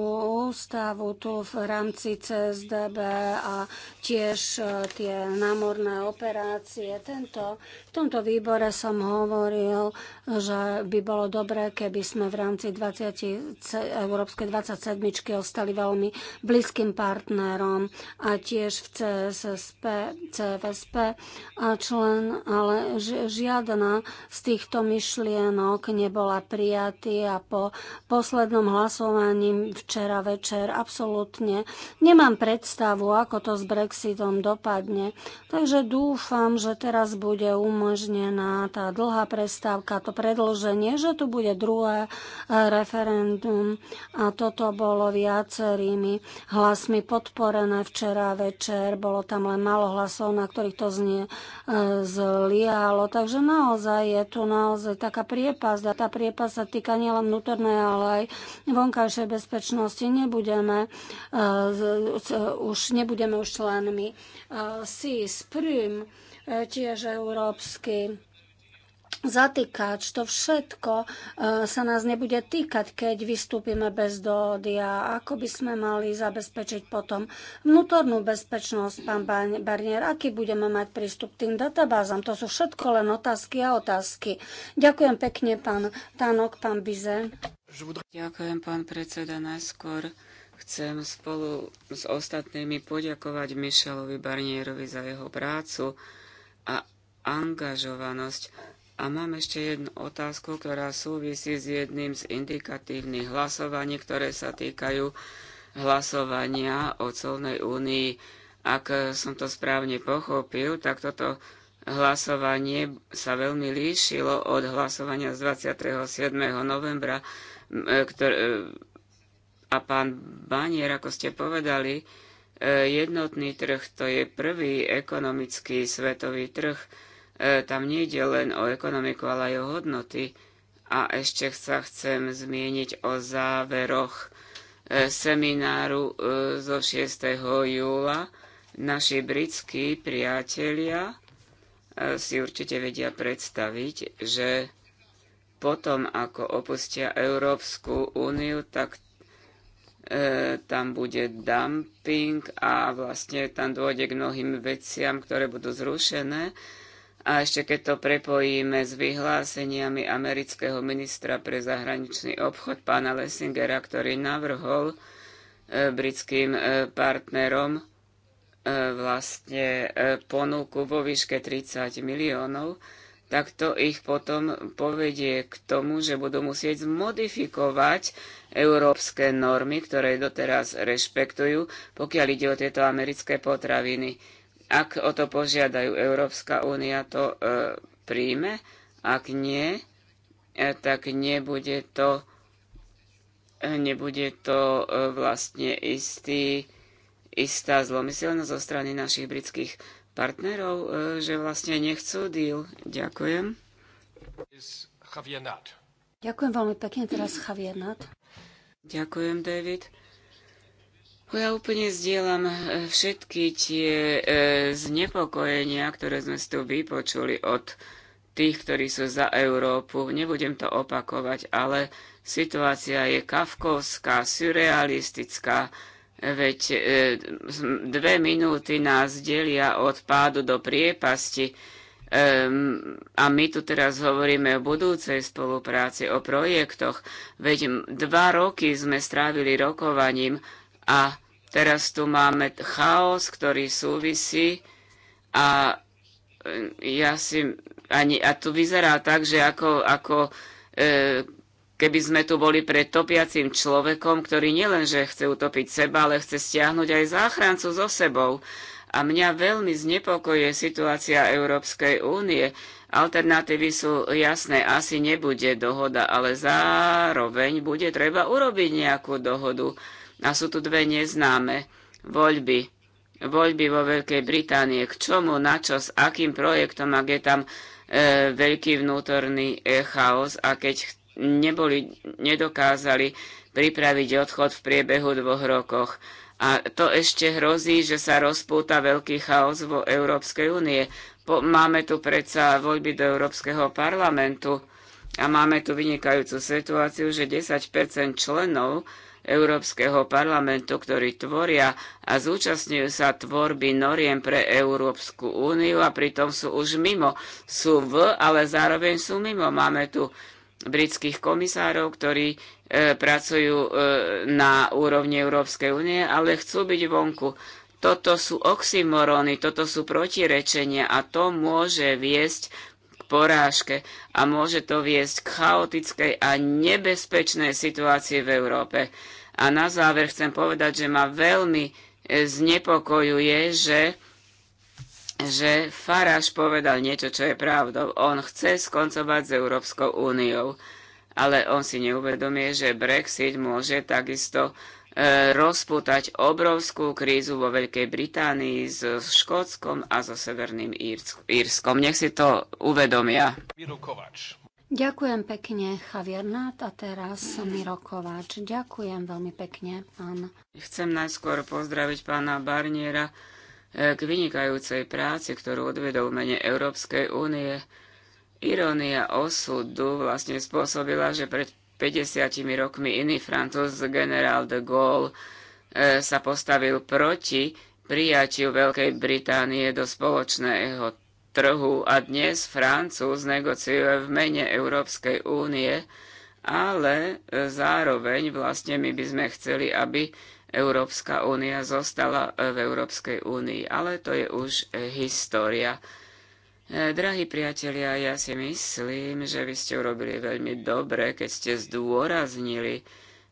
ústavu tu v rámci CSDB a tiež e, tie námorné operácie, tento, v tomto výbore som hovoril, že by bolo dobré, keby sme v rámci 20, Európskej 27 ostali veľmi blízkym partnerom a tiež v CSSP, CVSP a člen, ale žiadna z týchto myšlienok nebola prijatá debaty a po poslednom hlasovaní včera večer absolútne nemám predstavu, ako to s Brexitom dopadne. Takže dúfam, že teraz bude umožnená tá dlhá prestávka, to predlženie, že tu bude druhé e, referendum a toto bolo viacerými hlasmi podporené včera večer. Bolo tam len málo hlasov, na ktorých to znie e, zlyhalo. Takže naozaj je tu naozaj taká priepasť a tá priepasť sa týka týka nielen vnútornej, ale aj vonkajšej bezpečnosti. Nebudeme, uh, už, nebudeme už členmi. uh, SIS, uh, tiež európsky zatýkač, to všetko e, sa nás nebude týkať, keď vystúpime bez dohody a ako by sme mali zabezpečiť potom vnútornú bezpečnosť, pán Barnier, aký budeme mať prístup k tým databázam. To sú všetko len otázky a otázky. Ďakujem pekne, pán Tanok, pán Bize. Ďakujem, pán predseda, najskôr. Chcem spolu s ostatnými poďakovať Michelovi Barnierovi za jeho prácu a angažovanosť a mám ešte jednu otázku, ktorá súvisí s jedným z indikatívnych hlasovaní, ktoré sa týkajú hlasovania o colnej únii. Ak som to správne pochopil, tak toto hlasovanie sa veľmi líšilo od hlasovania z 27. novembra, e, ktoré, e, a pán Banier, ako ste povedali, e, jednotný trh to je prvý ekonomický svetový trh, E, tam nejde len o ekonomiku, ale aj o hodnoty. A ešte sa chcem zmieniť o záveroch e, semináru e, zo 6. júla. Naši britskí priatelia si určite vedia predstaviť, že potom, ako opustia Európsku úniu, tak e, tam bude dumping a vlastne tam dôjde k mnohým veciam, ktoré budú zrušené. E, a ešte keď to prepojíme s vyhláseniami amerického ministra pre zahraničný obchod pána Lessingera, ktorý navrhol e, britským e, partnerom e, vlastne ponuku vo výške 30 miliónov, tak to ich potom povedie k tomu, že budú musieť zmodifikovať európske normy, ktoré doteraz rešpektujú, pokiaľ ide o tieto americké potraviny. Ak o to požiadajú, Európska únia to e, príjme. Ak nie, e, tak nebude to, e, nebude to e, vlastne istý, istá zlomyselnosť zo strany našich britských partnerov, e, že vlastne nechcú deal. Ďakujem. Ďakujem veľmi pekne teraz, Javier Nat. Ďakujem, David. No ja úplne zdieľam e, všetky tie e, znepokojenia, ktoré sme si tu vypočuli od tých, ktorí sú za Európu. Nebudem to opakovať, ale situácia je kafkovská, surrealistická. Veď e, dve minúty nás delia od pádu do priepasti. Um, a my tu teraz hovoríme o budúcej spolupráci, o projektoch. Veď dva roky sme strávili rokovaním a Teraz tu máme chaos, ktorý súvisí a e, ja si ani, a tu vyzerá tak, že ako, ako e, keby sme tu boli pred topiacim človekom, ktorý nielenže chce utopiť seba, ale chce stiahnuť aj záchrancu so sebou. A mňa veľmi znepokojuje situácia Európskej únie. Alternatívy sú jasné, asi nebude dohoda, ale zároveň bude treba urobiť nejakú dohodu. A sú tu dve neznáme. Voľby. Voľby vo Veľkej Británie. K čomu, na čo, s akým projektom, ak je tam e, veľký vnútorný e, chaos a keď neboli, nedokázali pripraviť odchod v priebehu dvoch rokoch. A to ešte hrozí, že sa rozpúta veľký chaos vo Európskej únie. Po, máme tu predsa voľby do Európskeho parlamentu a máme tu vynikajúcu situáciu, že 10 členov Európskeho parlamentu, ktorí tvoria a zúčastňujú sa tvorby noriem pre Európsku úniu a pritom sú už mimo. Sú v, ale zároveň sú mimo. Máme tu britských komisárov, ktorí e, pracujú e, na úrovni Európskej únie, ale chcú byť vonku. Toto sú oxymorony, toto sú protirečenia a to môže viesť porážke a môže to viesť k chaotickej a nebezpečnej situácii v Európe. A na záver chcem povedať, že ma veľmi e, znepokojuje, že že Faráš povedal niečo, čo je pravdou. On chce skoncovať s Európskou úniou, ale on si neuvedomie, že Brexit môže takisto E, rozputať obrovskú krízu vo Veľkej Británii so Škótskom a so Severným Írskom. Nech si to uvedomia. Ďakujem pekne, Javier Nát, a teraz Miro Kováč. Ďakujem veľmi pekne, pán. Chcem najskôr pozdraviť pána Barniera e, k vynikajúcej práci, ktorú odvedol v mene Európskej únie. Irónia osudu vlastne spôsobila, že pred 50 rokmi iný francúz, generál de Gaulle, e, sa postavil proti prijatiu Veľkej Británie do spoločného trhu a dnes Francúz negociuje v mene Európskej únie, ale zároveň vlastne my by sme chceli, aby Európska únia zostala v Európskej únii. Ale to je už história. Eh, drahí priatelia, ja si myslím, že vy ste urobili veľmi dobre, keď ste zdôraznili,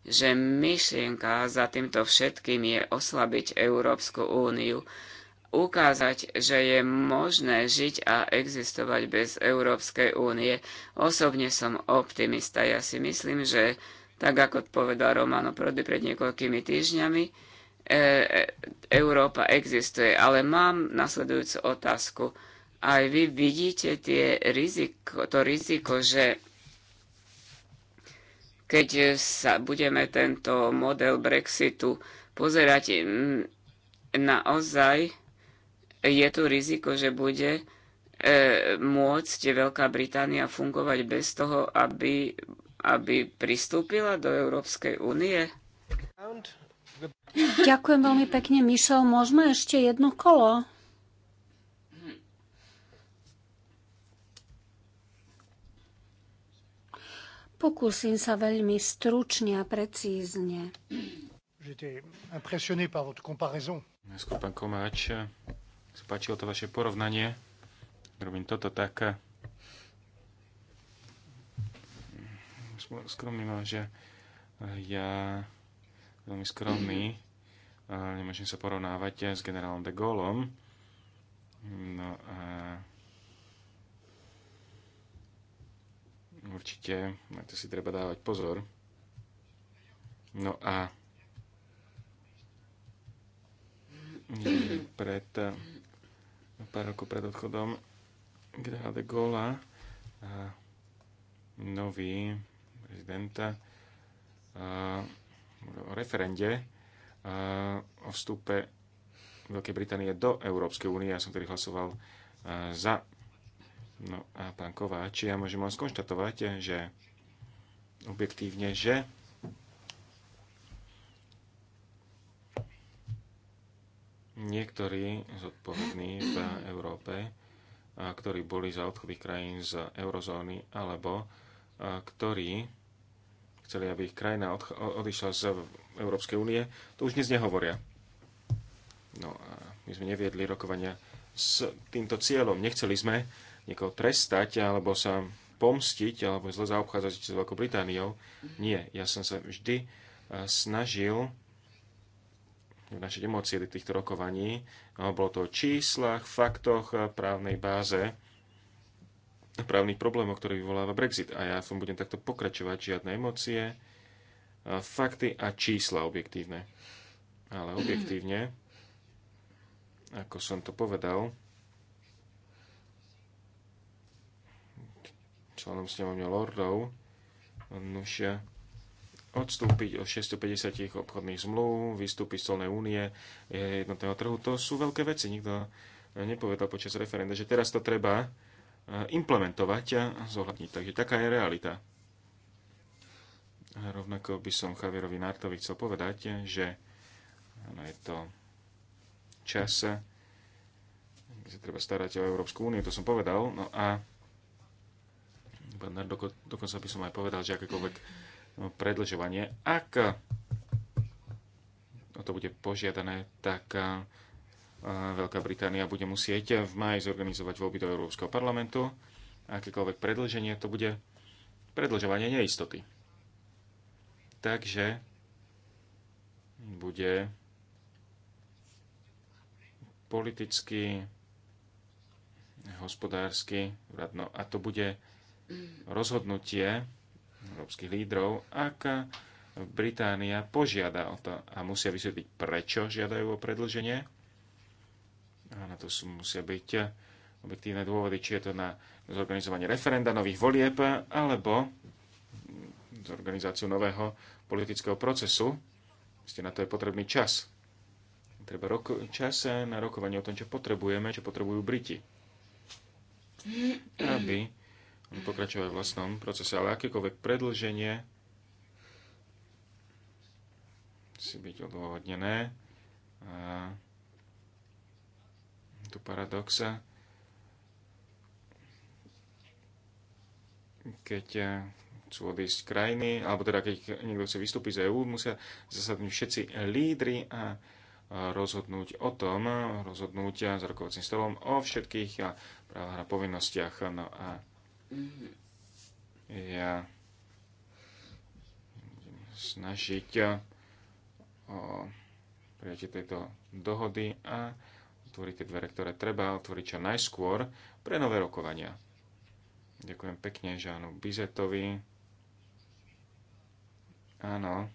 že myšlienka za týmto všetkým je oslabiť Európsku úniu, ukázať, že je možné žiť a existovať bez Európskej únie. Osobne som optimista. Ja si myslím, že tak ako povedal Romano Prody pred niekoľkými týždňami, eh, eh, Európa existuje. Ale mám nasledujúcu otázku aj vy vidíte tie riziko, to riziko, že keď sa budeme tento model Brexitu pozerať, naozaj je tu riziko, že bude e, môcť Veľká Británia fungovať bez toho, aby, aby pristúpila do Európskej únie? Ďakujem veľmi pekne, Mišel. Môžeme ešte jedno kolo? Pokúsim sa veľmi stručne a precízne. Najskôr, pán Komáč, sa páčilo to vaše porovnanie. Robím toto tak. Mm, skromný mám, no, že ja veľmi skromný, nemôžem sa porovnávať s generálom de Gaulom. No a určite na to si treba dávať pozor. No a pred pár rokov pred odchodom Gréa de Gaulle nový prezident o referende o vstupe Veľkej Británie do Európskej únie. Ja som tedy hlasoval za No a pán Kováč, ja môžem vám skonštatovať, že objektívne, že niektorí zodpovední v Európe, ktorí boli za odchody krajín z eurozóny, alebo ktorí chceli, aby ich krajina odišla z Európskej únie, to už dnes nehovoria. No a my sme neviedli rokovania s týmto cieľom. Nechceli sme, niekoho trestať alebo sa pomstiť alebo zle zaobchádzať s Veľkou Britániou. Nie, ja som sa vždy eh, snažil našej emócie do týchto rokovaní. No, bolo to o číslach, faktoch, eh, právnej báze, právnych problémov, ktoré vyvoláva Brexit. A ja som budem takto pokračovať, žiadne emócie, eh, fakty a čísla objektívne. Ale objektívne, ako som to povedal, členom snemovne lordov, nušia odstúpiť od 650 obchodných zmluv, vystúpiť z celnej únie, eh, jednotného trhu. To sú veľké veci. Nikto nepovedal počas referenda, že teraz to treba eh, implementovať a zohľadniť. Takže taká je realita. A rovnako by som Javierovi Nartovi chcel povedať, že no je to čas, eh, že treba starať o Európsku úniu, to som povedal. No a Bandar, doko, dokonca by som aj povedal, že akékoľvek no, predlžovanie, ak eh, o to bude požiadané, tak eh, eh, Veľká Británia bude musieť v maji zorganizovať voľby do Európskeho parlamentu. Akékoľvek predlženie to bude predlžovanie neistoty. Takže bude politicky, hospodársky, radno, a to bude rozhodnutie európskych lídrov, ak Británia požiada o to a musia vysvetliť, prečo žiadajú o predlženie. A na to sú, musia byť objektívne dôvody, či je to na zorganizovanie referenda, nových volieb, alebo zorganizáciu nového politického procesu. Ste na to je potrebný čas. Treba roko- čas na rokovanie o tom, čo potrebujeme, čo potrebujú Briti. Aby pokračovať v vlastnom procese, ale akékoľvek predlženie musí byť odôvodnené. A tu paradoxa, keď e, chcú odísť krajiny, alebo teda keď niekto chce vystúpiť z EÚ, musia zasadnúť všetci lídry a e, rozhodnúť o tom, rozhodnúť s e, rokovacím stolom o všetkých právach a povinnostiach. No a ja snažiť eh, o prijatie tejto dohody a otvoriť tie dvere, ktoré treba otvoriť čo najskôr pre nové rokovania. Ďakujem pekne Žánu Bizetovi. Áno.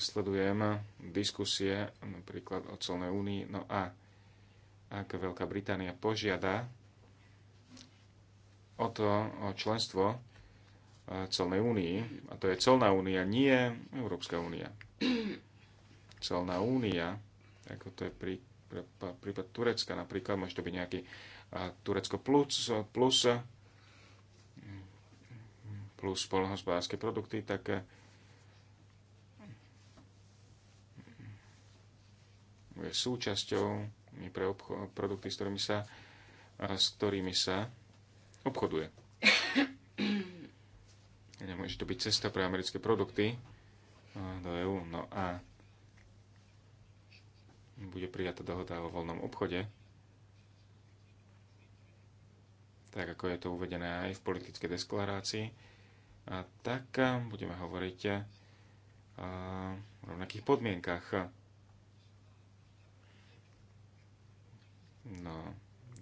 Sledujem diskusie napríklad o celnej únii. No a ak Veľká Británia požiada o to o členstvo e, celnej únii, a to je celná únia, nie Európska únia. Celná (clears throat) únia, ako to je prí, prí, prípad Turecka napríklad, môže to byť nejaký a e, Turecko plus, plus, plus polnohospodárske produkty, tak e, je súčasťou pre obcho- produkty, s ktorými sa, s ktorými sa obchoduje. (coughs) Nemôže to byť cesta pre americké produkty do EÚ. No a bude prijatá dohoda o voľnom obchode, tak ako je to uvedené aj v politickej deklarácii, a tak budeme hovoriť o rovnakých podmienkach no,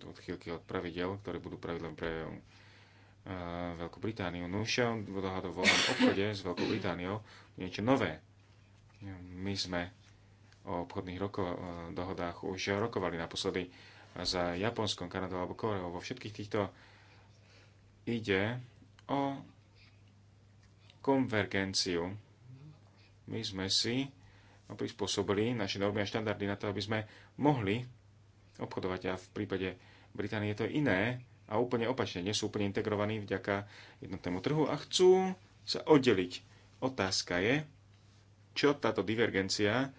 odchýlky od pravidel, ktoré budú pravidlom pre uh, Veľkú Britániu. No už v obchode s Veľkou Britániou niečo nové. My sme o obchodných roko- eh, dohodách už rokovali naposledy za Japonskom, Kanadou alebo Koreou. Vo všetkých týchto ide o konvergenciu. My sme si prispôsobili naše normy a štandardy na to, aby sme mohli obchodovať. A v prípade Británie je to iné a úplne opačne. Nie sú úplne integrovaní vďaka jednotnému trhu a chcú sa oddeliť. Otázka je, čo táto divergencia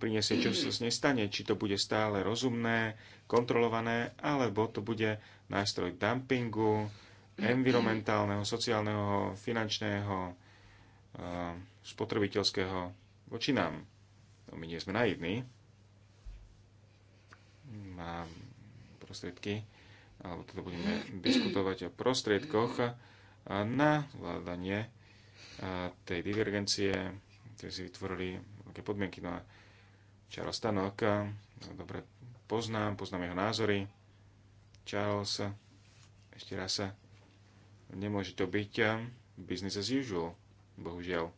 priniesie, čo sa s nej stane, či to bude stále rozumné, kontrolované, alebo to bude nástroj dumpingu, environmentálneho, sociálneho, finančného, eh, spotrebiteľského voči nám. No, my nie sme naivní, má prostriedky, alebo teda budeme diskutovať o prostriedkoch na vládanie tej divergencie, ktoré si vytvorili veľké podmienky. No a Charles Tanok, dobre poznám, poznám jeho názory. Charles, ešte raz, nemôže to byť business as usual, bohužiaľ.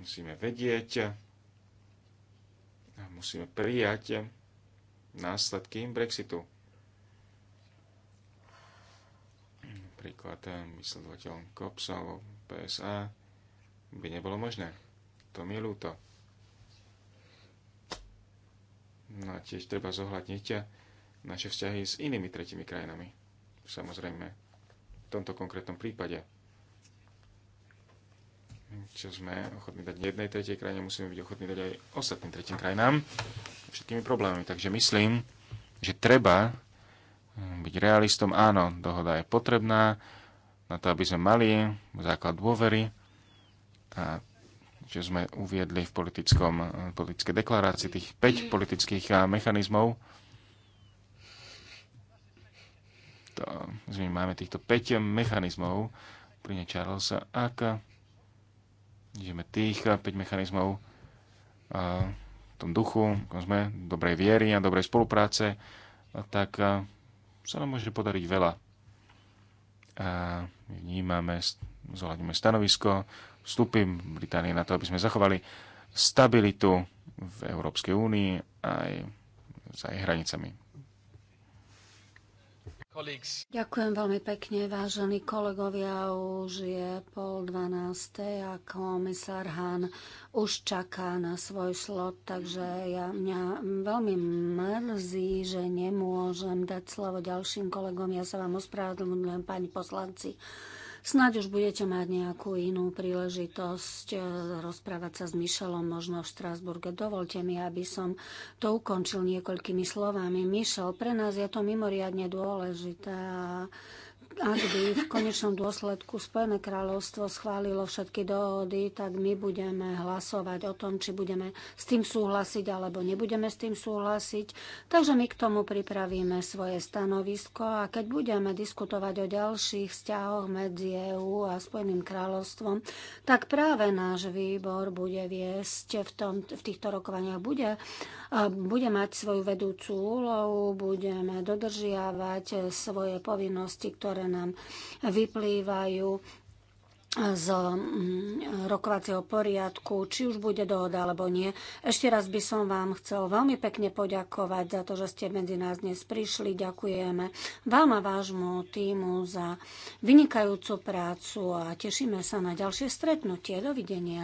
Musíme vedieť, musíme prijať následky Brexitu. Príklad eh, vysledovateľ COPS alebo PSA by nebolo možné. To mi je ľúto. No a tiež treba zohľadniť eh, naše vzťahy s inými tretimi krajinami. Samozrejme, v tomto konkrétnom prípade. Čo sme ochotní dať jednej tretej krajine, musíme byť ochotní dať aj ostatným tretím krajinám všetkými problémami. Takže myslím, že treba hm, byť realistom. Áno, dohoda je potrebná na to, aby sme mali základ dôvery a že sme uviedli v politickom, hm, politické deklarácii tých 5 politických hm, mechanizmov. To, my máme týchto 5 mechanizmov pri Charlesa, Aka. ideme tých 5 mechanizmov A, tom duchu, ako sme, dobrej viery a dobrej spolupráce, tak eh, sa nám môže podariť veľa. A vnímame, zohľadíme stanovisko, vstupy Británie na to, aby sme zachovali stabilitu v Európskej únii aj za jej hranicami. Ďakujem veľmi pekne, vážení kolegovia. Už je pol dvanástej a komisár Han už čaká na svoj slot, takže ja, mňa veľmi mrzí, že nemôžem dať slovo ďalším kolegom. Ja sa vám ospravedlňujem, pani poslanci. Snáď už budete mať nejakú inú príležitosť eh, rozprávať sa s Mišelom, možno v Štrásburge. Dovolte mi, aby som to ukončil niekoľkými slovami. Mišel, pre nás je to mimoriadne dôležité a ak by v konečnom dôsledku Spojené kráľovstvo schválilo všetky dohody, tak my budeme hlasovať o tom, či budeme s tým súhlasiť alebo nebudeme s tým súhlasiť. Takže my k tomu pripravíme svoje stanovisko a keď budeme diskutovať o ďalších vzťahoch medzi EÚ a Spojeným kráľovstvom, tak práve náš výbor bude viesť v, tom, v týchto rokovaniach, bude, bude mať svoju vedúcu úlohu, budeme dodržiavať svoje povinnosti, ktoré ktoré nám vyplývajú z mm, rokovacieho poriadku, či už bude dohoda alebo nie. Ešte raz by som vám chcel veľmi pekne poďakovať za to, že ste medzi nás dnes prišli. Ďakujeme vám a vášmu týmu za vynikajúcu prácu a tešíme sa na ďalšie stretnutie. Dovidenia.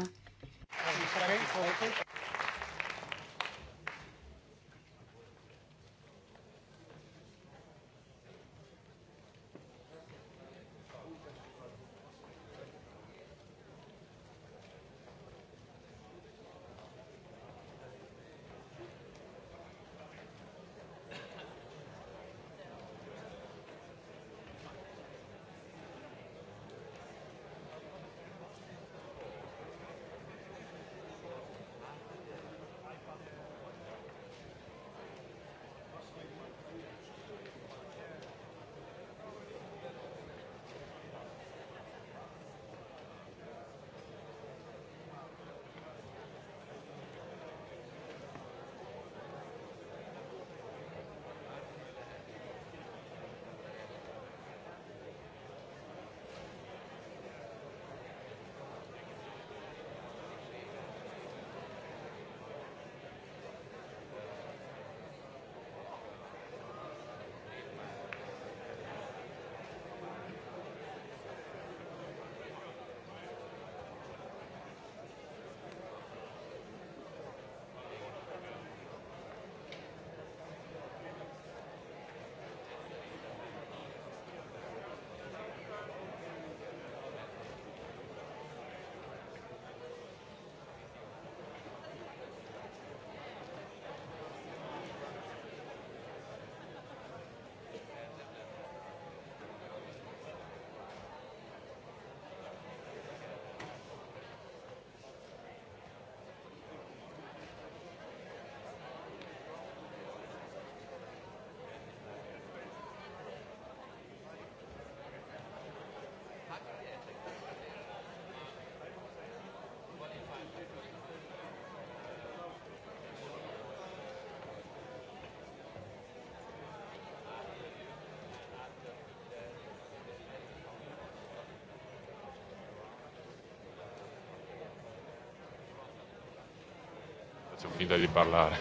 facciamo finta di parlare.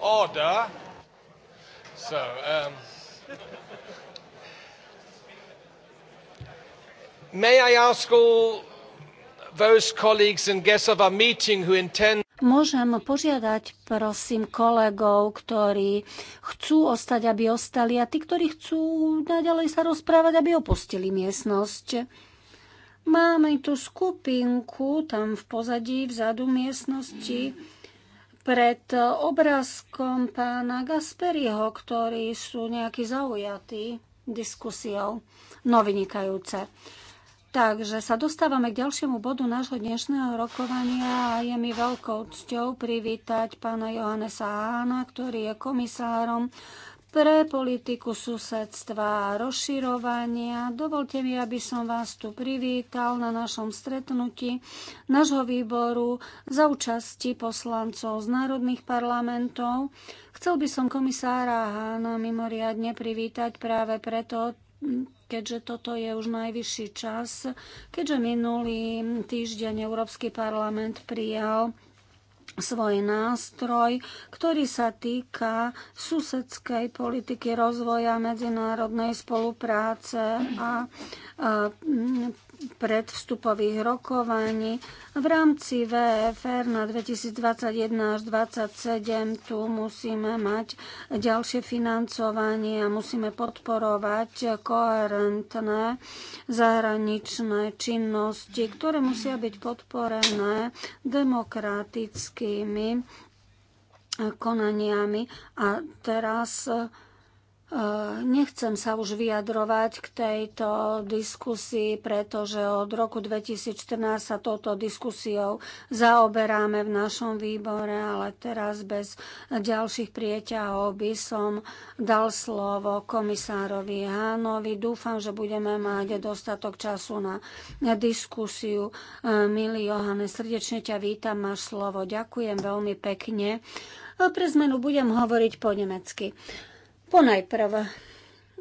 Order. So, um, may I ask all those colleagues and guests of our meeting who intend Môžem požiadať prosím kolegov, ktorí chcú ostať, aby ostali a tí, ktorí chcú naďalej sa rozprávať, aby opustili miestnosť. Máme tu skupinku tam v pozadí, vzadu miestnosti, pred obrázkom pána Gasperiho, ktorí sú nejakí zaujatí diskusiou. No vynikajúce. Takže sa dostávame k ďalšiemu bodu nášho dnešného rokovania a je mi veľkou cťou privítať pána Johannesa Hána, ktorý je komisárom pre politiku susedstva a rozširovania. Dovolte mi, aby som vás tu privítal na našom stretnutí nášho výboru za účasti poslancov z národných parlamentov. Chcel by som komisára Hána mimoriadne privítať práve preto, keďže toto je už najvyšší čas, keďže minulý týždeň Európsky parlament prijal svoj nástroj, ktorý sa týka susedskej politiky rozvoja medzinárodnej spolupráce a predvstupových rokovaní. V rámci VFR na 2021 až 2027 tu musíme mať ďalšie financovanie a musíme podporovať koherentné zahraničné činnosti, ktoré musia byť podporené demokratickými konaniami. A teraz Eh, nechcem sa už vyjadrovať k tejto diskusii, pretože od roku 2014 sa touto diskusiou zaoberáme v našom výbore, ale teraz bez ďalších prieťahov by som dal slovo komisárovi Hánovi. Dúfam, že budeme mať dostatok času na diskusiu. Eh, milý Johane, srdečne ťa vítam, máš slovo. Ďakujem veľmi pekne. Eh, pre zmenu budem hovoriť po nemecky. Ponajprv,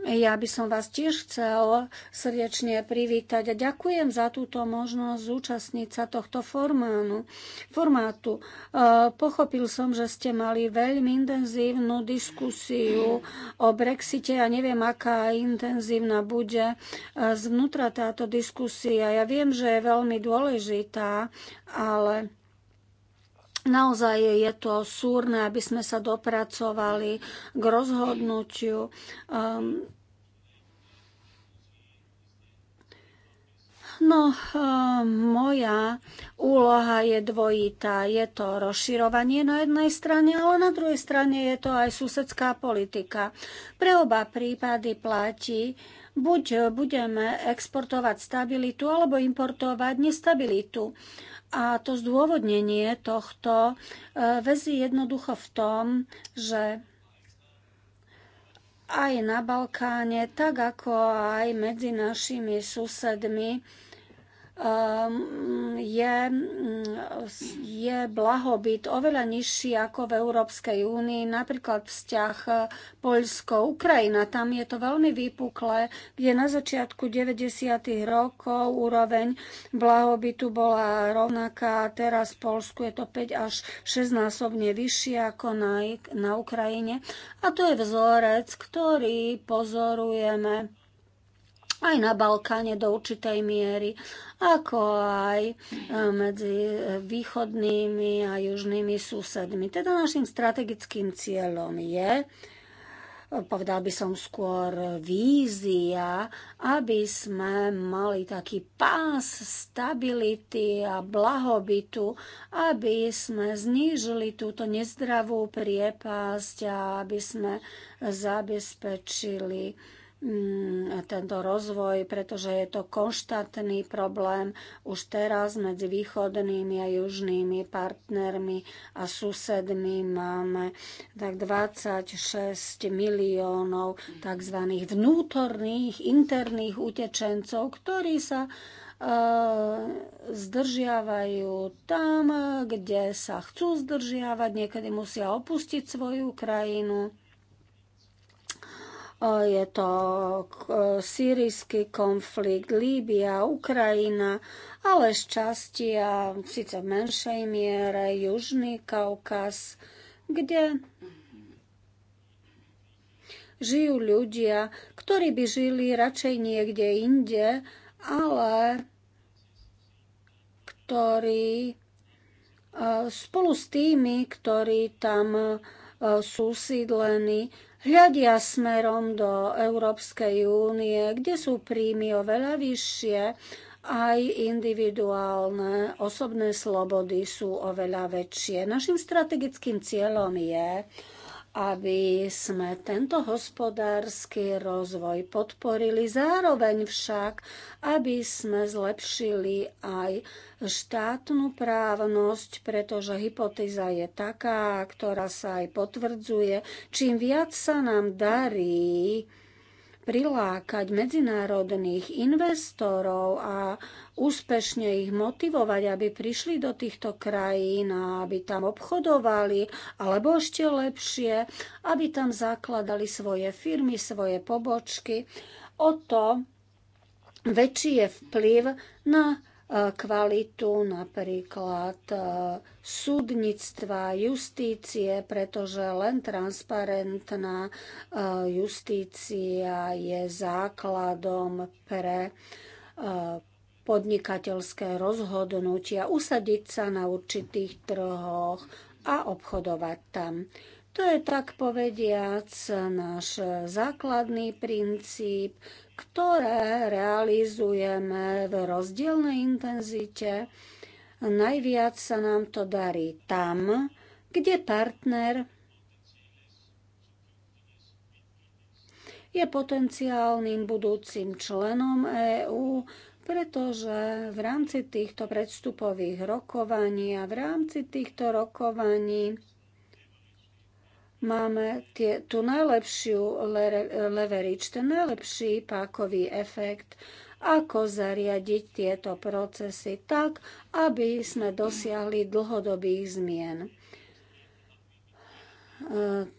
ja by som vás tiež chcel srdečne privítať a ďakujem za túto možnosť zúčastniť sa tohto formánu, formátu. E, pochopil som, že ste mali veľmi intenzívnu diskusiu o Brexite a ja neviem, aká intenzívna bude e, zvnútra táto diskusia. Ja viem, že je veľmi dôležitá, ale Naozaj je to súrne, aby sme sa dopracovali k rozhodnutiu. Um, No, um, moja úloha je dvojitá. Je to rozširovanie na jednej strane, ale na druhej strane je to aj susedská politika. Pre oba prípady platí, buď budeme exportovať stabilitu, alebo importovať nestabilitu. A to zdôvodnenie tohto e, väzí jednoducho v tom, že aj na Balkáne, tak ako aj medzi našimi susedmi, Ehm, je, mm, je blahobyt oveľa nižší ako v Európskej únii, napríklad vzťah e, Poľsko-Ukrajina. Tam je to veľmi vypuklé, kde na začiatku 90. rokov úroveň blahobytu bola rovnaká, teraz v Polsku je to 5 až 6 násobne vyššie ako na, na Ukrajine. A to je vzorec, ktorý pozorujeme aj na Balkáne do určitej miery, ako aj e, medzi východnými a južnými susedmi. Teda našim strategickým cieľom je, povedal by som skôr vízia, aby sme mali taký pás stability a blahobytu, aby sme znížili túto nezdravú priepasť a aby sme zabezpečili Mm, tento rozvoj, pretože je to konštantný problém už teraz medzi východnými a južnými partnermi a susedmi máme tak 26 miliónov tzv. vnútorných, interných utečencov, ktorí sa e, zdržiavajú tam, kde sa chcú zdržiavať, niekedy musia opustiť svoju krajinu je to e, sírisky konflikt, Líbia, Ukrajina, ale z časti a síce v menšej miere Južný Kaukaz, kde žijú ľudia, ktorí by žili radšej niekde inde, ale ktorí e, spolu s tými, ktorí tam e, sú sídlení, hľadia smerom do Európskej únie, kde sú príjmy oveľa vyššie, aj individuálne osobné slobody sú oveľa väčšie. Našim strategickým cieľom je, aby sme tento hospodársky rozvoj podporili, zároveň však, aby sme zlepšili aj štátnu právnosť, pretože hypotéza je taká, ktorá sa aj potvrdzuje. Čím viac sa nám darí prilákať medzinárodných investorov a úspešne ich motivovať, aby prišli do týchto krajín a aby tam obchodovali, alebo ešte lepšie, aby tam zakladali svoje firmy, svoje pobočky. O to väčší je vplyv na kvalitu napríklad e, súdnictva, justície, pretože len transparentná e, justícia je základom pre e, podnikateľské rozhodnutia, usadiť sa na určitých trhoch a obchodovať tam. To je tak povediac náš základný princíp, ktoré realizujeme v rozdielnej intenzite. Najviac sa nám to darí tam, kde partner je potenciálnym budúcim členom EÚ, pretože v rámci týchto predstupových rokovaní a v rámci týchto rokovaní máme tie, tú najlepšiu leverage, ten najlepší pákový efekt, ako zariadiť tieto procesy tak, aby sme dosiahli dlhodobých zmien. E,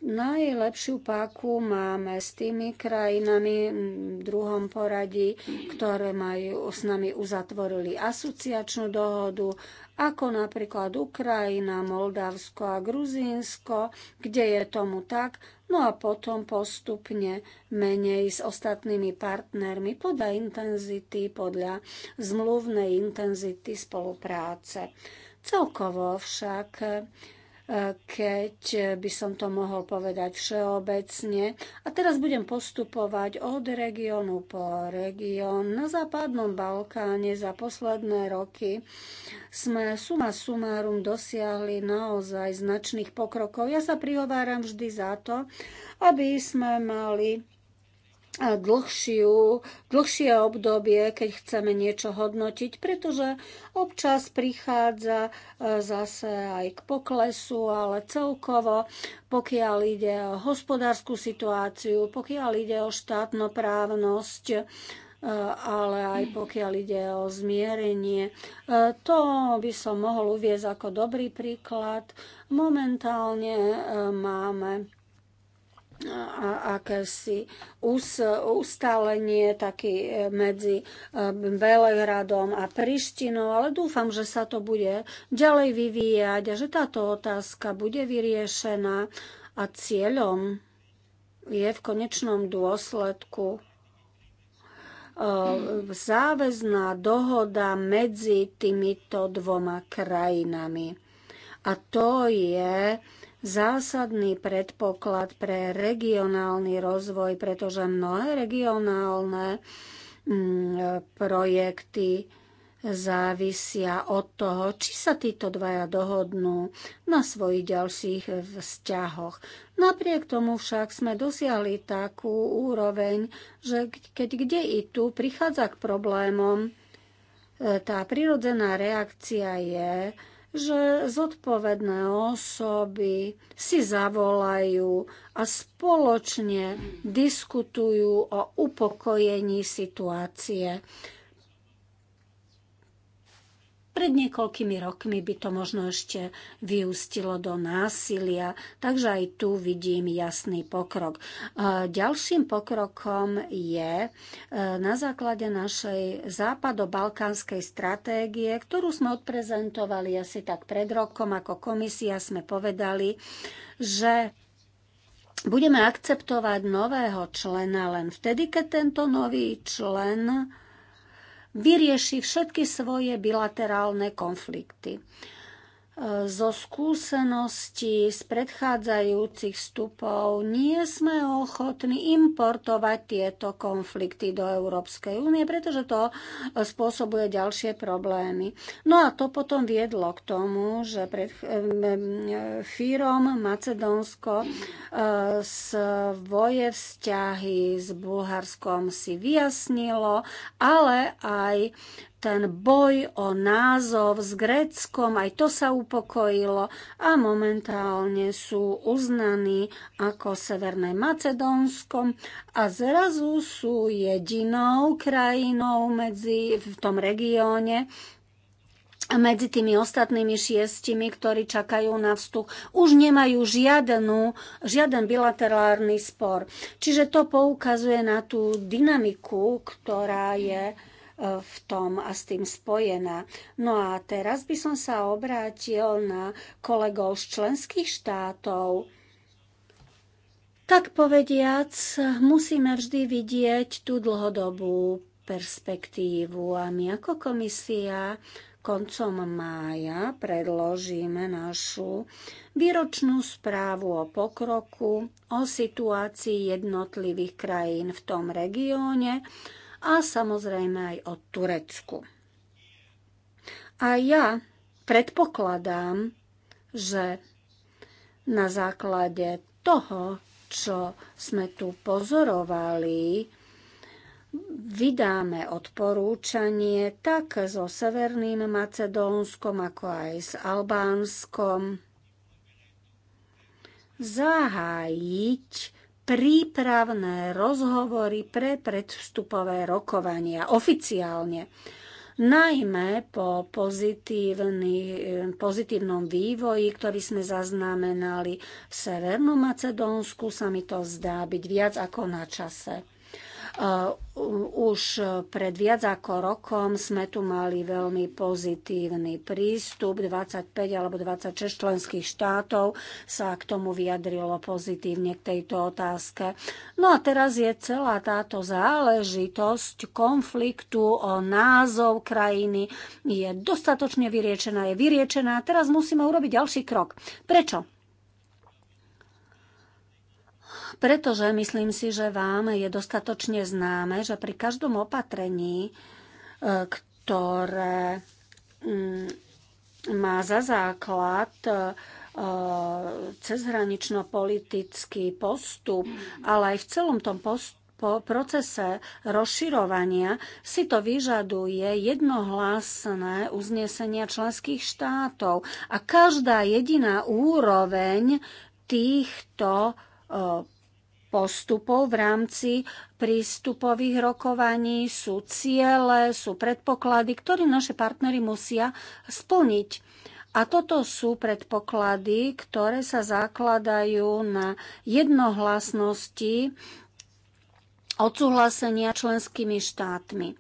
najlepšiu páku máme s tými krajinami v druhom poradí, ktoré majú s nami uzatvorili asociačnú dohodu ako napríklad Ukrajina, Moldavsko a Gruzínsko, kde je tomu tak, no a potom postupne menej s ostatnými partnermi podľa intenzity, podľa zmluvnej intenzity spolupráce. Celkovo však keď by som to mohol povedať všeobecne. A teraz budem postupovať od regiónu po región. Na západnom Balkáne za posledné roky sme suma sumárum dosiahli naozaj značných pokrokov. Ja sa prihováram vždy za to, aby sme mali dlhšiu, dlhšie obdobie, keď chceme niečo hodnotiť, pretože občas prichádza e, zase aj k poklesu, ale celkovo, pokiaľ ide o hospodárskú situáciu, pokiaľ ide o štátnoprávnosť, e, ale aj pokiaľ ide o zmierenie. E, to by som mohol uviezť ako dobrý príklad. Momentálne máme a akési ustálenie taký e, medzi e, Belehradom a Prištinou, ale dúfam, že sa to bude ďalej vyvíjať a že táto otázka bude vyriešená a cieľom je v konečnom dôsledku e, záväzná dohoda medzi týmito dvoma krajinami. A to je zásadný predpoklad pre regionálny rozvoj, pretože mnohé regionálne mm, projekty závisia od toho, či sa títo dvaja dohodnú na svojich ďalších vzťahoch. Napriek tomu však sme dosiahli takú úroveň, že keď kde i tu prichádza k problémom, e, tá prirodzená reakcia je, že zodpovedné osoby si zavolajú a spoločne diskutujú o upokojení situácie. Pred niekoľkými rokmi by to možno ešte vyústilo do násilia, takže aj tu vidím jasný pokrok. E, ďalším pokrokom je e, na základe našej západo-balkánskej stratégie, ktorú sme odprezentovali asi tak pred rokom ako komisia, sme povedali, že budeme akceptovať nového člena len vtedy, keď tento nový člen vyrieši všetky svoje bilaterálne konflikty. E, zo skúseností z predchádzajúcich vstupov nie sme ochotní importovať tieto konflikty do Európskej únie, pretože to e, spôsobuje ďalšie problémy. No a to potom viedlo k tomu, že pred e, Fírom Macedónsko svoje vzťahy s Bulharskom si vyjasnilo, ale aj ten boj o názov s Gréckom, aj to sa upokojilo a momentálne sú uznaní ako Severné Macedónskom a zrazu sú jedinou krajinou medzi, v tom regióne, medzi tými ostatnými šiestimi, ktorí čakajú na vstup, už nemajú žiadnu, žiaden bilaterálny spor. Čiže to poukazuje na tú dynamiku, ktorá je v tom a s tým spojená. No a teraz by som sa obrátil na kolegov z členských štátov. Tak povediac, musíme vždy vidieť tú dlhodobú perspektívu a my ako komisia koncom mája predložíme našu výročnú správu o pokroku, o situácii jednotlivých krajín v tom regióne a samozrejme aj o Turecku. A ja predpokladám, že na základe toho, čo sme tu pozorovali, vydáme odporúčanie tak so Severným Macedónskom, ako aj s Albánskom, zahájiť prípravné rozhovory pre predvstupové rokovania oficiálne. Najmä po eh, pozitívnom vývoji, ktorý sme zaznamenali v Severnom Macedónsku, sa mi to zdá byť viac ako na čase. Uh, už pred viac ako rokom sme tu mali veľmi pozitívny prístup. 25 alebo 26 členských štátov sa k tomu vyjadrilo pozitívne k tejto otázke. No a teraz je celá táto záležitosť konfliktu o názov krajiny je dostatočne vyriečená, je vyriečená. Teraz musíme urobiť ďalší krok. Prečo? pretože myslím si, že vám je dostatočne známe, že pri každom opatrení, e, ktoré mm, má za základ e, cezhranično-politický postup, ale aj v celom tom postupu, po procese rozširovania si to vyžaduje jednohlasné uznesenia členských štátov a každá jediná úroveň týchto e, postupov v rámci prístupových rokovaní, sú ciele, sú predpoklady, ktoré naše partnery musia splniť. A toto sú predpoklady, ktoré sa zakladajú na jednohlasnosti odsúhlasenia členskými štátmi.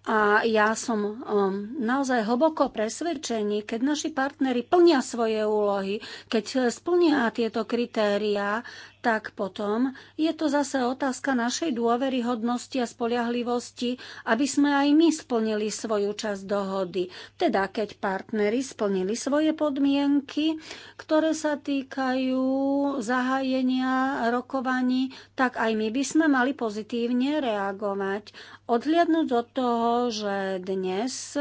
A ja som um, naozaj hlboko presvedčený, keď naši partnery plnia svoje úlohy, keď splnia tieto kritériá, tak potom je to zase otázka našej dôveryhodnosti a spoliahlivosti, aby sme aj my splnili svoju časť dohody. Teda keď partnery splnili svoje podmienky, ktoré sa týkajú zahájenia rokovaní, tak aj my by sme mali pozitívne reagovať. Odhliadnúť od toho, že dnes,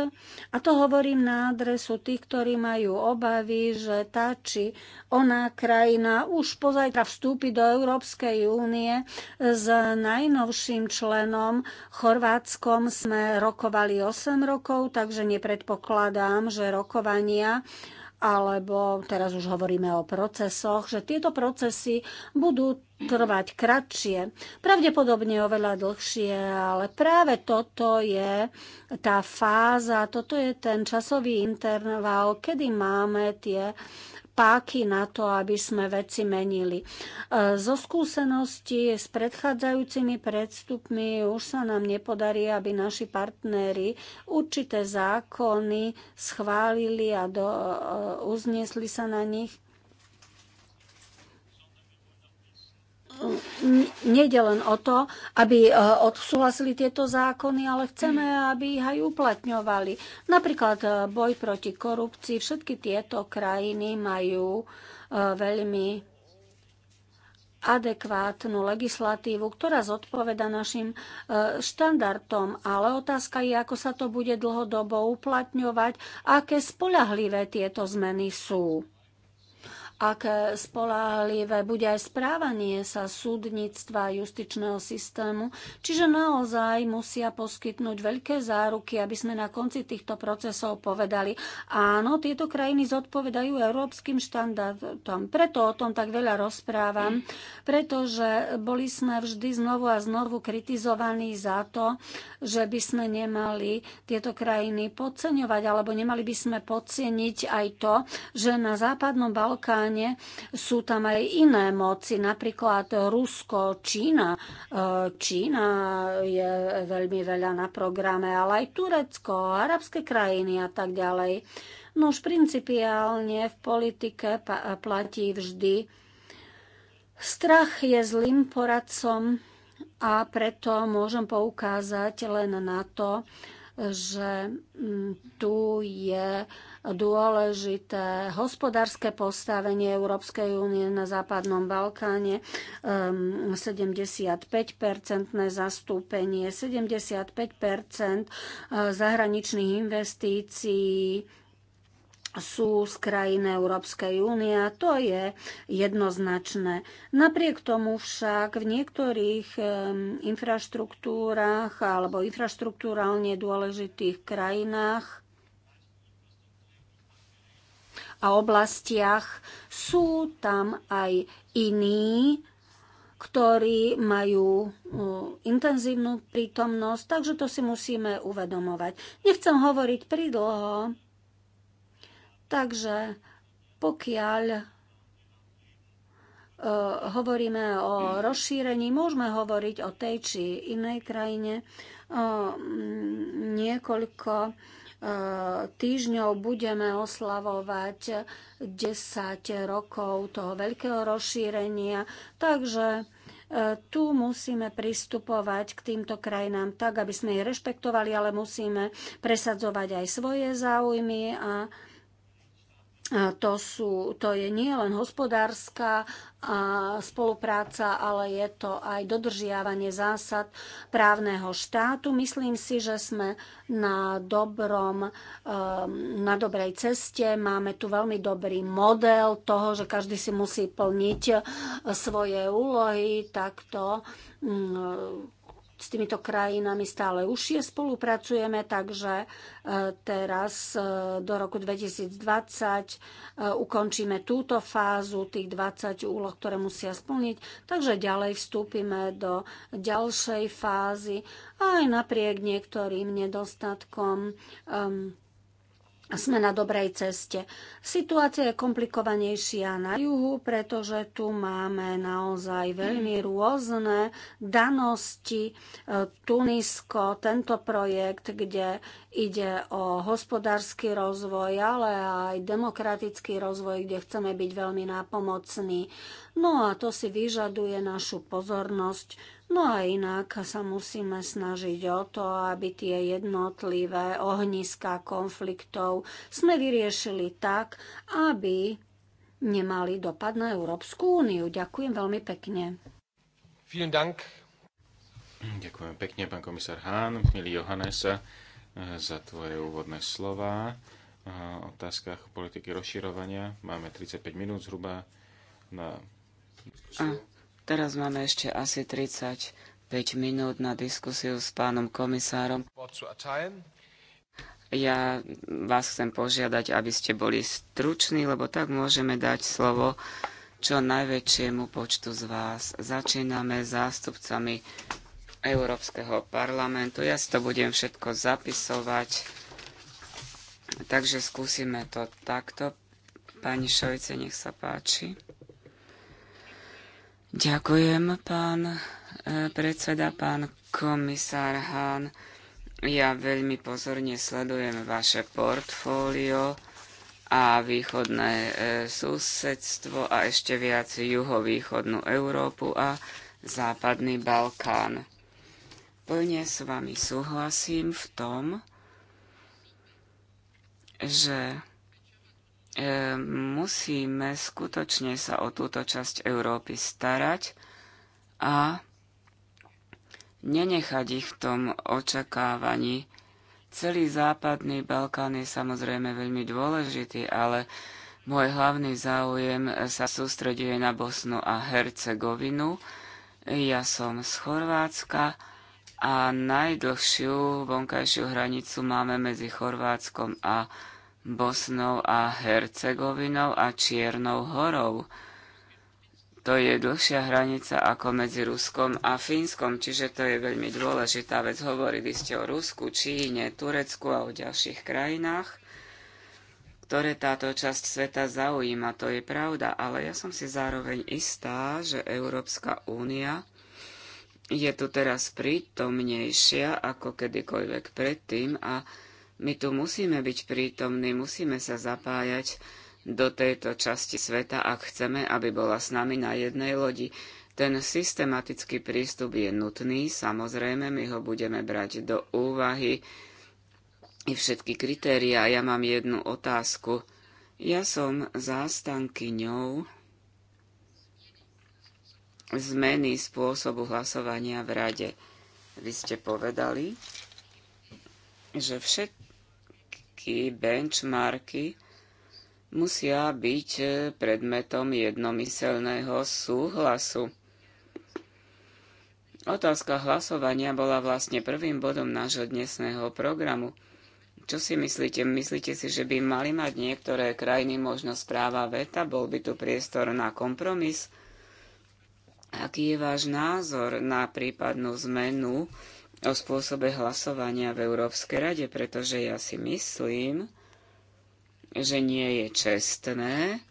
a to hovorím na adresu tých, ktorí majú obavy, že tá či ona krajina už pozajtra vstúpi vstúpiť do Európskej únie. S najnovším členom Chorvátskom sme rokovali 8 rokov, takže nepredpokladám, že rokovania alebo teraz už hovoríme o procesoch, že tieto procesy budú trvať kratšie, pravdepodobne oveľa dlhšie, ale práve toto je tá fáza, toto je ten časový interval, kedy máme tie páky na to, aby sme veci menili. E, zo skúseností s predchádzajúcimi predstupmi už sa nám nepodarí, aby naši partnery určité zákony schválili a do, e, uznesli sa na nich nejde len o to, aby e, odsúhlasili tieto zákony, ale chceme, aby ich aj uplatňovali. Napríklad e, boj proti korupcii. Všetky tieto krajiny majú e, veľmi adekvátnu legislatívu, ktorá zodpoveda našim štandardom, ale otázka je, ako sa to bude dlhodobo uplatňovať, aké spolahlivé tieto zmeny sú. Ak spolahlivé bude aj správanie sa súdnictva justičného systému. Čiže naozaj musia poskytnúť veľké záruky, aby sme na konci týchto procesov povedali, áno, tieto krajiny zodpovedajú európskym štandardom. Preto o tom tak veľa rozprávam, pretože boli sme vždy znovu a znovu kritizovaní za to, že by sme nemali tieto krajiny podceňovať, alebo nemali by sme podceniť aj to, že na západnom Balkáne strane sú tam aj iné moci, napríklad Rusko, Čína. E, Čína je veľmi veľa na programe, ale aj Turecko, arabské krajiny a tak ďalej. No už principiálne v politike platí vždy, Strach je zlým poradcom a preto môžem poukázať len na to, že mm, tu je dôležité hospodárske postavenie Európskej únie na Západnom Balkáne, 75-percentné ehm, zastúpenie, 75 eh, zahraničných investícií sú z krajín Európskej únie a to je jednoznačné. Napriek tomu však v niektorých infraštruktúrach alebo infraštruktúralne dôležitých krajinách a oblastiach sú tam aj iní ktorí majú intenzívnu prítomnosť, takže to si musíme uvedomovať. Nechcem hovoriť pridlho, Takže pokiaľ e, hovoríme o rozšírení, môžeme hovoriť o tej či inej krajine. E, niekoľko e, týždňov budeme oslavovať 10 rokov toho veľkého rozšírenia, takže tu musíme pristupovať k týmto krajinám tak, aby sme ich rešpektovali, ale musíme presadzovať aj svoje záujmy a E, to, sú, to je nielen hospodárska spolupráca, ale je to aj dodržiavanie zásad právneho štátu. Myslím si, že sme na, dobrom, e, na dobrej ceste. Máme tu veľmi dobrý model toho, že každý si musí plniť e, svoje úlohy, takto mm, s týmito krajinami stále užšie spolupracujeme, takže e, teraz e, do roku 2020 e, ukončíme túto fázu, tých 20 úloh, ktoré musia splniť, takže ďalej vstúpime do ďalšej fázy aj napriek niektorým nedostatkom um, sme na dobrej ceste. Situácia je komplikovanejšia na juhu, pretože tu máme naozaj veľmi rôzne danosti. E, Tunisko, tento projekt, kde ide o hospodársky rozvoj, ale aj demokratický rozvoj, kde chceme byť veľmi nápomocní. No a to si vyžaduje našu pozornosť. No a inak sa musíme snažiť o to, aby tie jednotlivé ohniska konfliktov sme vyriešili tak, aby nemali dopad na Európsku úniu. Ďakujem veľmi pekne. Vielen Dank. Ďakujem pekne, pán komisár Hán, milý Johannes, eh, za tvoje úvodné slova eh, o otázkach politiky rozširovania. Máme 35 minút zhruba na a teraz máme ešte asi 35 minút na diskusiu s pánom komisárom. Ja vás chcem požiadať, aby ste boli struční, lebo tak môžeme dať slovo čo najväčšiemu počtu z vás. Začíname zástupcami Európskeho parlamentu. Ja si to budem všetko zapisovať. Takže skúsime to takto. Pani Šojce, nech sa páči. Ďakujem, pán e, predseda, pán komisár Hán. Ja veľmi pozorne sledujem vaše portfólio a východné e, susedstvo a ešte viac juhovýchodnú Európu a západný Balkán. Plne s vami súhlasím v tom, že E, musíme skutočne sa o túto časť Európy starať a nenechať ich v tom očakávaní. Celý západný Balkán je samozrejme veľmi dôležitý, ale môj hlavný záujem sa sústreduje na Bosnu a Hercegovinu. Ja som z Chorvátska a najdlhšiu vonkajšiu hranicu máme medzi Chorvátskom a Bosnou a Hercegovinou a Čiernou horou. To je dlhšia hranica ako medzi Ruskom a Fínskom, čiže to je veľmi dôležitá vec. Hovorili ste o Rusku, Číne, Turecku a o ďalších krajinách, ktoré táto časť sveta zaujíma. To je pravda, ale ja som si zároveň istá, že Európska únia je tu teraz prítomnejšia ako kedykoľvek predtým a my tu musíme byť prítomní, musíme sa zapájať do tejto časti sveta, ak chceme, aby bola s nami na jednej lodi. Ten systematický prístup je nutný, samozrejme, my ho budeme brať do úvahy i všetky kritéria. Ja mám jednu otázku. Ja som zástankyňou zmeny spôsobu hlasovania v rade. Vy ste povedali, že všetko všetky benchmarky musia byť e, predmetom jednomyselného súhlasu. Otázka hlasovania bola vlastne prvým bodom nášho dnesného programu. Čo si myslíte? Myslíte si, že by mali mať niektoré krajiny možnosť práva veta? Bol by tu priestor na kompromis? Aký je váš názor na prípadnú zmenu o spôsobe hlasovania v Európskej rade, pretože ja si myslím, že nie je čestné,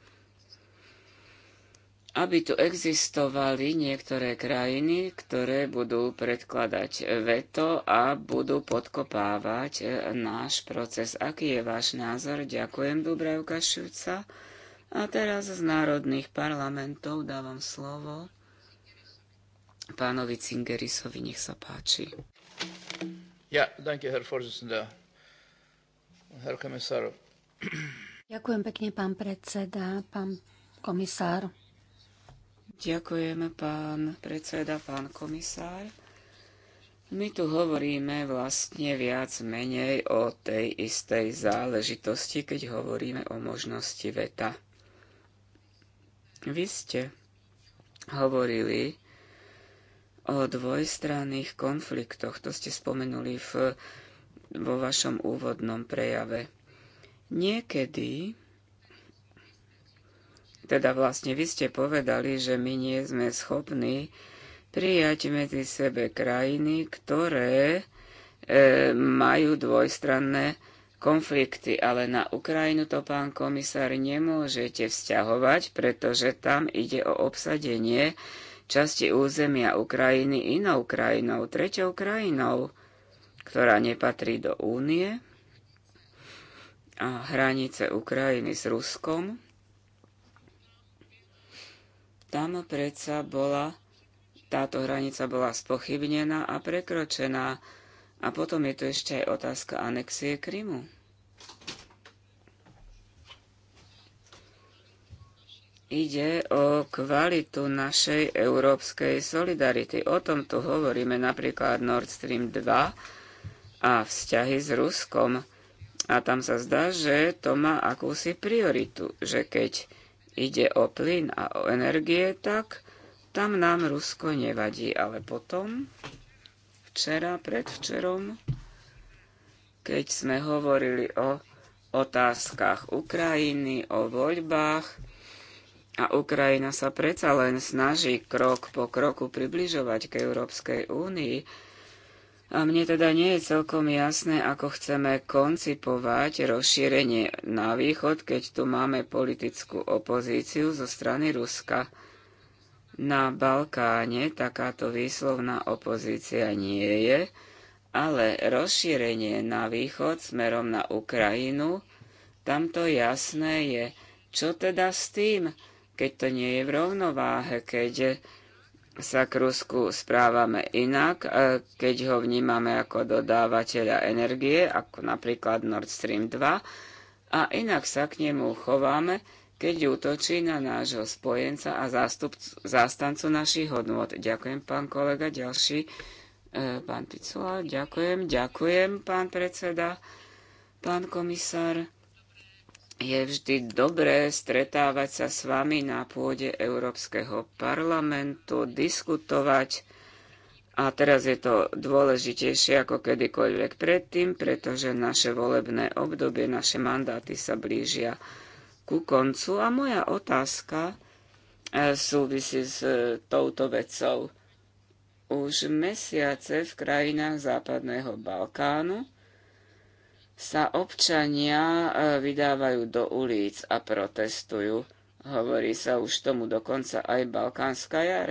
aby tu existovali niektoré krajiny, ktoré budú predkladať veto a budú podkopávať e, náš proces. Aký je váš názor? Ďakujem, Dubravka Šuca. A teraz z národných parlamentov dávam slovo pánovi Cingerisovi, nech sa páči. Ja, danke, Herr Vorsitzender. Herr Kommissar. Ďakujem pekne, pán predseda, pán komisár. Ďakujem, pán predseda, pán komisár. My tu hovoríme vlastne viac menej o tej istej záležitosti, keď hovoríme o možnosti veta. Vy ste hovorili o dvojstranných konfliktoch. To ste spomenuli v, vo vašom úvodnom prejave. Niekedy, teda vlastne vy ste povedali, že my nie sme schopní prijať medzi sebe krajiny, ktoré e, majú dvojstranné konflikty, ale na Ukrajinu to, pán komisár, nemôžete vzťahovať, pretože tam ide o obsadenie časti územia Ukrajiny inou krajinou, treťou krajinou, ktorá nepatrí do únie a hranice Ukrajiny s Ruskom. Tam predsa bola, táto hranica bola spochybnená a prekročená. A potom je tu ešte aj otázka anexie Krymu. Ide o kvalitu našej európskej solidarity. O tom tu hovoríme napríklad Nord Stream 2 a vzťahy s Ruskom. A tam sa zdá, že to má akúsi prioritu, že keď ide o plyn a o energie, tak tam nám Rusko nevadí. Ale potom, včera, predvčerom, keď sme hovorili o otázkach Ukrajiny, o voľbách, a Ukrajina sa predsa len snaží krok po kroku približovať k Európskej únii. A mne teda nie je celkom jasné, ako chceme koncipovať rozšírenie na východ, keď tu máme politickú opozíciu zo strany Ruska. Na Balkáne takáto výslovná opozícia nie je, ale rozšírenie na východ smerom na Ukrajinu, tamto jasné je, čo teda s tým? keď to nie je v rovnováhe, keď sa k Rusku správame inak, keď ho vnímame ako dodávateľa energie, ako napríklad Nord Stream 2, a inak sa k nemu chováme, keď útočí na nášho spojenca a zástupcu, zástancu našich hodnot. Ďakujem, pán kolega. Ďalší, e, pán Picula. Ďakujem, ďakujem, pán predseda, pán komisár je vždy dobré stretávať sa s vami na pôde Európskeho parlamentu, diskutovať. A teraz je to dôležitejšie ako kedykoľvek predtým, pretože naše volebné obdobie, naše mandáty sa blížia ku koncu. A moja otázka e, súvisí s e, touto vecou. Už mesiace v krajinách Západného Balkánu sa občania e, vydávajú do ulic a protestujú. Hovorí sa už tomu dokonca aj Balkánska jar.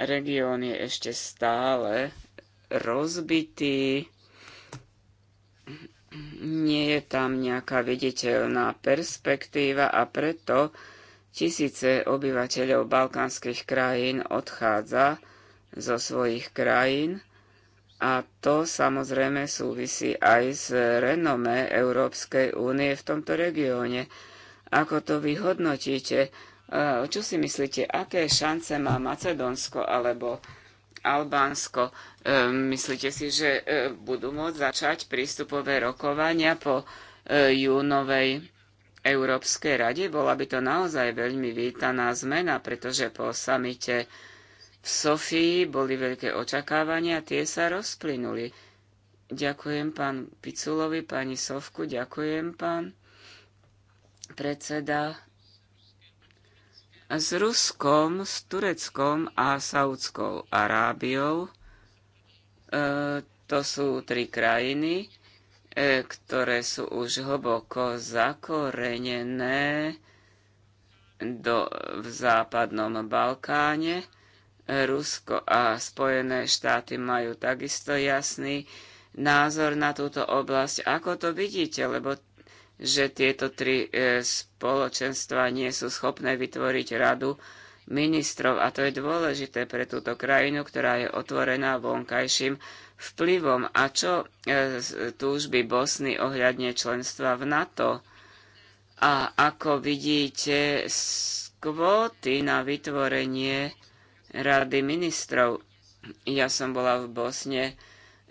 Región je ešte stále rozbitý, nie je tam nejaká viditeľná perspektíva a preto tisíce obyvateľov balkánskych krajín odchádza zo svojich krajín a to samozrejme súvisí aj s renome Európskej únie v tomto regióne. Ako to vy hodnotíte? E, čo si myslíte, aké šance má Macedónsko alebo Albánsko? E, myslíte si, že e, budú môcť začať prístupové rokovania po júnovej Európskej rade? Bola by to naozaj veľmi vítaná zmena, pretože po samite v Sofii boli veľké očakávania, tie sa rozplynuli. Ďakujem pán Piculovi, pani Sovku, ďakujem pán predseda. S Ruskom, s Tureckom a Saudskou Arábiou, e, to sú tri krajiny, e, ktoré sú už hlboko zakorenené do, v západnom Balkáne Rusko a Spojené štáty majú takisto jasný názor na túto oblasť. Ako to vidíte, lebo že tieto tri e, spoločenstva nie sú schopné vytvoriť radu ministrov a to je dôležité pre túto krajinu, ktorá je otvorená vonkajším vplyvom. A čo e, túžby Bosny ohľadne členstva v NATO? A ako vidíte, kvóty na vytvorenie Rady ministrov. Ja som bola v Bosne,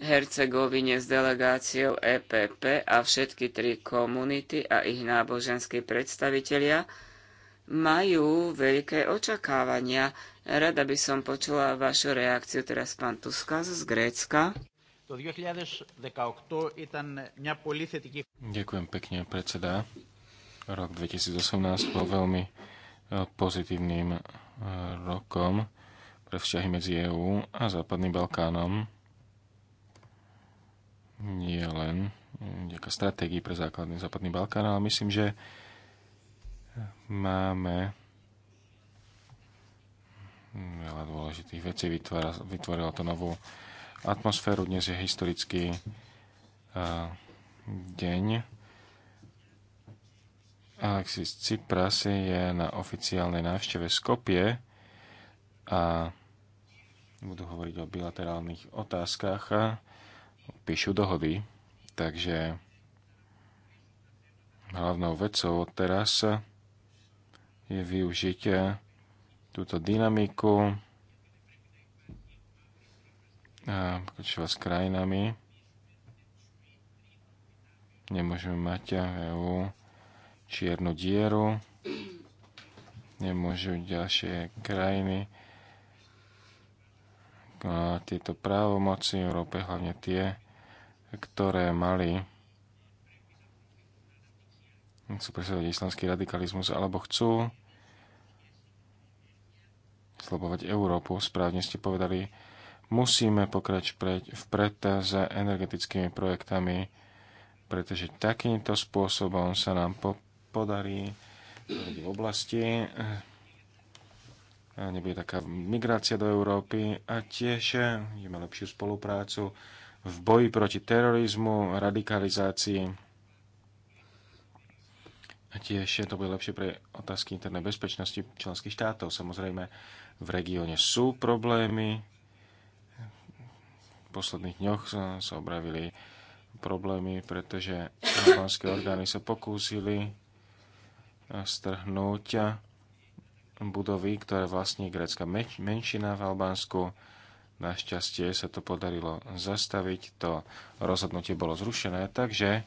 Hercegovine s delegáciou EPP a všetky tri komunity a ich náboženskí predstavitelia majú veľké očakávania. Rada by som počula vašu reakciu teraz pán Tuska z Grécka. Ďakujem pekne, predseda. Rok 2018 bol veľmi eh, pozitívnym eh, rokom pre vzťahy medzi EÚ a Západným Balkánom nie len nejaká eh, stratégia pre základný Západný Balkán, ale myslím, že máme veľa dôležitých vecí. Vytvára, vytvorilo to novú atmosféru. Dnes je historický uh, deň. Alexis Tsipras je na oficiálnej návšteve Skopie a budú hovoriť o bilaterálnych otázkach a píšu dohody. Takže hlavnou vecou teraz je využiť túto dynamiku a pokračovať s krajinami. Nemôžeme mať EU čiernu dieru. Nemôžu ďalšie krajiny tieto právomoci Európe, hlavne tie, ktoré mali chcú presadovať islamský radikalizmus alebo chcú slobovať Európu. Správne ste povedali, musíme pokračovať vpred za energetickými projektami, pretože takýmto spôsobom sa nám po- podarí v oblasti eh, nebude taká migrácia do Európy a tiež budeme eh, lepšiu spoluprácu v boji proti terorizmu, radikalizácii a tiež eh, to bude lepšie pre otázky internej bezpečnosti členských štátov. Samozrejme, v regióne sú problémy. V posledných dňoch sa obravili problémy, pretože albánske orgány sa pokúsili eh, strhnúť budovy, ktoré vlastní grécka menšina v Albánsku. Našťastie sa to podarilo zastaviť, to rozhodnutie bolo zrušené, takže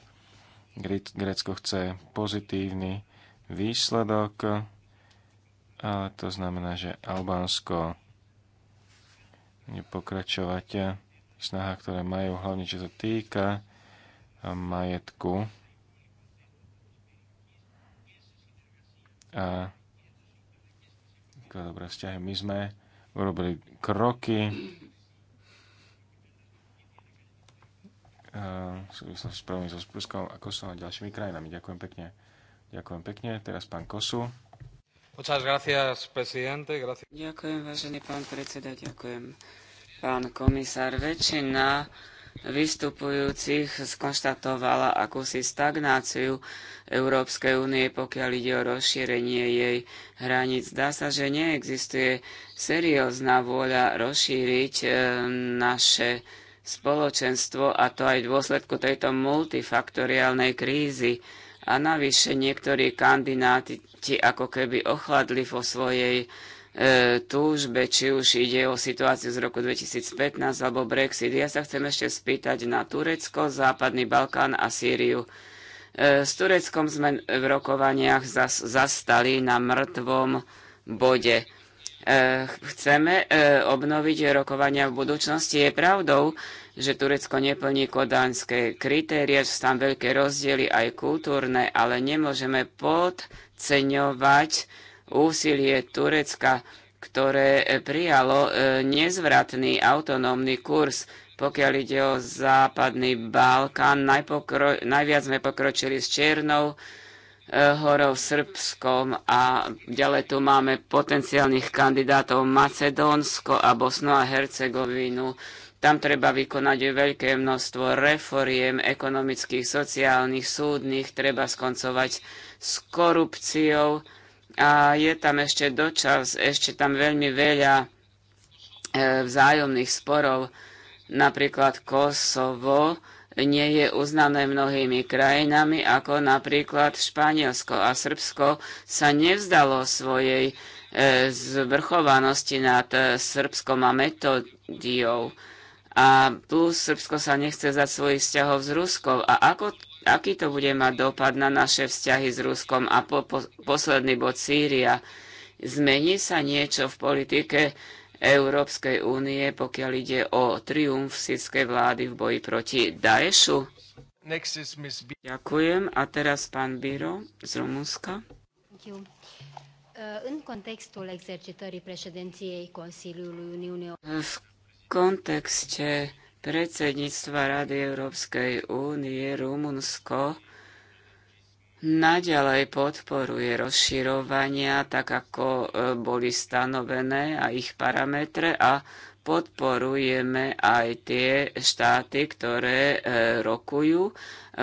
Grécko chce pozitívny výsledok, ale to znamená, že Albánsko nepokračovať. pokračovať snaha, ktoré majú, hlavne čo sa týka majetku a takové dobré vzťahy. My sme urobili kroky eh, v súvislosti s prvým so Spruskou a Kosom a ďalšími krajinami. Ďakujem pekne. Ďakujem pekne. Teraz pán Kosu. Gracias, gracias. Ďakujem, vážený pán predseda, ďakujem. Pán komisár, väčšina vystupujúcich skonštatovala akúsi stagnáciu Európskej únie, pokiaľ ide o rozšírenie jej hraníc. Dá sa, že neexistuje seriózna vôľa rozšíriť eh, naše spoločenstvo a to aj v dôsledku tejto multifaktoriálnej krízy. A navyše niektorí kandidáti ako keby ochladli vo svojej E, túžbe, či už ide o situáciu z roku 2015 alebo Brexit. Ja sa chcem ešte spýtať na Turecko, Západný Balkán a Sýriu. E, s Tureckom sme v rokovaniach zas, zastali na mŕtvom bode. E, chceme e, obnoviť rokovania v budúcnosti. Je pravdou, že Turecko neplní kodanské kritéria, sú tam veľké rozdiely aj kultúrne, ale nemôžeme podceňovať úsilie Turecka, ktoré e, prijalo e, nezvratný autonómny kurz. Pokiaľ ide o západný Balkán, najpokro- najviac sme pokročili s Čiernou e, horou Srbskom a ďalej tu máme potenciálnych kandidátov Macedónsko a Bosnu a Hercegovinu. Tam treba vykonať veľké množstvo reforiem ekonomických, sociálnych, súdnych, treba skoncovať s korupciou a je tam ešte dočas, ešte tam veľmi veľa e, vzájomných sporov. Napríklad Kosovo nie je uznané mnohými krajinami, ako napríklad Španielsko a Srbsko sa nevzdalo svojej e, zvrchovanosti nad e, Srbskom a Metodiou. A plus Srbsko sa nechce za svojich vzťahov s Ruskou. A ako aký to bude mať dopad na naše vzťahy s Ruskom. A po, po, posledný bod Sýria. Zmení sa niečo v politike Európskej únie, pokiaľ ide o triumf sírskej vlády v boji proti Daešu? Ďakujem. A teraz pán Biro z Rumunska. Uh, v kontexte predsedníctva Rady Európskej únie Rumunsko naďalej podporuje rozširovania tak, ako e, boli stanovené a ich parametre a podporujeme aj tie štáty, ktoré e, rokujú, e,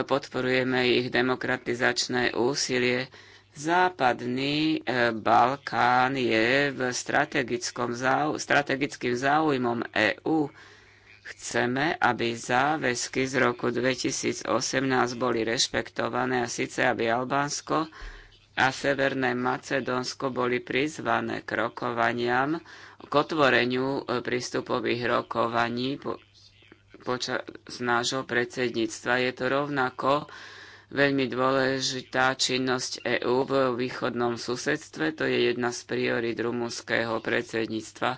podporujeme ich demokratizačné úsilie. Západný Balkán je v strategickom, strategickým záujmom EÚ Chceme, aby záväzky z roku 2018 boli rešpektované a síce, aby Albánsko a Severné Macedónsko boli prizvané k rokovaniam, k otvoreniu e, prístupových rokovaní počas nášho predsedníctva. Je to rovnako veľmi dôležitá činnosť EÚ v východnom susedstve, to je jedna z priorit rumúnskeho predsedníctva.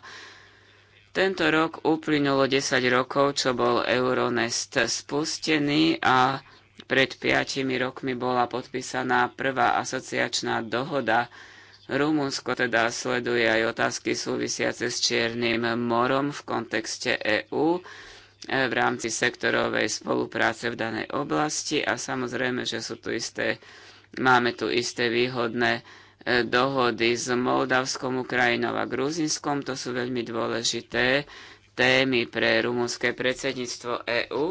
Tento rok uplynulo 10 rokov, čo bol Euronest spustený a pred 5 rokmi bola podpísaná prvá asociačná dohoda. Rumunsko teda sleduje aj otázky súvisiace s Čiernym morom v kontexte EÚ e, v rámci sektorovej spolupráce v danej oblasti a samozrejme, že sú tu isté, máme tu isté výhodné E, dohody s Moldavskom, Ukrajinou a Gruzinskom. To sú veľmi dôležité témy pre rumunské predsedníctvo EÚ.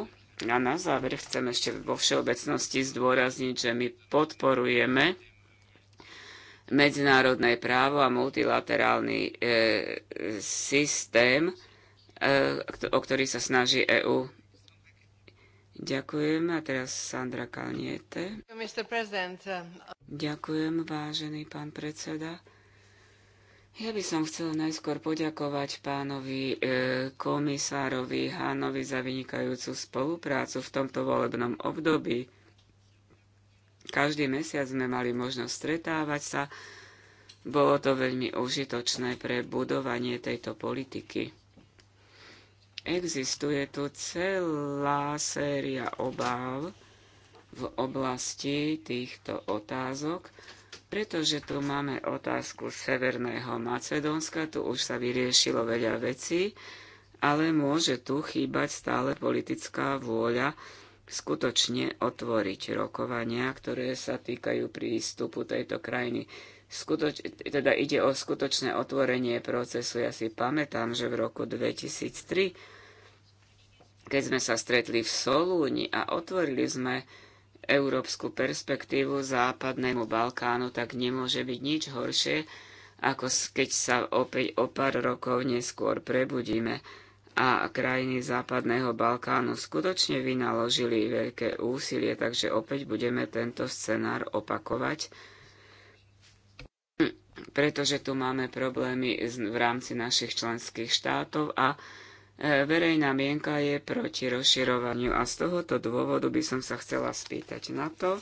A na záver chcem ešte vo všeobecnosti zdôrazniť, že my podporujeme medzinárodné právo a multilaterálny e, systém, e, o ktorý sa snaží EÚ Ďakujem a teraz Sandra Kalniete. Uh, Ďakujem, vážený pán predseda. Ja by som chcela najskôr poďakovať pánovi e, komisárovi Hánovi za vynikajúcu spoluprácu v tomto volebnom období. Každý mesiac sme mali možnosť stretávať sa. Bolo to veľmi užitočné pre budovanie tejto politiky. Existuje tu celá séria obáv v oblasti týchto otázok, pretože tu máme otázku Severného Macedónska, tu už sa vyriešilo veľa vecí, ale môže tu chýbať stále politická vôľa skutočne otvoriť rokovania, ktoré sa týkajú prístupu tejto krajiny. Skutoč, teda ide o skutočné otvorenie procesu. Ja si pamätám, že v roku 2003 keď sme sa stretli v Solúni a otvorili sme európsku perspektívu západnému Balkánu, tak nemôže byť nič horšie, ako keď sa opäť o pár rokov neskôr prebudíme a krajiny západného Balkánu skutočne vynaložili veľké úsilie, takže opäť budeme tento scenár opakovať, pretože tu máme problémy v rámci našich členských štátov a E, verejná mienka je proti rozširovaniu a z tohoto dôvodu by som sa chcela spýtať na to,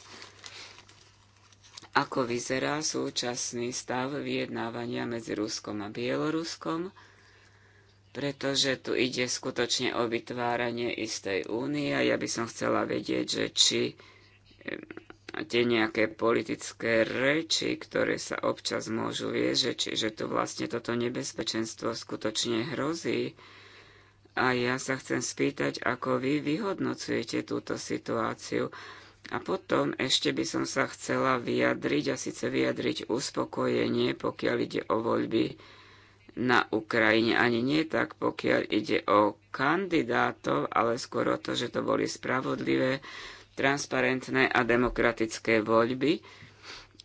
ako vyzerá súčasný stav vyjednávania medzi Ruskom a Bieloruskom, pretože tu ide skutočne o vytváranie istej únie a ja by som chcela vedieť, že či tie nejaké politické reči, ktoré sa občas môžu viesť, že, či, že tu vlastne toto nebezpečenstvo skutočne hrozí, a ja sa chcem spýtať, ako vy vyhodnocujete túto situáciu. A potom ešte by som sa chcela vyjadriť, a síce vyjadriť uspokojenie, pokiaľ ide o voľby na Ukrajine. Ani nie tak, pokiaľ ide o kandidátov, ale skôr o to, že to boli spravodlivé, transparentné a demokratické voľby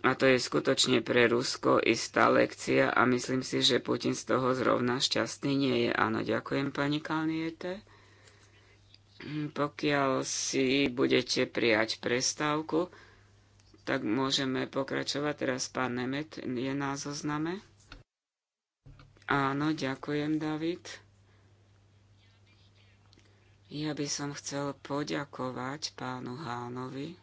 a to je skutočne pre Rusko istá lekcia a myslím si, že Putin z toho zrovna šťastný nie je. Áno, ďakujem pani Kalniete. Pokiaľ si budete prijať prestávku, tak môžeme pokračovať. Teraz pán Nemet je na zozname. Áno, ďakujem, David. Ja by som chcel poďakovať pánu Hánovi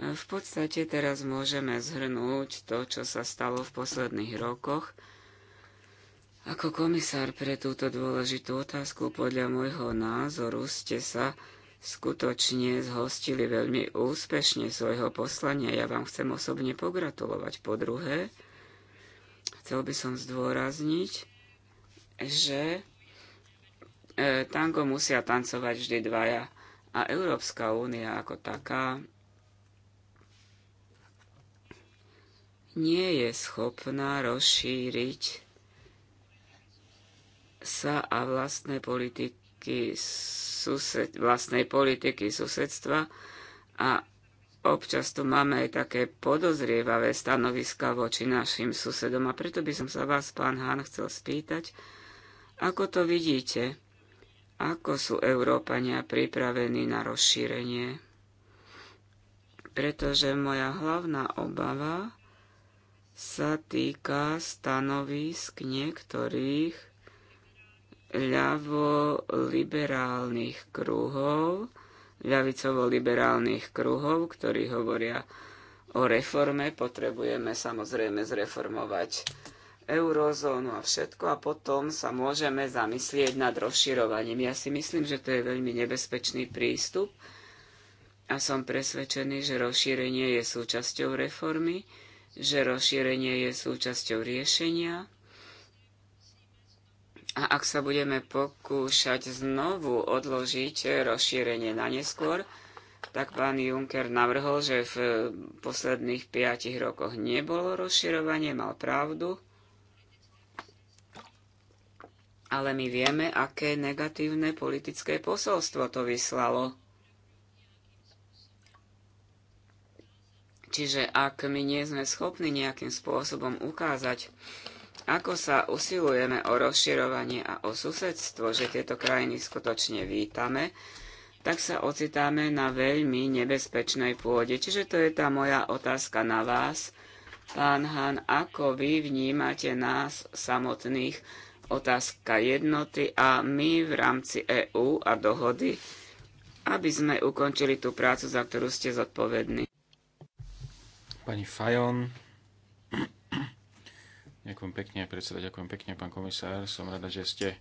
v podstate teraz môžeme zhrnúť to, čo sa stalo v posledných rokoch. Ako komisár pre túto dôležitú otázku podľa môjho názoru ste sa skutočne zhostili veľmi úspešne svojho poslania. Ja vám chcem osobne pogratulovať. Po druhé, chcel by som zdôrazniť, že e, tango musia tancovať vždy dvaja a Európska únia ako taká nie je schopná rozšíriť sa a vlastné politiky sused, vlastnej politiky susedstva a občas tu máme aj také podozrievavé stanoviska voči našim susedom a preto by som sa vás, pán Hán, chcel spýtať, ako to vidíte, ako sú Európania pripravení na rozšírenie. Pretože moja hlavná obava sa týka stanovisk niektorých ľavo-liberálnych kruhov, ľavicovo-liberálnych kruhov, ktorí hovoria o reforme. Potrebujeme samozrejme zreformovať eurozónu a všetko a potom sa môžeme zamyslieť nad rozširovaním. Ja si myslím, že to je veľmi nebezpečný prístup a som presvedčený, že rozšírenie je súčasťou reformy že rozšírenie je súčasťou riešenia. A ak sa budeme pokúšať znovu odložiť rozšírenie na neskôr, tak pán Juncker navrhol, že v posledných piatich rokoch nebolo rozširovanie, mal pravdu. Ale my vieme, aké negatívne politické posolstvo to vyslalo. Čiže ak my nie sme schopní nejakým spôsobom ukázať, ako sa usilujeme o rozširovanie a o susedstvo, že tieto krajiny skutočne vítame, tak sa ocitáme na veľmi nebezpečnej pôde. Čiže to je tá moja otázka na vás, pán Han, ako vy vnímate nás samotných otázka jednoty a my v rámci EÚ a dohody, aby sme ukončili tú prácu, za ktorú ste zodpovední. Pani Fajon. Ďakujem pekne, predseda, ďakujem pekne, pán komisár. Som rada, že ste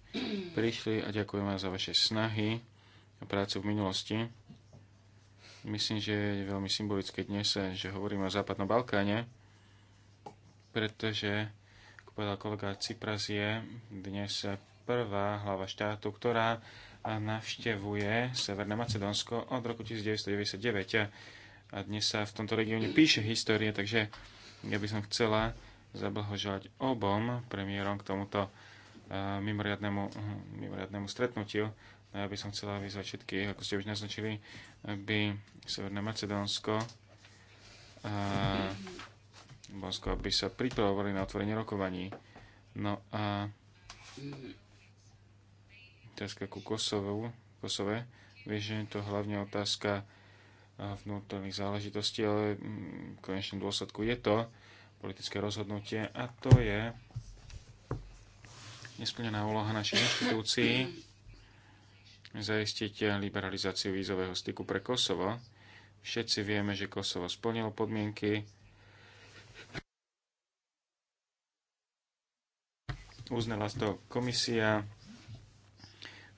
prišli a ďakujem vám za vaše snahy a prácu v minulosti. Myslím, že je veľmi symbolické dnes, že hovoríme o Západnom Balkáne, pretože, ako povedal kolega Cypras, je dnes prvá hlava štátu, ktorá navštevuje Severné Macedónsko od roku 1999 a dnes sa v tomto regióne píše história, takže ja by som chcela zablahoželať obom premiérom k tomuto e, mimoriadnemu mimoriadnemu stretnutiu. A ja by som chcela vyzvať všetkých, ako ste už naznačili, aby Severné Macedónsko a e, Bosko, aby sa pripravovali na otvorenie rokovaní. No a otázka ku Kosovu, Kosove, vieš, že je to hlavne otázka vnútorných záležitostí, ale mm, v konečnom dôsledku je to politické rozhodnutie a to je nesplnená úloha našich inštitúcií zaistiť liberalizáciu vízového styku pre Kosovo. Všetci vieme, že Kosovo splnilo podmienky. Uznala to komisia,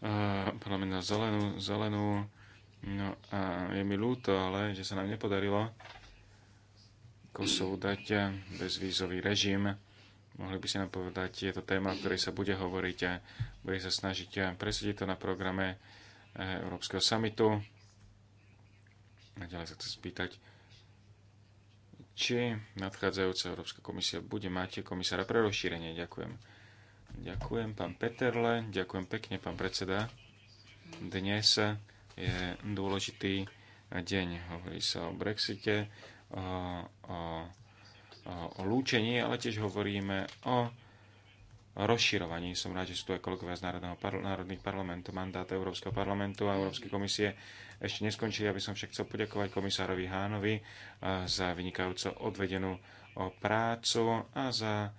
uh, eh, na zelenú, zelenú No a je mi ľúto, ale že sa nám nepodarilo Kosovu dať bezvízový režim. Mohli by ste nám povedať, je to téma, o ktorej sa bude hovoriť a bude sa snažiť presediť to na programe eh, Európskeho samitu. A ďalej sa chcem spýtať, či nadchádzajúca Európska komisia bude mať komisára pre rozšírenie. Ďakujem. Ďakujem, pán Peterle, ďakujem pekne, pán predseda. Dnes je dôležitý deň. Hovorí sa o Brexite, o, o, o lúčení, ale tiež hovoríme o rozširovaní. Som rád, že sú tu aj kolegovia z národného par- národných parlamentov, mandát Európskeho parlamentu a Európskej komisie. Ešte neskončili, aby som však chcel poďakovať komisárovi Hánovi e, za vynikajúco odvedenú prácu a za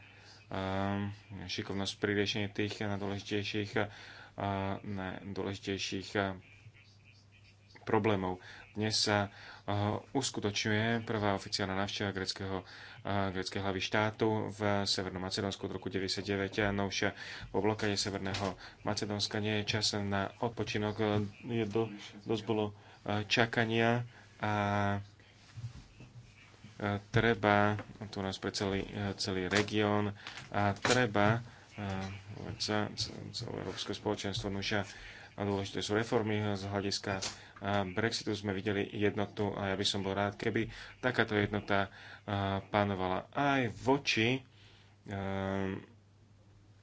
e, šikovnosť pri riešení tých najdôležitejších, e, najdôležitejších problémov. Dnes sa eh, uskutočňuje prvá oficiálna návšteva greckého, eh, grecké hlavy štátu v Severnom Macedónsku od roku 1999. Novšia po blokade Severného Macedónska nie je čas na odpočinok. Eh, je do, dosť bolo čakania a treba, tu nás pre celý, celý región, a treba celé Európske spoločenstvo nuša a dôležité sú reformy z hľadiska Brexitu sme videli jednotu a ja by som bol rád, keby takáto jednota panovala aj voči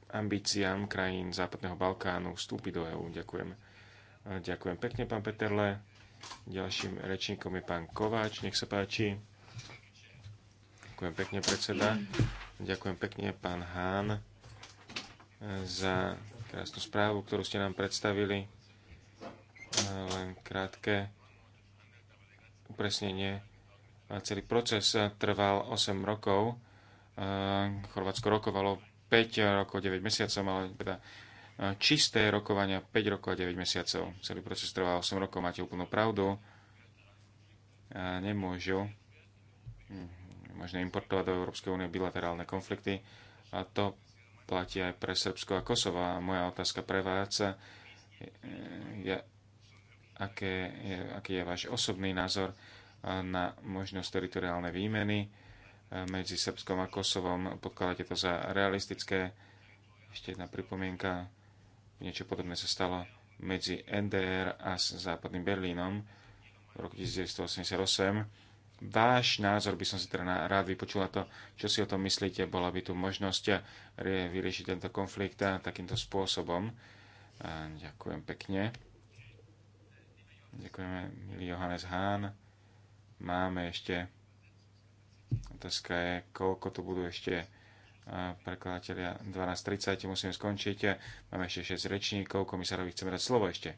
ambíciám krajín Západného Balkánu vstúpiť do EÚ. Ďakujem. Ďakujem pekne, pán Peterle. Ďalším rečníkom je pán Kováč, nech sa páči. Ďakujem pekne, predseda. Ďakujem pekne, pán Hán, za krásnu správu, ktorú ste nám predstavili len krátke upresnenie. Celý proces trval 8 rokov. Chorvátsko rokovalo 5 rokov 9 mesiacov, ale teda čisté rokovania 5 rokov a 9 mesiacov. Celý proces trval 8 rokov, máte úplnú pravdu. Nemôžu hm, možno importovať do Európskej únie bilaterálne konflikty a to platí aj pre Srbsko a Kosovo. A moja otázka pre vás je, e, aké je, aký je váš osobný názor eh, na možnosť teritoriálnej výmeny eh, medzi Srbskom a Kosovom. Podkladáte to za realistické. Ešte jedna pripomienka. Niečo podobné sa stalo medzi NDR a západným Berlínom v roku 1988. Váš názor by som si teda rád vypočula to, čo si o tom myslíte. Bola by tu možnosť eh, vyriešiť tento konflikt takýmto spôsobom. A ďakujem pekne. Ďakujeme, milý Johannes Hahn. Máme ešte, otázka je, koľko tu budú ešte prekladateľia 12.30, musíme skončiť. Máme ešte 6 rečníkov, komisárovi chceme dať slovo ešte.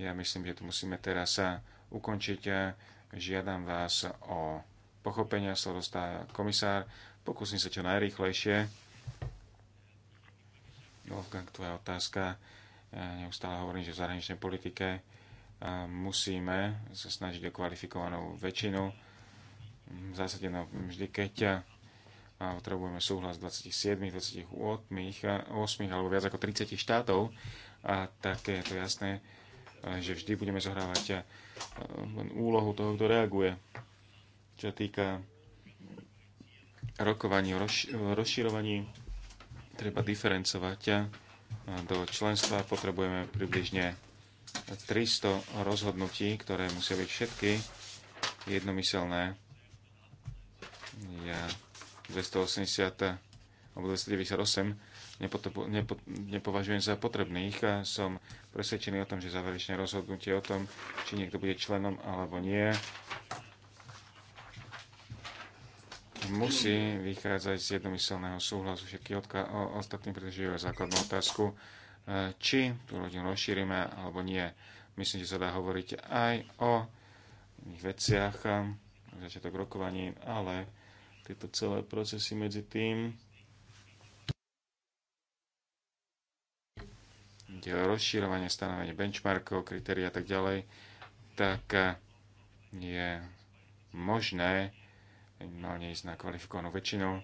Ja myslím, že tu musíme teraz sa ukončiť. Žiadam vás o pochopenia, slovo dostáva komisár. Pokúsim sa čo najrýchlejšie. Wolfgang, tvoja otázka. Ja neustále hovorím, že v zahraničnej politike a musíme sa snažiť o kvalifikovanú väčšinu. V zásade no, vždy, keď a potrebujeme súhlas 27, 28 alebo viac ako 30 štátov, a tak je to jasné, že vždy budeme zohrávať úlohu toho, kto reaguje. Čo týka rokovaní, roz, rozširovaní, treba diferencovať do členstva. Potrebujeme približne 300 rozhodnutí, ktoré musia byť všetky jednomyselné. Ja 280 alebo 298 nepo, nepovažujem za potrebných a som presvedčený o tom, že záverečné rozhodnutie o tom, či niekto bude členom alebo nie, musí vychádzať z jednomyselného súhlasu všetkých ostatných, pretože je základnú otázku, či tú rodinu rozšírime alebo nie. Myslím, že sa dá hovoriť aj o iných veciach, začiatok rokovaní, ale tieto celé procesy medzi tým kde je rozšírovanie, stanovenie benchmarkov, kritérií a tak ďalej, tak je možné minimálne ísť na kvalifikovanú väčšinu.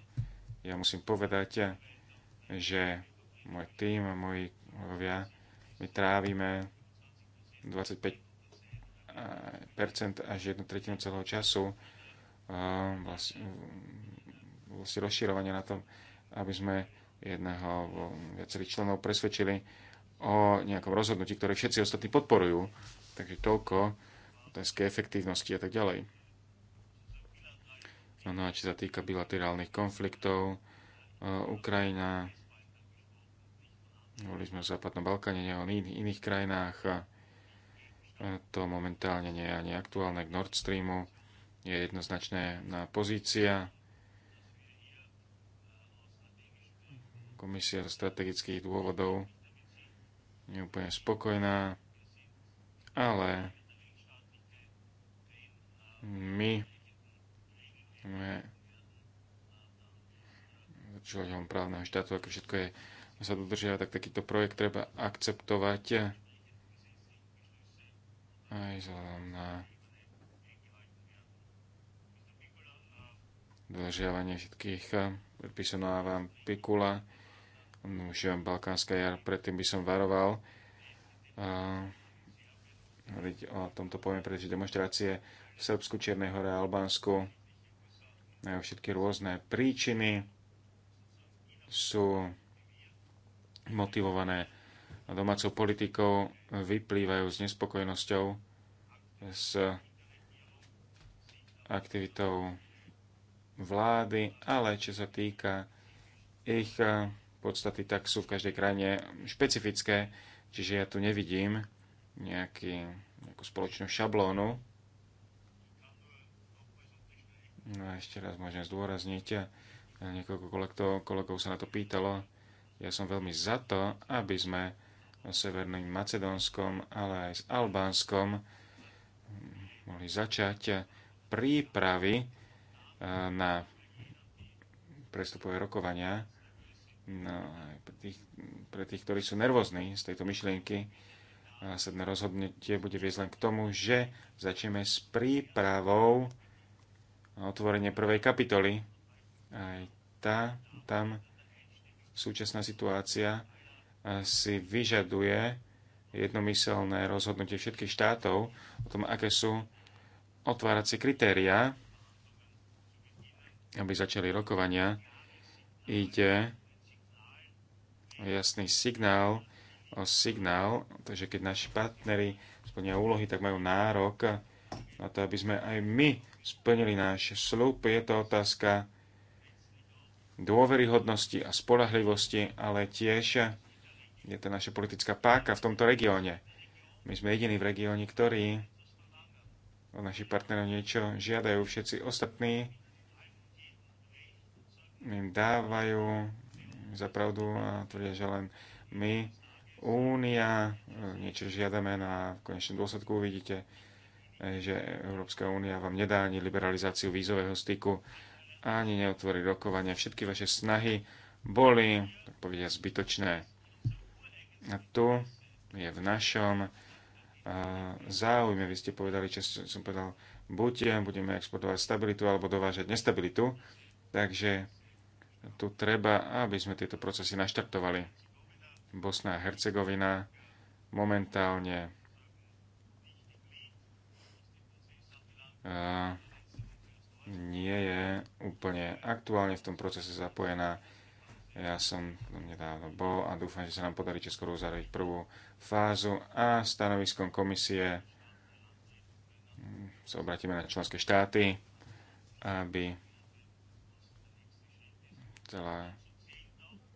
Ja musím povedať, že môj tým a moji lovia. My trávime 25% eh, až jednu tretinu celého času vlastne, vlastne rozširovania na tom, aby sme jedného viacerých členov presvedčili o nejakom rozhodnutí, ktoré všetci ostatní podporujú. Takže toľko otázky efektívnosti a tak ďalej. No, no a či sa týka bilaterálnych konfliktov, eh, Ukrajina, Hovorili sme o Západnom Balkáne, nie o iných krajinách. a To momentálne nie je ani aktuálne k Nord Streamu. Je jednoznačná pozícia. Komisia z strategických dôvodov je úplne spokojná, ale my sme členom právneho štátu, ako všetko je sa dodržiava, tak takýto projekt treba akceptovať aj vzhľadom na dodržiavanie všetkých eh, predpisov. No vám Pikula, už eh, Balkánska jar, predtým by som varoval eh, hovoriť o tomto pojme, pretože demonstrácie v Srbsku, Čiernej hore a Albánsku majú všetky rôzne príčiny, sú motivované domácou politikou vyplývajú s nespokojnosťou s aktivitou vlády, ale čo sa týka ich eh, podstaty, tak sú v každej krajine špecifické, čiže ja tu nevidím nejaký, nejakú spoločnú šablónu. No a ešte raz môžem zdôrazniť, eh, niekoľko kolegov sa na to pýtalo, ja som veľmi za to, aby sme o Severným Macedónskom, ale aj s Albánskom hm, mohli začať prípravy eh, na prestupové rokovania no, aj pre, tých, pre tých, ktorí sú nervózni z tejto myšlienky. Následné rozhodnutie bude viesť len k tomu, že začneme s prípravou otvorenie prvej kapitoly. Aj tá, tam súčasná situácia e, si vyžaduje jednomyselné rozhodnutie všetkých štátov o tom, aké sú otváracie kritériá, aby začali rokovania. Ide o jasný signál, o signál, takže keď naši partnery splnia úlohy, tak majú nárok na to, aby sme aj my splnili náš slúb. Je to otázka dôveryhodnosti a spolahlivosti, ale tiež je to naša politická páka v tomto regióne. My sme jediní v regióne, ktorí od našich partnerov niečo žiadajú. Všetci ostatní im dávajú za pravdu a tvrdia, že len my, Únia, niečo žiadame na v konečnom dôsledku uvidíte, že Európska únia vám nedá ani liberalizáciu vízového styku ani neotvorí rokovania. Všetky vaše snahy boli, tak povedia, zbytočné. A tu je v našom záujme. Vy ste povedali, čo som povedal, buď budeme exportovať stabilitu alebo dovážať nestabilitu. Takže tu treba, aby sme tieto procesy naštartovali. Bosna a Hercegovina momentálne nie je úplne aktuálne v tom procese zapojená. Ja som nedávno bol a dúfam, že sa nám podarí skoro uzavrieť prvú fázu a stanoviskom komisie hm, sa obratíme na členské štáty, aby celá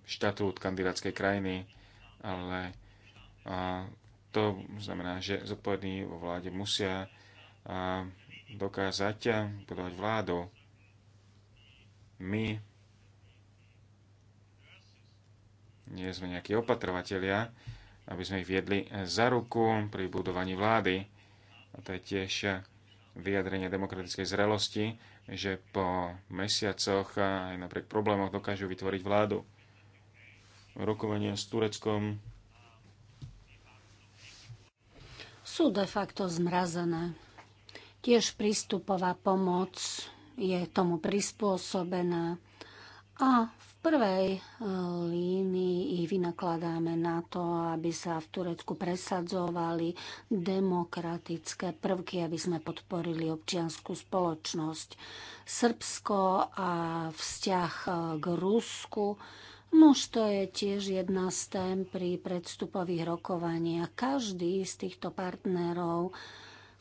štatút kandidátskej krajiny, ale to znamená, že zodpovední vo vláde musia dokázať budovať eh, vládu. My nie sme nejakí opatrovatelia, aby sme ich viedli eh, za ruku pri budovaní vlády. A to je tiež eh, vyjadrenie demokratickej zrelosti, že po mesiacoch a aj napriek problémoch dokážu vytvoriť vládu. Rokovania s Tureckom sú de facto zmrazené. Tiež prístupová pomoc je tomu prispôsobená a v prvej e, línii ich vynakladáme na to, aby sa v Turecku presadzovali demokratické prvky, aby sme podporili občianskú spoločnosť. Srbsko a vzťah e, k Rusku. Nuž to je tiež jedna z tém pri predstupových rokovaniach. Každý z týchto partnerov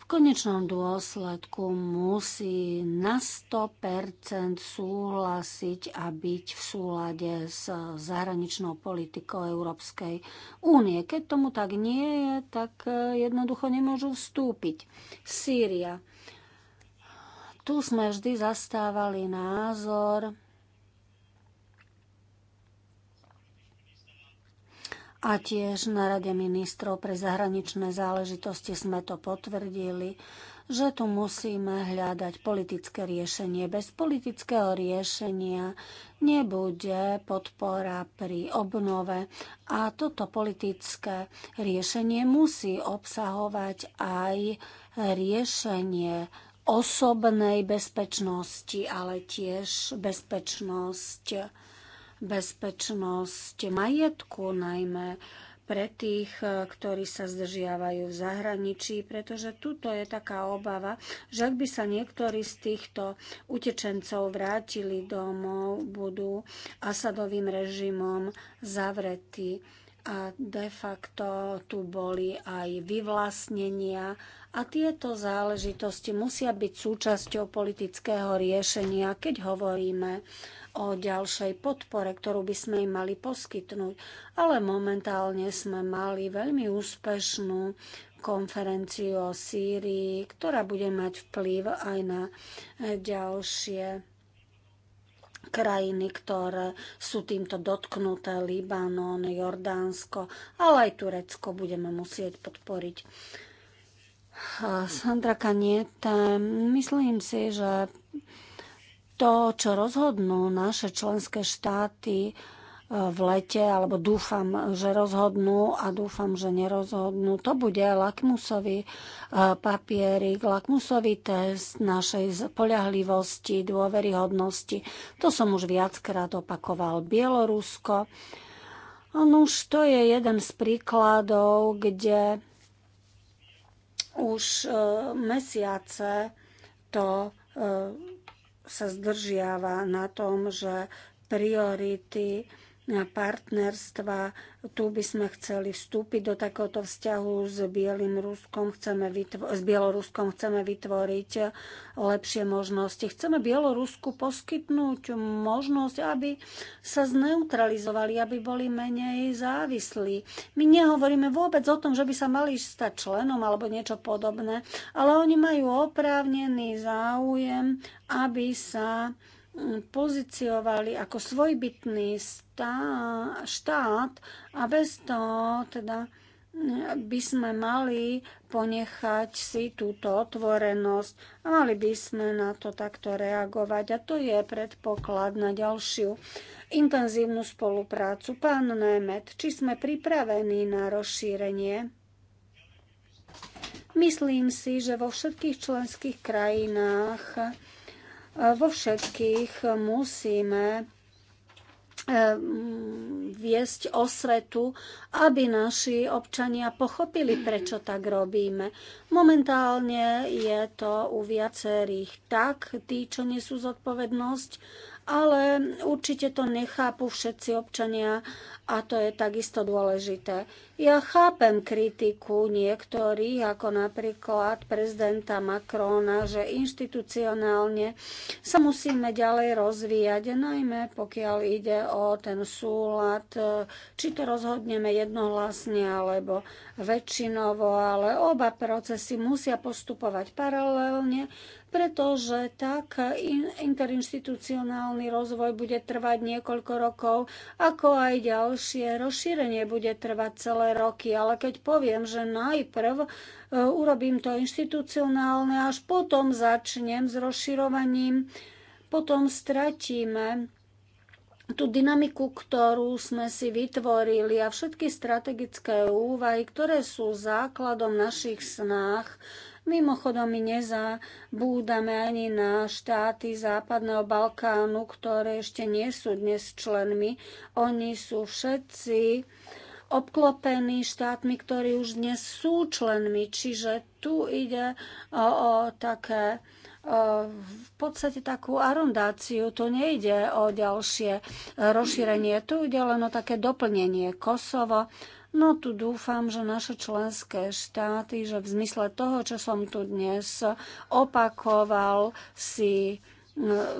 konečnom dôsledku musí na 100% súhlasiť a byť v súlade s zahraničnou politikou Európskej únie. Keď tomu tak nie je, tak e, jednoducho nemôžu vstúpiť. Sýria. Tu sme vždy zastávali názor, A tiež na Rade ministrov pre zahraničné záležitosti sme to potvrdili, že tu musíme hľadať politické riešenie. Bez politického riešenia nebude podpora pri obnove a toto politické riešenie musí obsahovať aj riešenie osobnej bezpečnosti, ale tiež bezpečnosť bezpečnosť majetku, najmä pre tých, e, ktorí sa zdržiavajú v zahraničí, pretože tuto je taká obava, že ak by sa niektorí z týchto utečencov vrátili domov, budú Asadovým režimom zavretí a de facto tu boli aj vyvlastnenia a tieto záležitosti musia byť súčasťou politického riešenia, keď hovoríme o ďalšej podpore, ktorú by sme im mali poskytnúť. Ale momentálne sme mali veľmi úspešnú konferenciu o Sýrii, ktorá bude mať vplyv aj na ďalšie krajiny, ktoré sú týmto dotknuté, Libanon, Jordánsko, ale aj Turecko budeme musieť podporiť. Sandra Kanieta, myslím si, že to, čo rozhodnú naše členské štáty, v lete, alebo dúfam, že rozhodnú a dúfam, že nerozhodnú. To bude lakmusový e, papierik, lakmusový test našej poľahlivosti, dôveryhodnosti. To som už viackrát opakoval. Bielorusko. No už to je jeden z príkladov, kde už e, mesiace to e, sa zdržiava na tom, že priority partnerstva. Tu by sme chceli vstúpiť do takéhoto vzťahu s, Bielým Ruskom, chceme s Bieloruskom, chceme vytvoriť lepšie možnosti. Chceme Bielorusku poskytnúť možnosť, aby sa zneutralizovali, aby boli menej závislí. My nehovoríme vôbec o tom, že by sa mali stať členom alebo niečo podobné, ale oni majú oprávnený záujem, aby sa pozíciovali ako svojbytný štát a bez toho teda mm, by sme mali ponechať si túto otvorenosť a mali by sme na to takto reagovať. A to je predpoklad na ďalšiu intenzívnu spoluprácu. Pán Nemet, či sme pripravení na rozšírenie? Myslím si, že vo všetkých členských krajinách vo všetkých musíme eh, mm, viesť osvetu, aby naši občania pochopili, prečo tak robíme. Momentálne je to u viacerých tak, tí, čo nesú zodpovednosť, ale určite to nechápu všetci občania a to je takisto dôležité. Ja chápem kritiku niektorých, ako napríklad prezidenta Macrona, že inštitucionálne sa musíme ďalej rozvíjať, najmä pokiaľ ide o ten súlad, či to rozhodneme jednohlasne alebo väčšinovo, ale oba procesy musia postupovať paralelne, pretože tak interinstitucionálny rozvoj bude trvať niekoľko rokov, ako aj ďalšie rozšírenie bude trvať celé roky. Ale keď poviem, že najprv e, urobím to inštitucionálne, až potom začnem s rozširovaním, potom stratíme tú dynamiku, ktorú sme si vytvorili a všetky strategické úvahy, ktoré sú základom našich snách, Mimochodom, my nezabúdame ani na štáty Západného Balkánu, ktoré ešte nie sú dnes členmi. Oni sú všetci obklopení štátmi, ktorí už dnes sú členmi. Čiže tu ide o, o také v podstate takú arondáciu, tu nejde o ďalšie rozšírenie, tu ide len o také doplnenie. Kosovo No tu dúfam, že naše členské štáty, že v zmysle toho, čo som tu dnes opakoval, si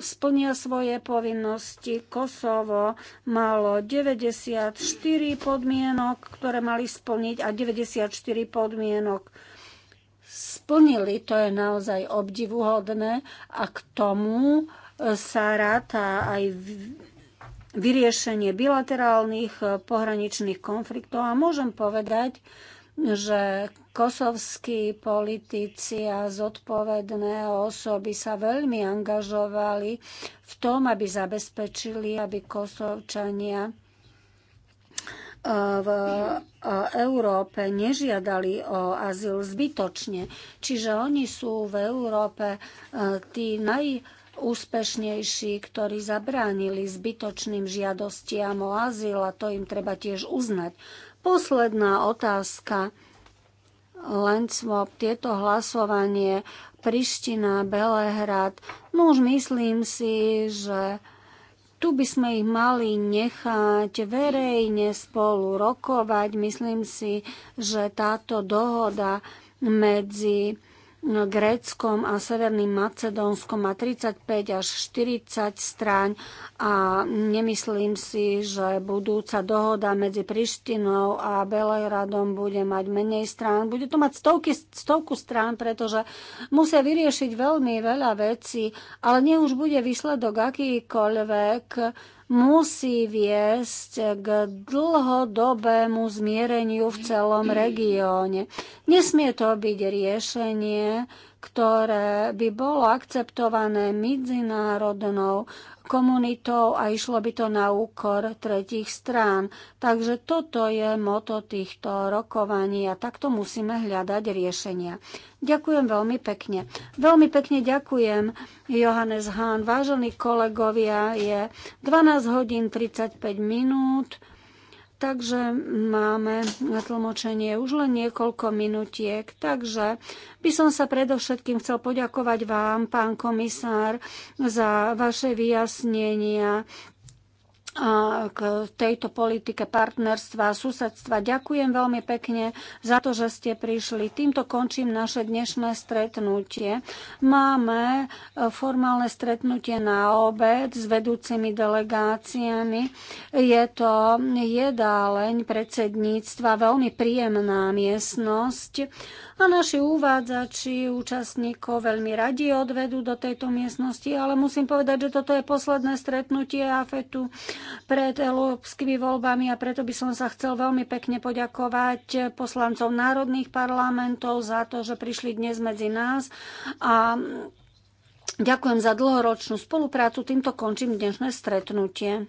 splnia svoje povinnosti. Kosovo malo 94 podmienok, ktoré mali splniť a 94 podmienok splnili. To je naozaj obdivuhodné a k tomu sa ráta aj vyriešenie bilaterálnych e, pohraničných konfliktov a môžem povedať, že kosovskí politici a zodpovedné osoby sa veľmi angažovali v tom, aby zabezpečili, aby kosovčania e, v e, Európe nežiadali o azyl zbytočne. Čiže oni sú v Európe tí naj úspešnejší, ktorí zabránili zbytočným žiadostiam o azyl a to im treba tiež uznať. Posledná otázka. Len svop, tieto hlasovanie, Priština, Belehrad. No už myslím si, že tu by sme ich mali nechať verejne spolu rokovať. Myslím si, že táto dohoda medzi Gréckom a Severným Macedónskom má 35 až 40 stráň a nemyslím si, že budúca dohoda medzi Prištinou a Belejradom bude mať menej strán. Bude to mať stovky, stovku strán, pretože musia vyriešiť veľmi veľa vecí, ale nie už bude výsledok akýkoľvek musí viesť k dlhodobému zmiereniu v celom regióne. Nesmie to byť riešenie, ktoré by bolo akceptované medzinárodnou komunitou a išlo by to na úkor tretich strán. Takže toto je moto týchto rokovaní a takto musíme hľadať riešenia. Ďakujem veľmi pekne. Veľmi pekne ďakujem, Johannes Hahn. Vážení kolegovia, je 12 hodín 35 minút. Takže máme na tlmočenie už len niekoľko minutiek. Takže by som sa predovšetkým chcel poďakovať vám, pán komisár, za vaše vyjasnenia k tejto politike partnerstva a susedstva. Ďakujem veľmi pekne za to, že ste prišli. Týmto končím naše dnešné stretnutie. Máme e, formálne stretnutie na obed s vedúcimi delegáciami. Je to jedáleň predsedníctva, veľmi príjemná miestnosť a naši uvádzači účastníkov veľmi radi odvedú do tejto miestnosti, ale musím povedať, že toto je posledné stretnutie AFETu pred európskymi voľbami a preto by som sa chcel veľmi pekne poďakovať poslancov národných parlamentov za to, že prišli dnes medzi nás a Ďakujem za dlhoročnú spoluprácu. Týmto končím dnešné stretnutie.